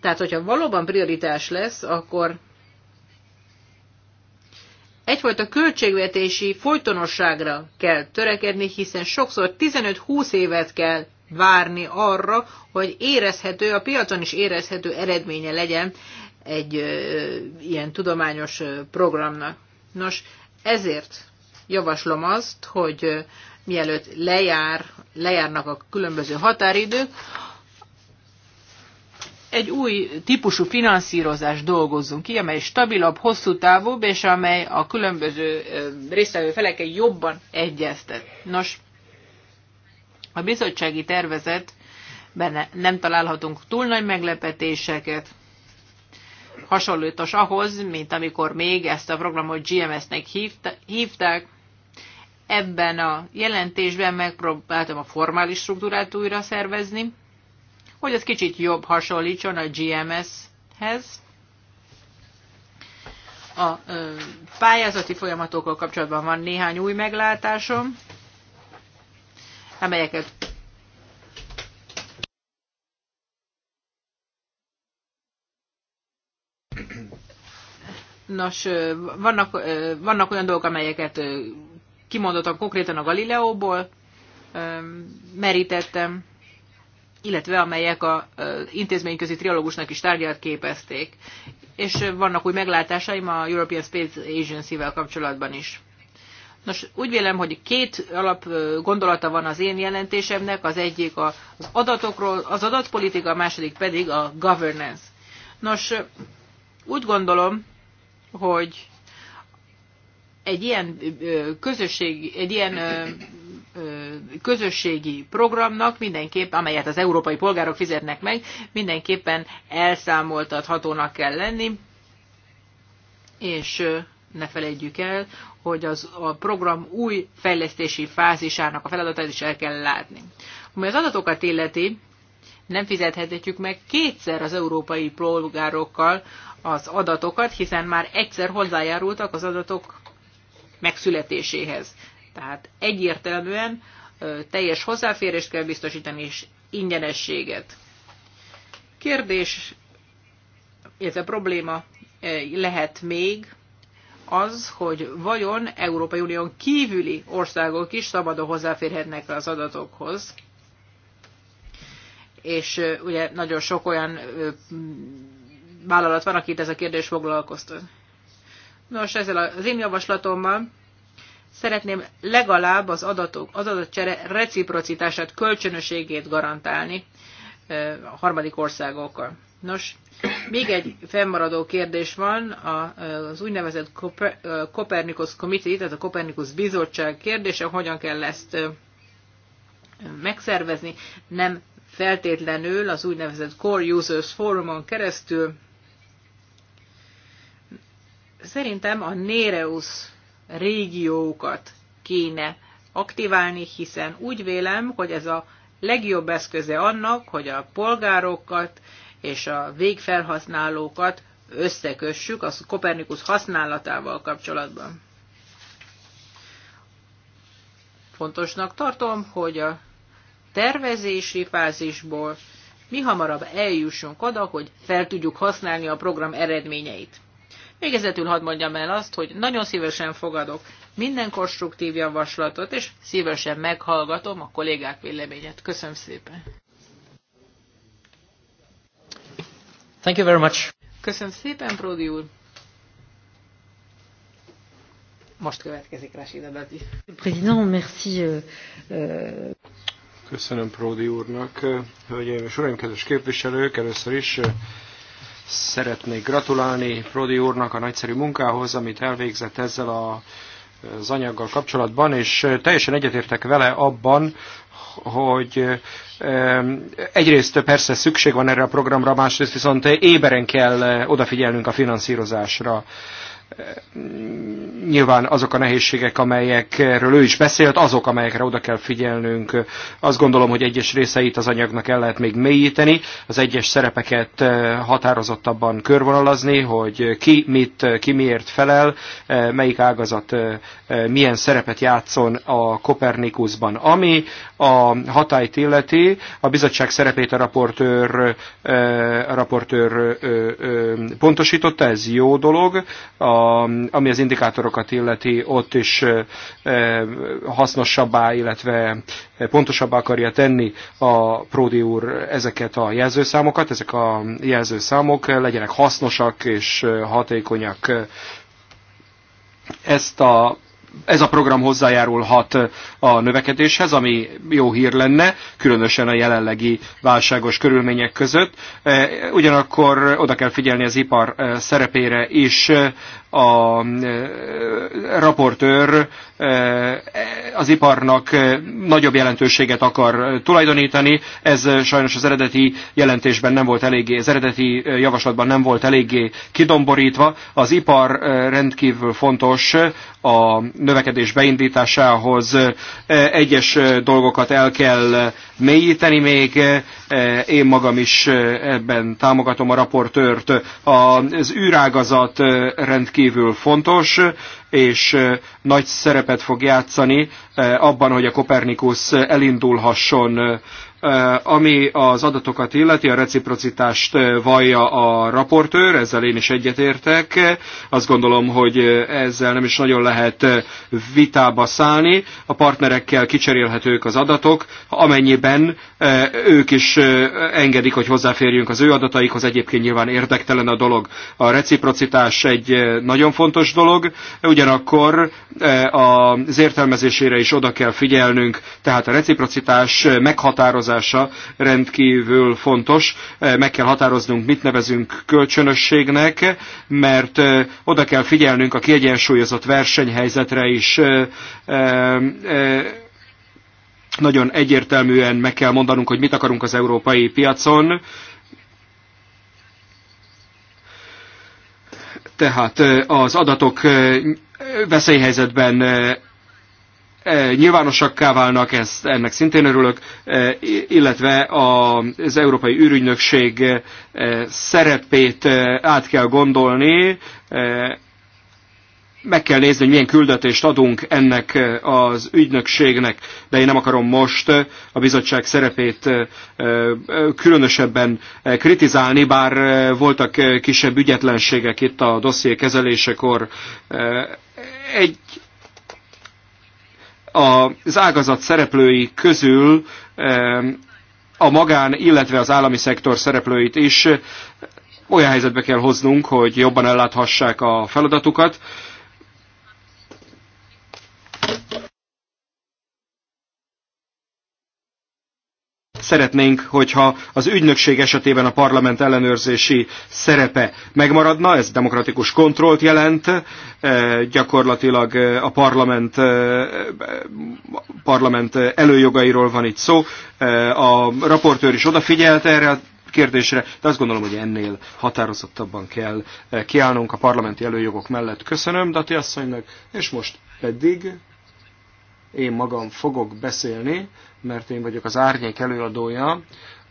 Tehát, hogyha valóban prioritás lesz, akkor egyfajta költségvetési folytonosságra kell törekedni, hiszen sokszor 15-20 évet kell várni arra, hogy érezhető, a piacon is érezhető eredménye legyen egy ö, ilyen tudományos ö, programnak. Nos, ezért javaslom azt, hogy ö, mielőtt lejár, lejárnak a különböző határidők, egy új típusú finanszírozást dolgozzunk ki, amely stabilabb, hosszú távúbb, és amely a különböző résztvevő feleket jobban egyeztet. Nos, a bizottsági tervezetben nem találhatunk túl nagy meglepetéseket, hasonlítos ahhoz, mint amikor még ezt a programot GMS-nek hívták. Ebben a jelentésben megpróbáltam a formális struktúrát újra szervezni, hogy ez kicsit jobb hasonlítson a GMS-hez. A pályázati folyamatokkal kapcsolatban van néhány új meglátásom, amelyeket Nos, vannak, vannak olyan dolgok, amelyeket kimondottam konkrétan a Galileóból, merítettem illetve amelyek az intézményközi trialógusnak is tárgyát képezték. És vannak új meglátásaim a European Space Agency-vel kapcsolatban is. Nos, úgy vélem, hogy két alap gondolata van az én jelentésemnek, az egyik az adatokról, az adatpolitika, a második pedig a governance. Nos, úgy gondolom, hogy egy ilyen közösség, egy ilyen közösségi programnak mindenképp, amelyet az európai polgárok fizetnek meg, mindenképpen elszámoltathatónak kell lenni, és ne felejtjük el, hogy az, a program új fejlesztési fázisának a feladatát is el kell látni. Ami az adatokat illeti, nem fizethetjük meg kétszer az európai polgárokkal az adatokat, hiszen már egyszer hozzájárultak az adatok megszületéséhez. Tehát egyértelműen teljes hozzáférést kell biztosítani, és ingyenességet. Kérdés, illetve probléma lehet még az, hogy vajon Európai Unión kívüli országok is szabadon hozzáférhetnek az adatokhoz. És ugye nagyon sok olyan vállalat van, akit ez a kérdés foglalkoztat. Nos, ezzel az én javaslatommal Szeretném legalább az adatok, az adatcsere reciprocitását, kölcsönösségét garantálni a harmadik országokkal. Nos, még egy fennmaradó kérdés van, az úgynevezett Copernicus Committee, tehát a Copernicus Bizottság kérdése, hogyan kell ezt megszervezni, nem feltétlenül az úgynevezett Core Users Forumon keresztül. Szerintem a Nereus régiókat kéne aktiválni, hiszen úgy vélem, hogy ez a legjobb eszköze annak, hogy a polgárokat és a végfelhasználókat összekössük a Kopernikus használatával kapcsolatban. Fontosnak tartom, hogy a tervezési fázisból mi hamarabb eljussunk oda, hogy fel tudjuk használni a program eredményeit. Végezetül hadd mondjam el azt, hogy nagyon szívesen fogadok minden konstruktív javaslatot, és szívesen meghallgatom a kollégák véleményét. Köszönöm szépen! Thank you very much. Köszönöm szépen, Pródi úr! Most következik Rashida Dati. Président, merci. Euh, euh. Köszönöm Pródi úrnak. Hölgyeim és uraim, kedves képviselők, először is Szeretnék gratulálni Prodi úrnak a nagyszerű munkához, amit elvégzett ezzel a, az anyaggal kapcsolatban, és teljesen egyetértek vele abban, hogy egyrészt persze szükség van erre a programra, másrészt viszont éberen kell odafigyelnünk a finanszírozásra nyilván azok a nehézségek, amelyekről ő is beszélt, azok, amelyekre oda kell figyelnünk. Azt gondolom, hogy egyes részeit az anyagnak el lehet még mélyíteni, az egyes szerepeket eh, határozottabban körvonalazni, hogy ki mit, eh, ki miért felel, eh, melyik ágazat milyen szerepet játszon a Kopernikusban. Ami a hatályt illeti, a bizottság szerepét a raportőr, a raportőr pontosította, ez jó dolog, a ami az indikátorokat illeti, ott is hasznosabbá, illetve pontosabbá akarja tenni a Pródi úr ezeket a jelzőszámokat. Ezek a jelzőszámok legyenek hasznosak és hatékonyak. Ezt a ez a program hozzájárulhat a növekedéshez, ami jó hír lenne, különösen a jelenlegi válságos körülmények között. Ugyanakkor oda kell figyelni az ipar szerepére is a e, raportőr e, az iparnak e, nagyobb jelentőséget akar tulajdonítani. Ez sajnos az eredeti jelentésben nem volt eléggé, az eredeti javaslatban nem volt eléggé kidomborítva. Az ipar rendkívül fontos a növekedés beindításához. Egyes dolgokat el kell mélyíteni még, Eh, én magam is eh, ebben támogatom a raportőrt. Az űrágazat eh, rendkívül fontos, és nagy szerepet fog játszani abban, hogy a Kopernikus elindulhasson Eh, ami az adatokat illeti, a reciprocitást eh, vallja a raportőr, ezzel én is egyetértek. Azt gondolom, hogy eh, ezzel nem is nagyon lehet vitába szállni. A partnerekkel kicserélhetők az adatok, amennyiben ők is engedik, hogy hozzáférjünk az ő adataikhoz, egyébként nyilván érdektelen a dolog. A reciprocitás egy nagyon fontos dolog, ugyanakkor az értelmezésére is oda kell figyelnünk, tehát a reciprocitás meghatározása meghatározása rendkívül fontos. Eh, meg kell határoznunk, mit nevezünk kölcsönösségnek, mert eh, oda kell figyelnünk a kiegyensúlyozott versenyhelyzetre is eh, nagyon egyértelműen meg kell mondanunk, hogy mit akarunk az európai piacon. Tehát az adatok veszélyhelyzetben E, nyilvánosakká válnak, ezt, ennek szintén örülök, e, illetve az Európai űrügynökség e, szerepét át kell gondolni, meg kell nézni, hogy milyen küldetést adunk ennek az ügynökségnek, de én nem akarom most a bizottság szerepét különösebben kritizálni, bár voltak kisebb ügyetlenségek itt a dosszié kezelésekor. Egy az ágazat szereplői közül a magán, illetve az állami szektor szereplőit is eh, olyan helyzetbe kell hoznunk, hogy jobban elláthassák a feladatukat, Szeretnénk, hogyha az ügynökség esetében a parlament ellenőrzési szerepe megmaradna, ez demokratikus kontrollt jelent, e, gyakorlatilag e, a parlament, e, parlament előjogairól van itt szó. A raportőr is odafigyelt erre a kérdésre, de azt gondolom, hogy ennél határozottabban kell kiállnunk a parlamenti előjogok mellett. Köszönöm Dati asszonynak, és most pedig én magam fogok beszélni mert én vagyok az árnyék előadója,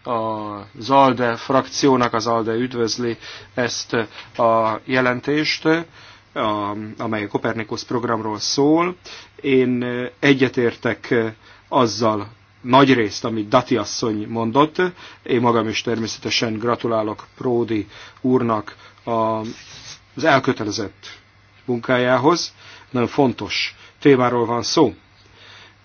a Zalde frakciónak, az ALDE üdvözli ezt a jelentést, a, amely a Kopernikus programról szól. Én egyetértek azzal nagy részt, amit Dati asszony mondott. Én magam is természetesen gratulálok Pródi úrnak a, az elkötelezett munkájához. Nagyon fontos témáról van szó.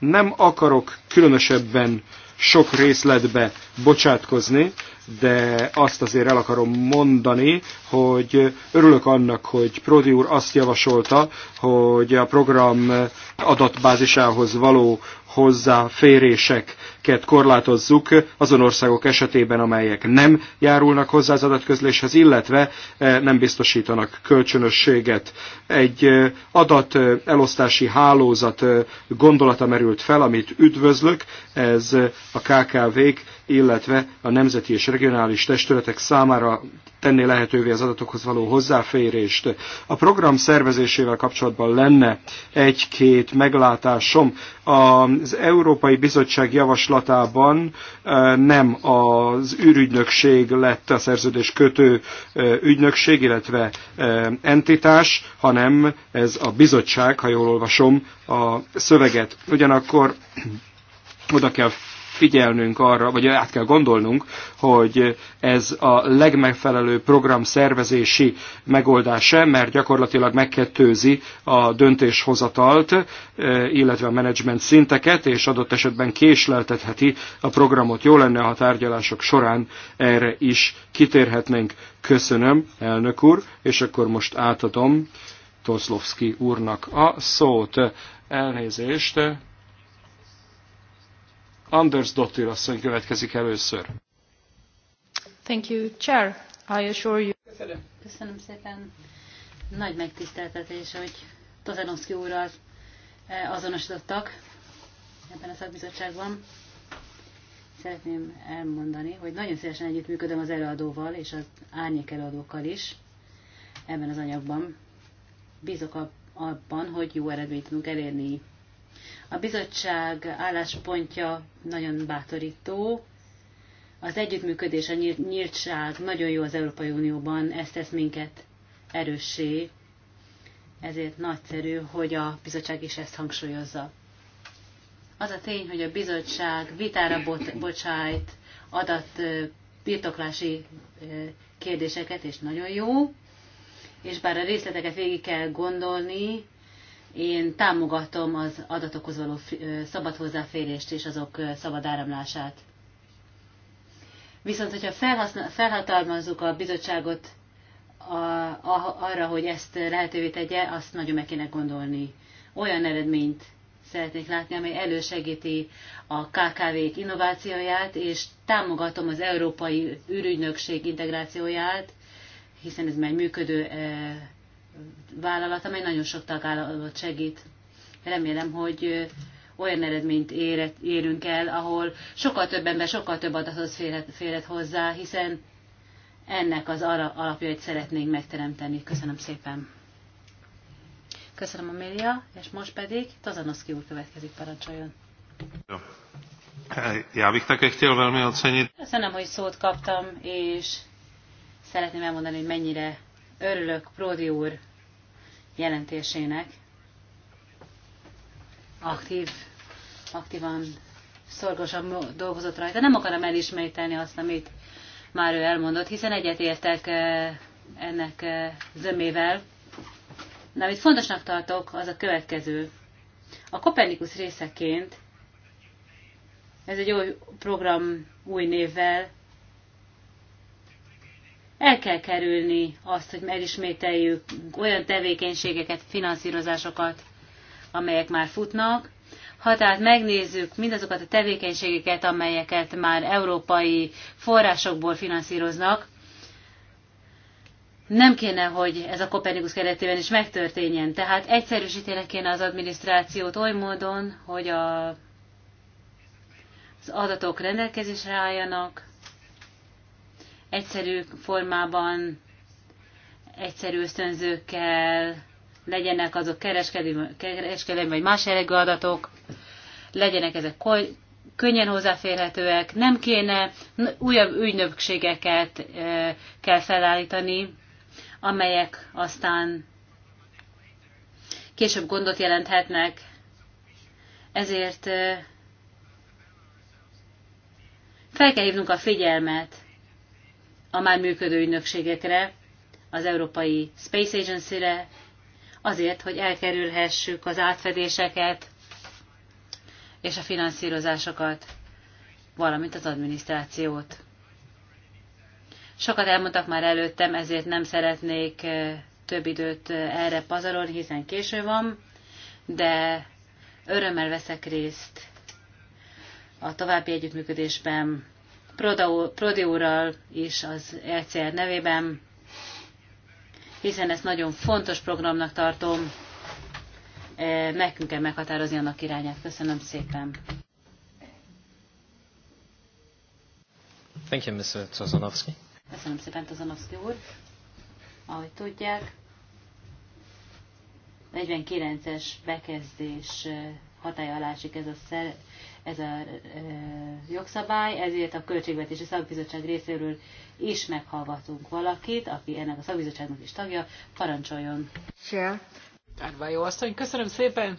Nem akarok különösebben sok részletbe bocsátkozni, de azt azért el akarom mondani, hogy örülök annak, hogy Prodi úr azt javasolta, hogy a program adatbázisához való hozzáféréseket korlátozzuk azon országok esetében, amelyek nem járulnak hozzá az adatközléshez, illetve eh, nem biztosítanak kölcsönösséget. Egy eh, adat eh, elosztási hálózat gondolata merült fel, amit üdvözlök, ez a KKV-k illetve a nemzeti és regionális testületek számára tenné lehetővé az adatokhoz való hozzáférést. A program szervezésével kapcsolatban lenne egy-két meglátásom. Az Európai Bizottság javaslatában nem az űrügynökség lett a szerződés kötő ügynökség, illetve entitás, hanem ez a bizottság, ha jól olvasom a szöveget. Ugyanakkor oda kell figyelnünk arra, vagy át kell gondolnunk, hogy ez a legmegfelelő program szervezési megoldása, mert gyakorlatilag megkettőzi a döntéshozatalt, e, illetve a menedzsment szinteket, és adott esetben késleltetheti a programot. Jó lenne, ha a tárgyalások során erre is kitérhetnénk. Köszönöm, elnök úr, és akkor most átadom Toszlovszki úrnak a szót. Elnézést, Anders Dottir asszony következik először. Thank you, Chair. I assure you. Köszönöm. Köszönöm szépen. Nagy megtiszteltetés, hogy Tozanowski úrral e, azonosítottak ebben a szakbizottságban. Szeretném elmondani, hogy nagyon szívesen együttműködöm az előadóval és az árnyék előadókkal is ebben az anyagban. Bízok abban, hogy jó eredményt tudunk elérni a bizottság álláspontja nagyon bátorító. Az együttműködés, a nyíltság nagyon jó az Európai Unióban, ezt tesz minket erőssé, ezért nagyszerű, hogy a bizottság is ezt hangsúlyozza. Az a tény, hogy a bizottság vitára bot- bocsájt adat birtoklási kérdéseket, és nagyon jó, és bár a részleteket végig kell gondolni, én támogatom az adatokhoz való szabad hozzáférést és azok szabad áramlását. Viszont, hogyha felhatalmazzuk a bizottságot a, a, arra, hogy ezt lehetővé tegye, azt nagyon meg kéne gondolni. Olyan eredményt szeretnék látni, amely elősegíti a KKV-k innovációját, és támogatom az Európai űrügynökség integrációját, hiszen ez már működő vállalat, amely nagyon sok tagállalat segít. Remélem, hogy olyan eredményt éret, érünk el, ahol sokkal több ember, sokkal több adathoz férhet, férhet hozzá, hiszen ennek az alapjait szeretnénk megteremteni. Köszönöm szépen. Köszönöm, Amélia, és most pedig Tazanoszki úr következik, parancsoljon. Já bych také chtěl velmi ocenit. Köszönöm, hogy szót kaptam, és szeretném elmondani, hogy mennyire örülök Pródi úr jelentésének aktív, aktívan, szorgosan dolgozott rajta. Nem akarom elismételni azt, amit már ő elmondott, hiszen egyetértek eh, ennek eh, zömével. De amit fontosnak tartok, az a következő. A Kopernikus részeként, ez egy új program új névvel, el kell kerülni azt, hogy megismételjük olyan tevékenységeket, finanszírozásokat, amelyek már futnak. Ha tehát megnézzük mindazokat a tevékenységeket, amelyeket már európai forrásokból finanszíroznak, nem kéne, hogy ez a Kopernikus keretében is megtörténjen. Tehát egyszerűsítének kéne az adminisztrációt oly módon, hogy a, az adatok rendelkezésre álljanak, egyszerű formában, egyszerű ösztönzőkkel, legyenek azok kereskedelmi, kereskedelmi vagy más jellegű adatok, legyenek ezek könnyen hozzáférhetőek, nem kéne újabb ügynökségeket kell felállítani, amelyek aztán később gondot jelenthetnek. Ezért fel kell hívnunk a figyelmet a már működő ügynökségekre, az Európai Space Agency-re, azért, hogy elkerülhessük az átfedéseket és a finanszírozásokat, valamint az adminisztrációt. Sokat elmondtak már előttem, ezért nem szeretnék eh, több időt eh, erre pazarolni, hiszen késő van, de örömmel veszek részt a további együttműködésben Prodi úrral is az ECR nevében, hiszen ezt nagyon fontos programnak tartom. E, nekünk kell meghatározni annak irányát. Köszönöm szépen. Thank you, Mr. Tozanovsky. Köszönöm szépen, Tozanovsky úr. Ahogy tudják, 49-es bekezdés hatája alá esik ez a ez a jogszabály, ezért a Költségvetési Szakbizottság részéről is meghallgatunk valakit, aki ennek a szakbizottságnak is tagja. Parancsoljon! Szia! Árvá jó asszony, köszönöm szépen!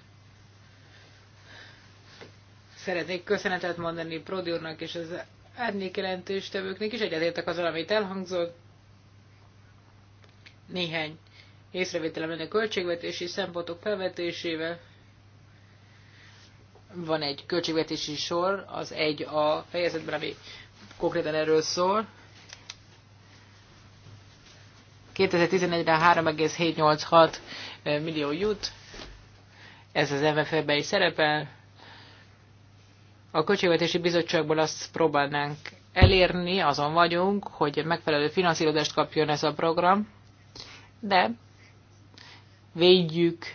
Szeretnék köszönetet mondani Prodi úrnak és az árnyék tevőknek is, egyetértek azzal, amit elhangzott. Néhány észrevételem a költségvetési szempontok felvetésével. Van egy költségvetési sor, az egy a fejezetben, ami konkrétan erről szól. 2011-re 3,786 eh, millió jut, ez az MFF-ben is szerepel. A Költségvetési Bizottságból azt próbálnánk elérni, azon vagyunk, hogy megfelelő finanszírozást kapjon ez a program, de védjük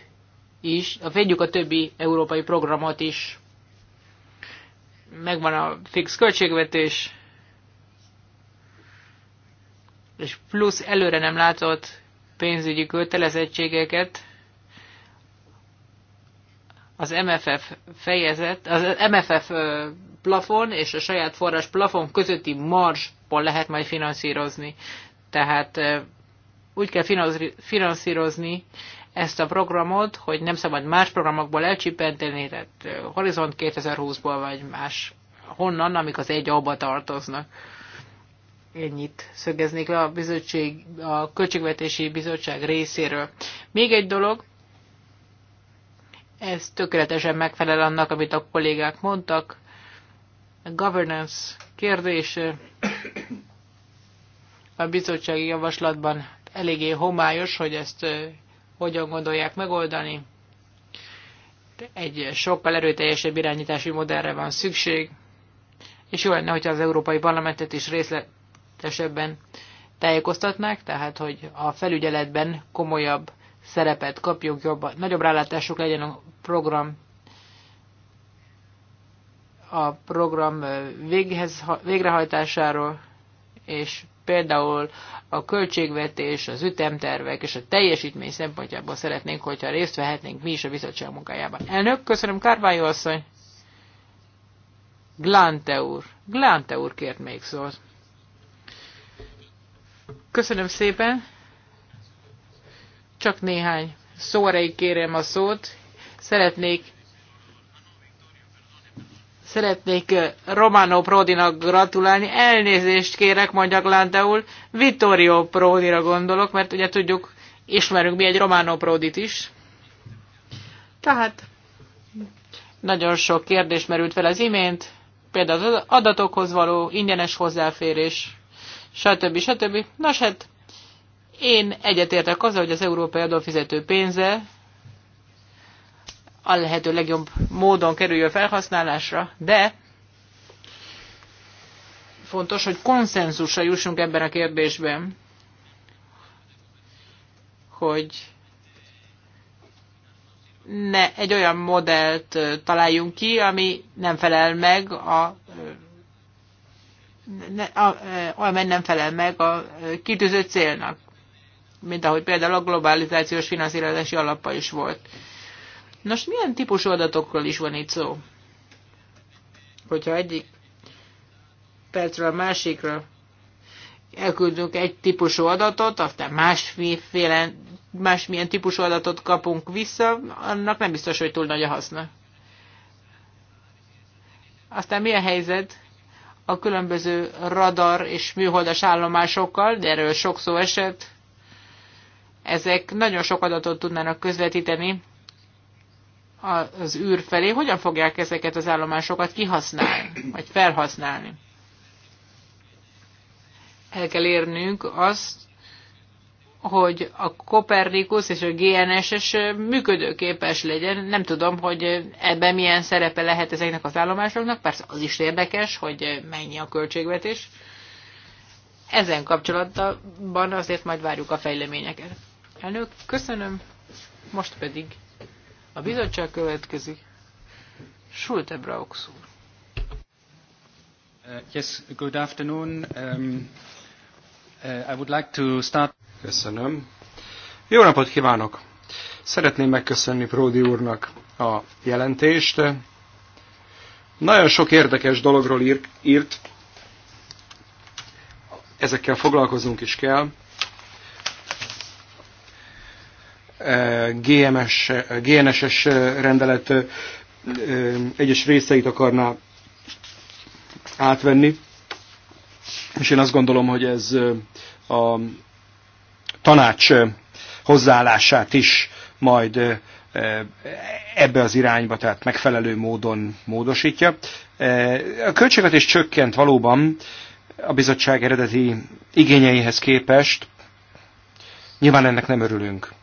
is, védjük a többi európai programot is. Megvan a fix költségvetés, és plusz előre nem látott pénzügyi kötelezettségeket az MFF fejezet, az MFF plafon és a saját forrás plafon közötti marsból lehet majd finanszírozni. Tehát úgy kell finanszírozni ezt a programot, hogy nem szabad más programokból elcsipenteni, tehát Horizont 2020-ból vagy más honnan, amik az egy abba tartoznak. Ennyit szögeznék le a, bizottság, a Költségvetési Bizottság részéről. Még egy dolog, ez tökéletesen megfelel annak, amit a kollégák mondtak. A governance kérdése a bizottsági javaslatban eléggé homályos, hogy ezt hogyan gondolják megoldani. Egy sokkal erőteljesebb irányítási modellre van szükség, és jó lenne, hogyha az Európai Parlamentet is részletesebben tájékoztatnák, tehát hogy a felügyeletben komolyabb szerepet kapjuk, jobban, nagyobb rálátásuk legyen a program a program végrehajtásáról, és például a költségvetés, az ütemtervek és a teljesítmény szempontjából szeretnénk, hogyha részt vehetnénk mi is a bizottság munkájában. Elnök, köszönöm, Kárvályó asszony! Glante úr. Glante úr kért még szót. Köszönöm szépen. Csak néhány szóra kérem a szót. Szeretnék Szeretnék eh, Romano Prodinak gratulálni. Elnézést kérek, mondjak Lánteul. Vittorio Prodira gondolok, mert ugye tudjuk, ismerünk mi egy Romano Prodit is. Tehát nagyon sok kérdés merült fel az imént, például az adatokhoz való ingyenes hozzáférés, stb. stb. Nos hát, én egyetértek azzal, hogy az európai adófizető pénze a lehető legjobb módon kerüljön felhasználásra, de fontos, hogy konszenzusra jussunk ebben a kérdésben, hogy ne egy olyan modellt találjunk ki, ami nem felel meg a ne, a, amely nem felel meg a kitűzött célnak, mint ahogy például a globalizációs finanszírozási alappa is volt. Nos, milyen típusú adatokról is van itt szó? Hogyha egyik percről a másikra elküldünk egy típusú adatot, aztán másféle, másmilyen típusú adatot kapunk vissza, annak nem biztos, hogy túl nagy a haszna. Aztán milyen helyzet a különböző radar és műholdas állomásokkal, de erről sok szó esett. Ezek nagyon sok adatot tudnának közvetíteni az űr felé, hogyan fogják ezeket az állomásokat kihasználni, vagy felhasználni. El kell érnünk azt, hogy a Kopernikus és a GNSS működőképes legyen. Nem tudom, hogy ebben milyen szerepe lehet ezeknek az állomásoknak, persze az is érdekes, hogy mennyi a költségvetés. Ezen kapcsolatban azért majd várjuk a fejleményeket. Elnök, köszönöm, most pedig a bizottság következik. Schulte Braux úr. Uh, yes, good afternoon. Um, uh, I would like to start... Köszönöm. Jó napot kívánok! Szeretném megköszönni Pródi úrnak a jelentést. Nagyon sok érdekes dologról írt, ezekkel foglalkozunk is kell. GMS, GNSS rendelet egyes részeit akarná átvenni, és én azt gondolom, hogy ez a tanács hozzáállását is majd ebbe az irányba, tehát megfelelő módon módosítja. A költségvetés csökkent valóban a bizottság eredeti igényeihez képest. Nyilván ennek nem örülünk.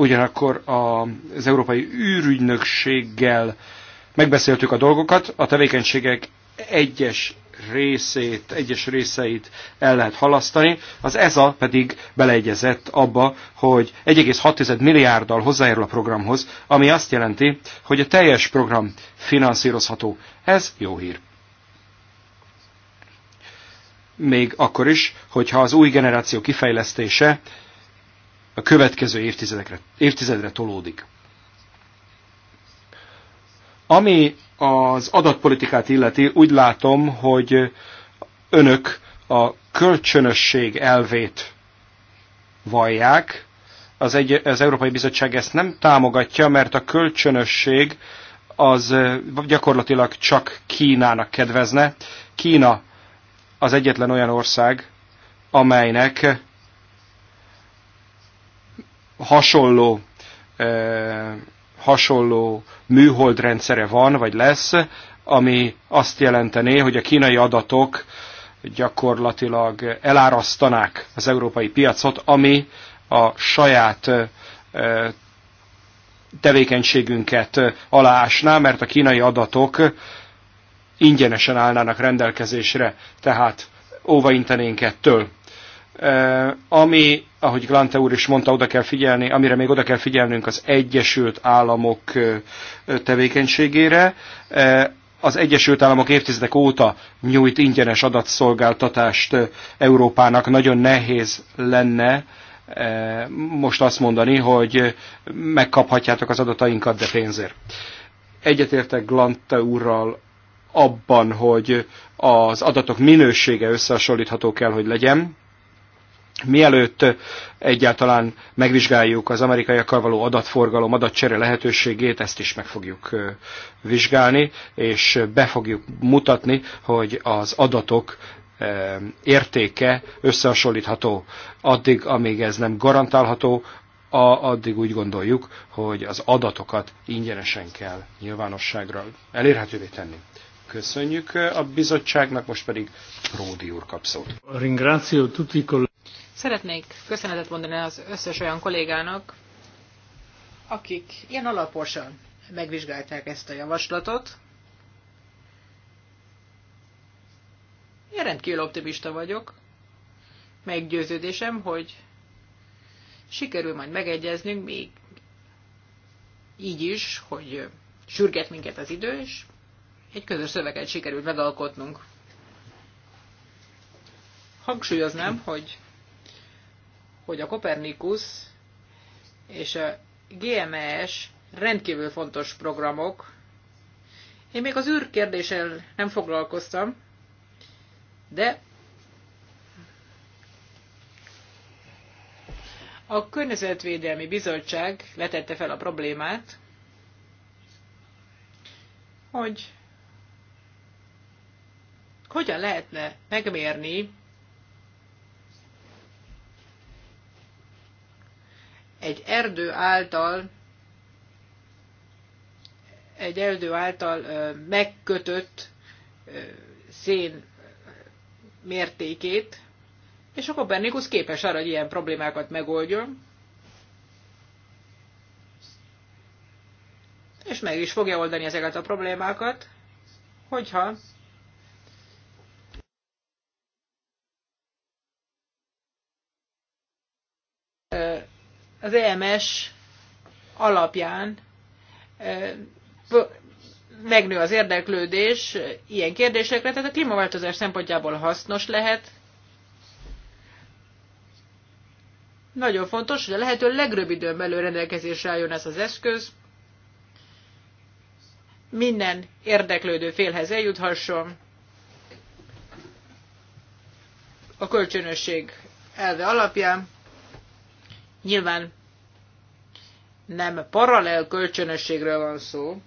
Ugyanakkor az Európai űrügynökséggel megbeszéltük a dolgokat, a tevékenységek egyes részét, egyes részeit el lehet halasztani, az ESA pedig beleegyezett abba, hogy 1,6 milliárddal hozzájárul a programhoz, ami azt jelenti, hogy a teljes program finanszírozható. Ez jó hír. Még akkor is, hogyha az új generáció kifejlesztése a következő évtizedekre, évtizedre tolódik. Ami az adatpolitikát illeti, úgy látom, hogy önök a kölcsönösség elvét vallják. Az, egy, az Európai Bizottság ezt nem támogatja, mert a kölcsönösség az gyakorlatilag csak Kínának kedvezne. Kína az egyetlen olyan ország, amelynek hasonló, e, hasonló műholdrendszere van, vagy lesz, ami azt jelentené, hogy a kínai adatok gyakorlatilag elárasztanák az európai piacot, ami a saját e, tevékenységünket aláásná, mert a kínai adatok ingyenesen állnának rendelkezésre, tehát óvaintenénk ettől. Eh, ami, ahogy Glante úr is mondta, oda kell figyelni, amire még oda kell figyelnünk az Egyesült Államok eh, tevékenységére. Eh, az Egyesült Államok évtizedek óta nyújt ingyenes adatszolgáltatást Európának. Nagyon nehéz lenne most azt mondani, hogy megkaphatjátok az adatainkat, de pénzért. Egyetértek Glante úrral abban, hogy az adatok minősége összehasonlítható kell, hogy legyen, Mielőtt egyáltalán megvizsgáljuk az amerikaiakkal való adatforgalom, adatcsere lehetőségét, ezt is meg fogjuk vizsgálni, és be fogjuk mutatni, hogy az adatok értéke összehasonlítható. Addig, amíg ez nem garantálható, addig úgy gondoljuk, hogy az adatokat ingyenesen kell nyilvánosságra elérhetővé tenni. Köszönjük a bizottságnak, most pedig Ródi úr kap szót. Szeretnék köszönetet mondani az összes olyan kollégának, akik ilyen alaposan megvizsgálták ezt a javaslatot. Én rendkívül optimista vagyok. Meggyőződésem, hogy sikerül majd megegyeznünk még így is, hogy sürget minket az idő, és egy közös szöveget sikerült megalkotnunk. Hangsúlyoznám, hogy hogy a Kopernikus és a GMS e rendkívül fontos programok. Én még az űrkérdéssel nem foglalkoztam, de a Környezetvédelmi Bizottság letette fel a problémát, hogy hogyan lehetne megmérni egy erdő által egy erdő által megkötött szén mértékét, és akkor Kopernikus képes arra, hogy ilyen problémákat megoldjon, és meg is fogja oldani ezeket a problémákat, hogyha az EMS alapján megnő az érdeklődés ilyen kérdésekre, tehát a klímaváltozás szempontjából hasznos lehet. Nagyon fontos, hogy a lehető legrövid időn belül rendelkezésre álljon ez az eszköz, minden érdeklődő félhez eljuthasson, a kölcsönösség elve alapján. Nyilván nem paralel kölcsönösségről van szó,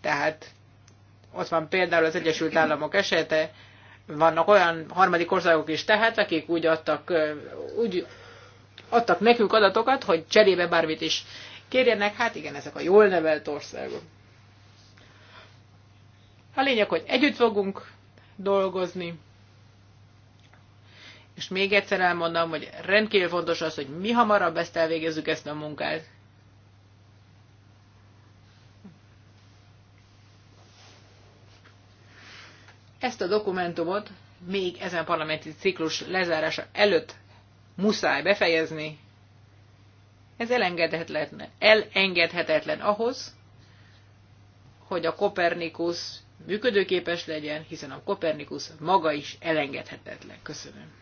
tehát ott van például az Egyesült Államok esete, vannak olyan harmadik országok is tehát, akik úgy adtak, úgy adtak nekünk adatokat, hogy cserébe bármit is kérjenek, hát igen, ezek a jól nevelt országok. A lényeg, hogy együtt fogunk dolgozni, és még egyszer elmondom, hogy rendkívül fontos az, hogy mi hamarabb ezt elvégezzük ezt a munkát. Ezt a dokumentumot még ezen parlamenti ciklus lezárása előtt muszáj befejezni. Ez elengedhetetlen, elengedhetetlen ahhoz, hogy a Kopernikus működőképes legyen, hiszen a Kopernikus maga is elengedhetetlen. Köszönöm.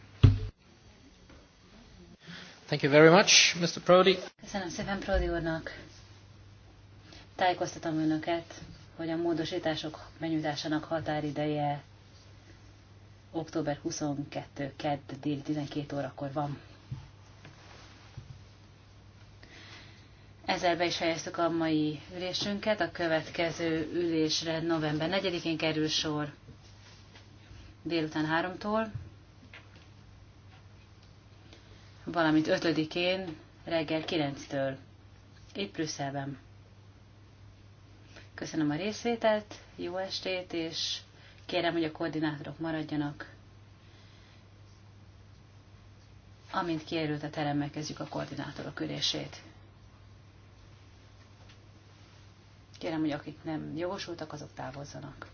Thank you very much, Mr. Prodi. Köszönöm szépen Prodi úrnak. Tájékoztatom önöket, hogy a módosítások benyújtásának határideje október 22 kedd dél 12 órakor van. Ezzel be is fejeztük a mai ülésünket, a következő ülésre november 4-én kerül sor délután 3-tól valamint 5-én reggel 9-től, itt Brüsszelben. Köszönöm a részvételt, jó estét, és kérem, hogy a koordinátorok maradjanak. Amint kiérült a teremmel, kezdjük a koordinátorok ülését. Kérem, hogy akik nem jogosultak, azok távozzanak.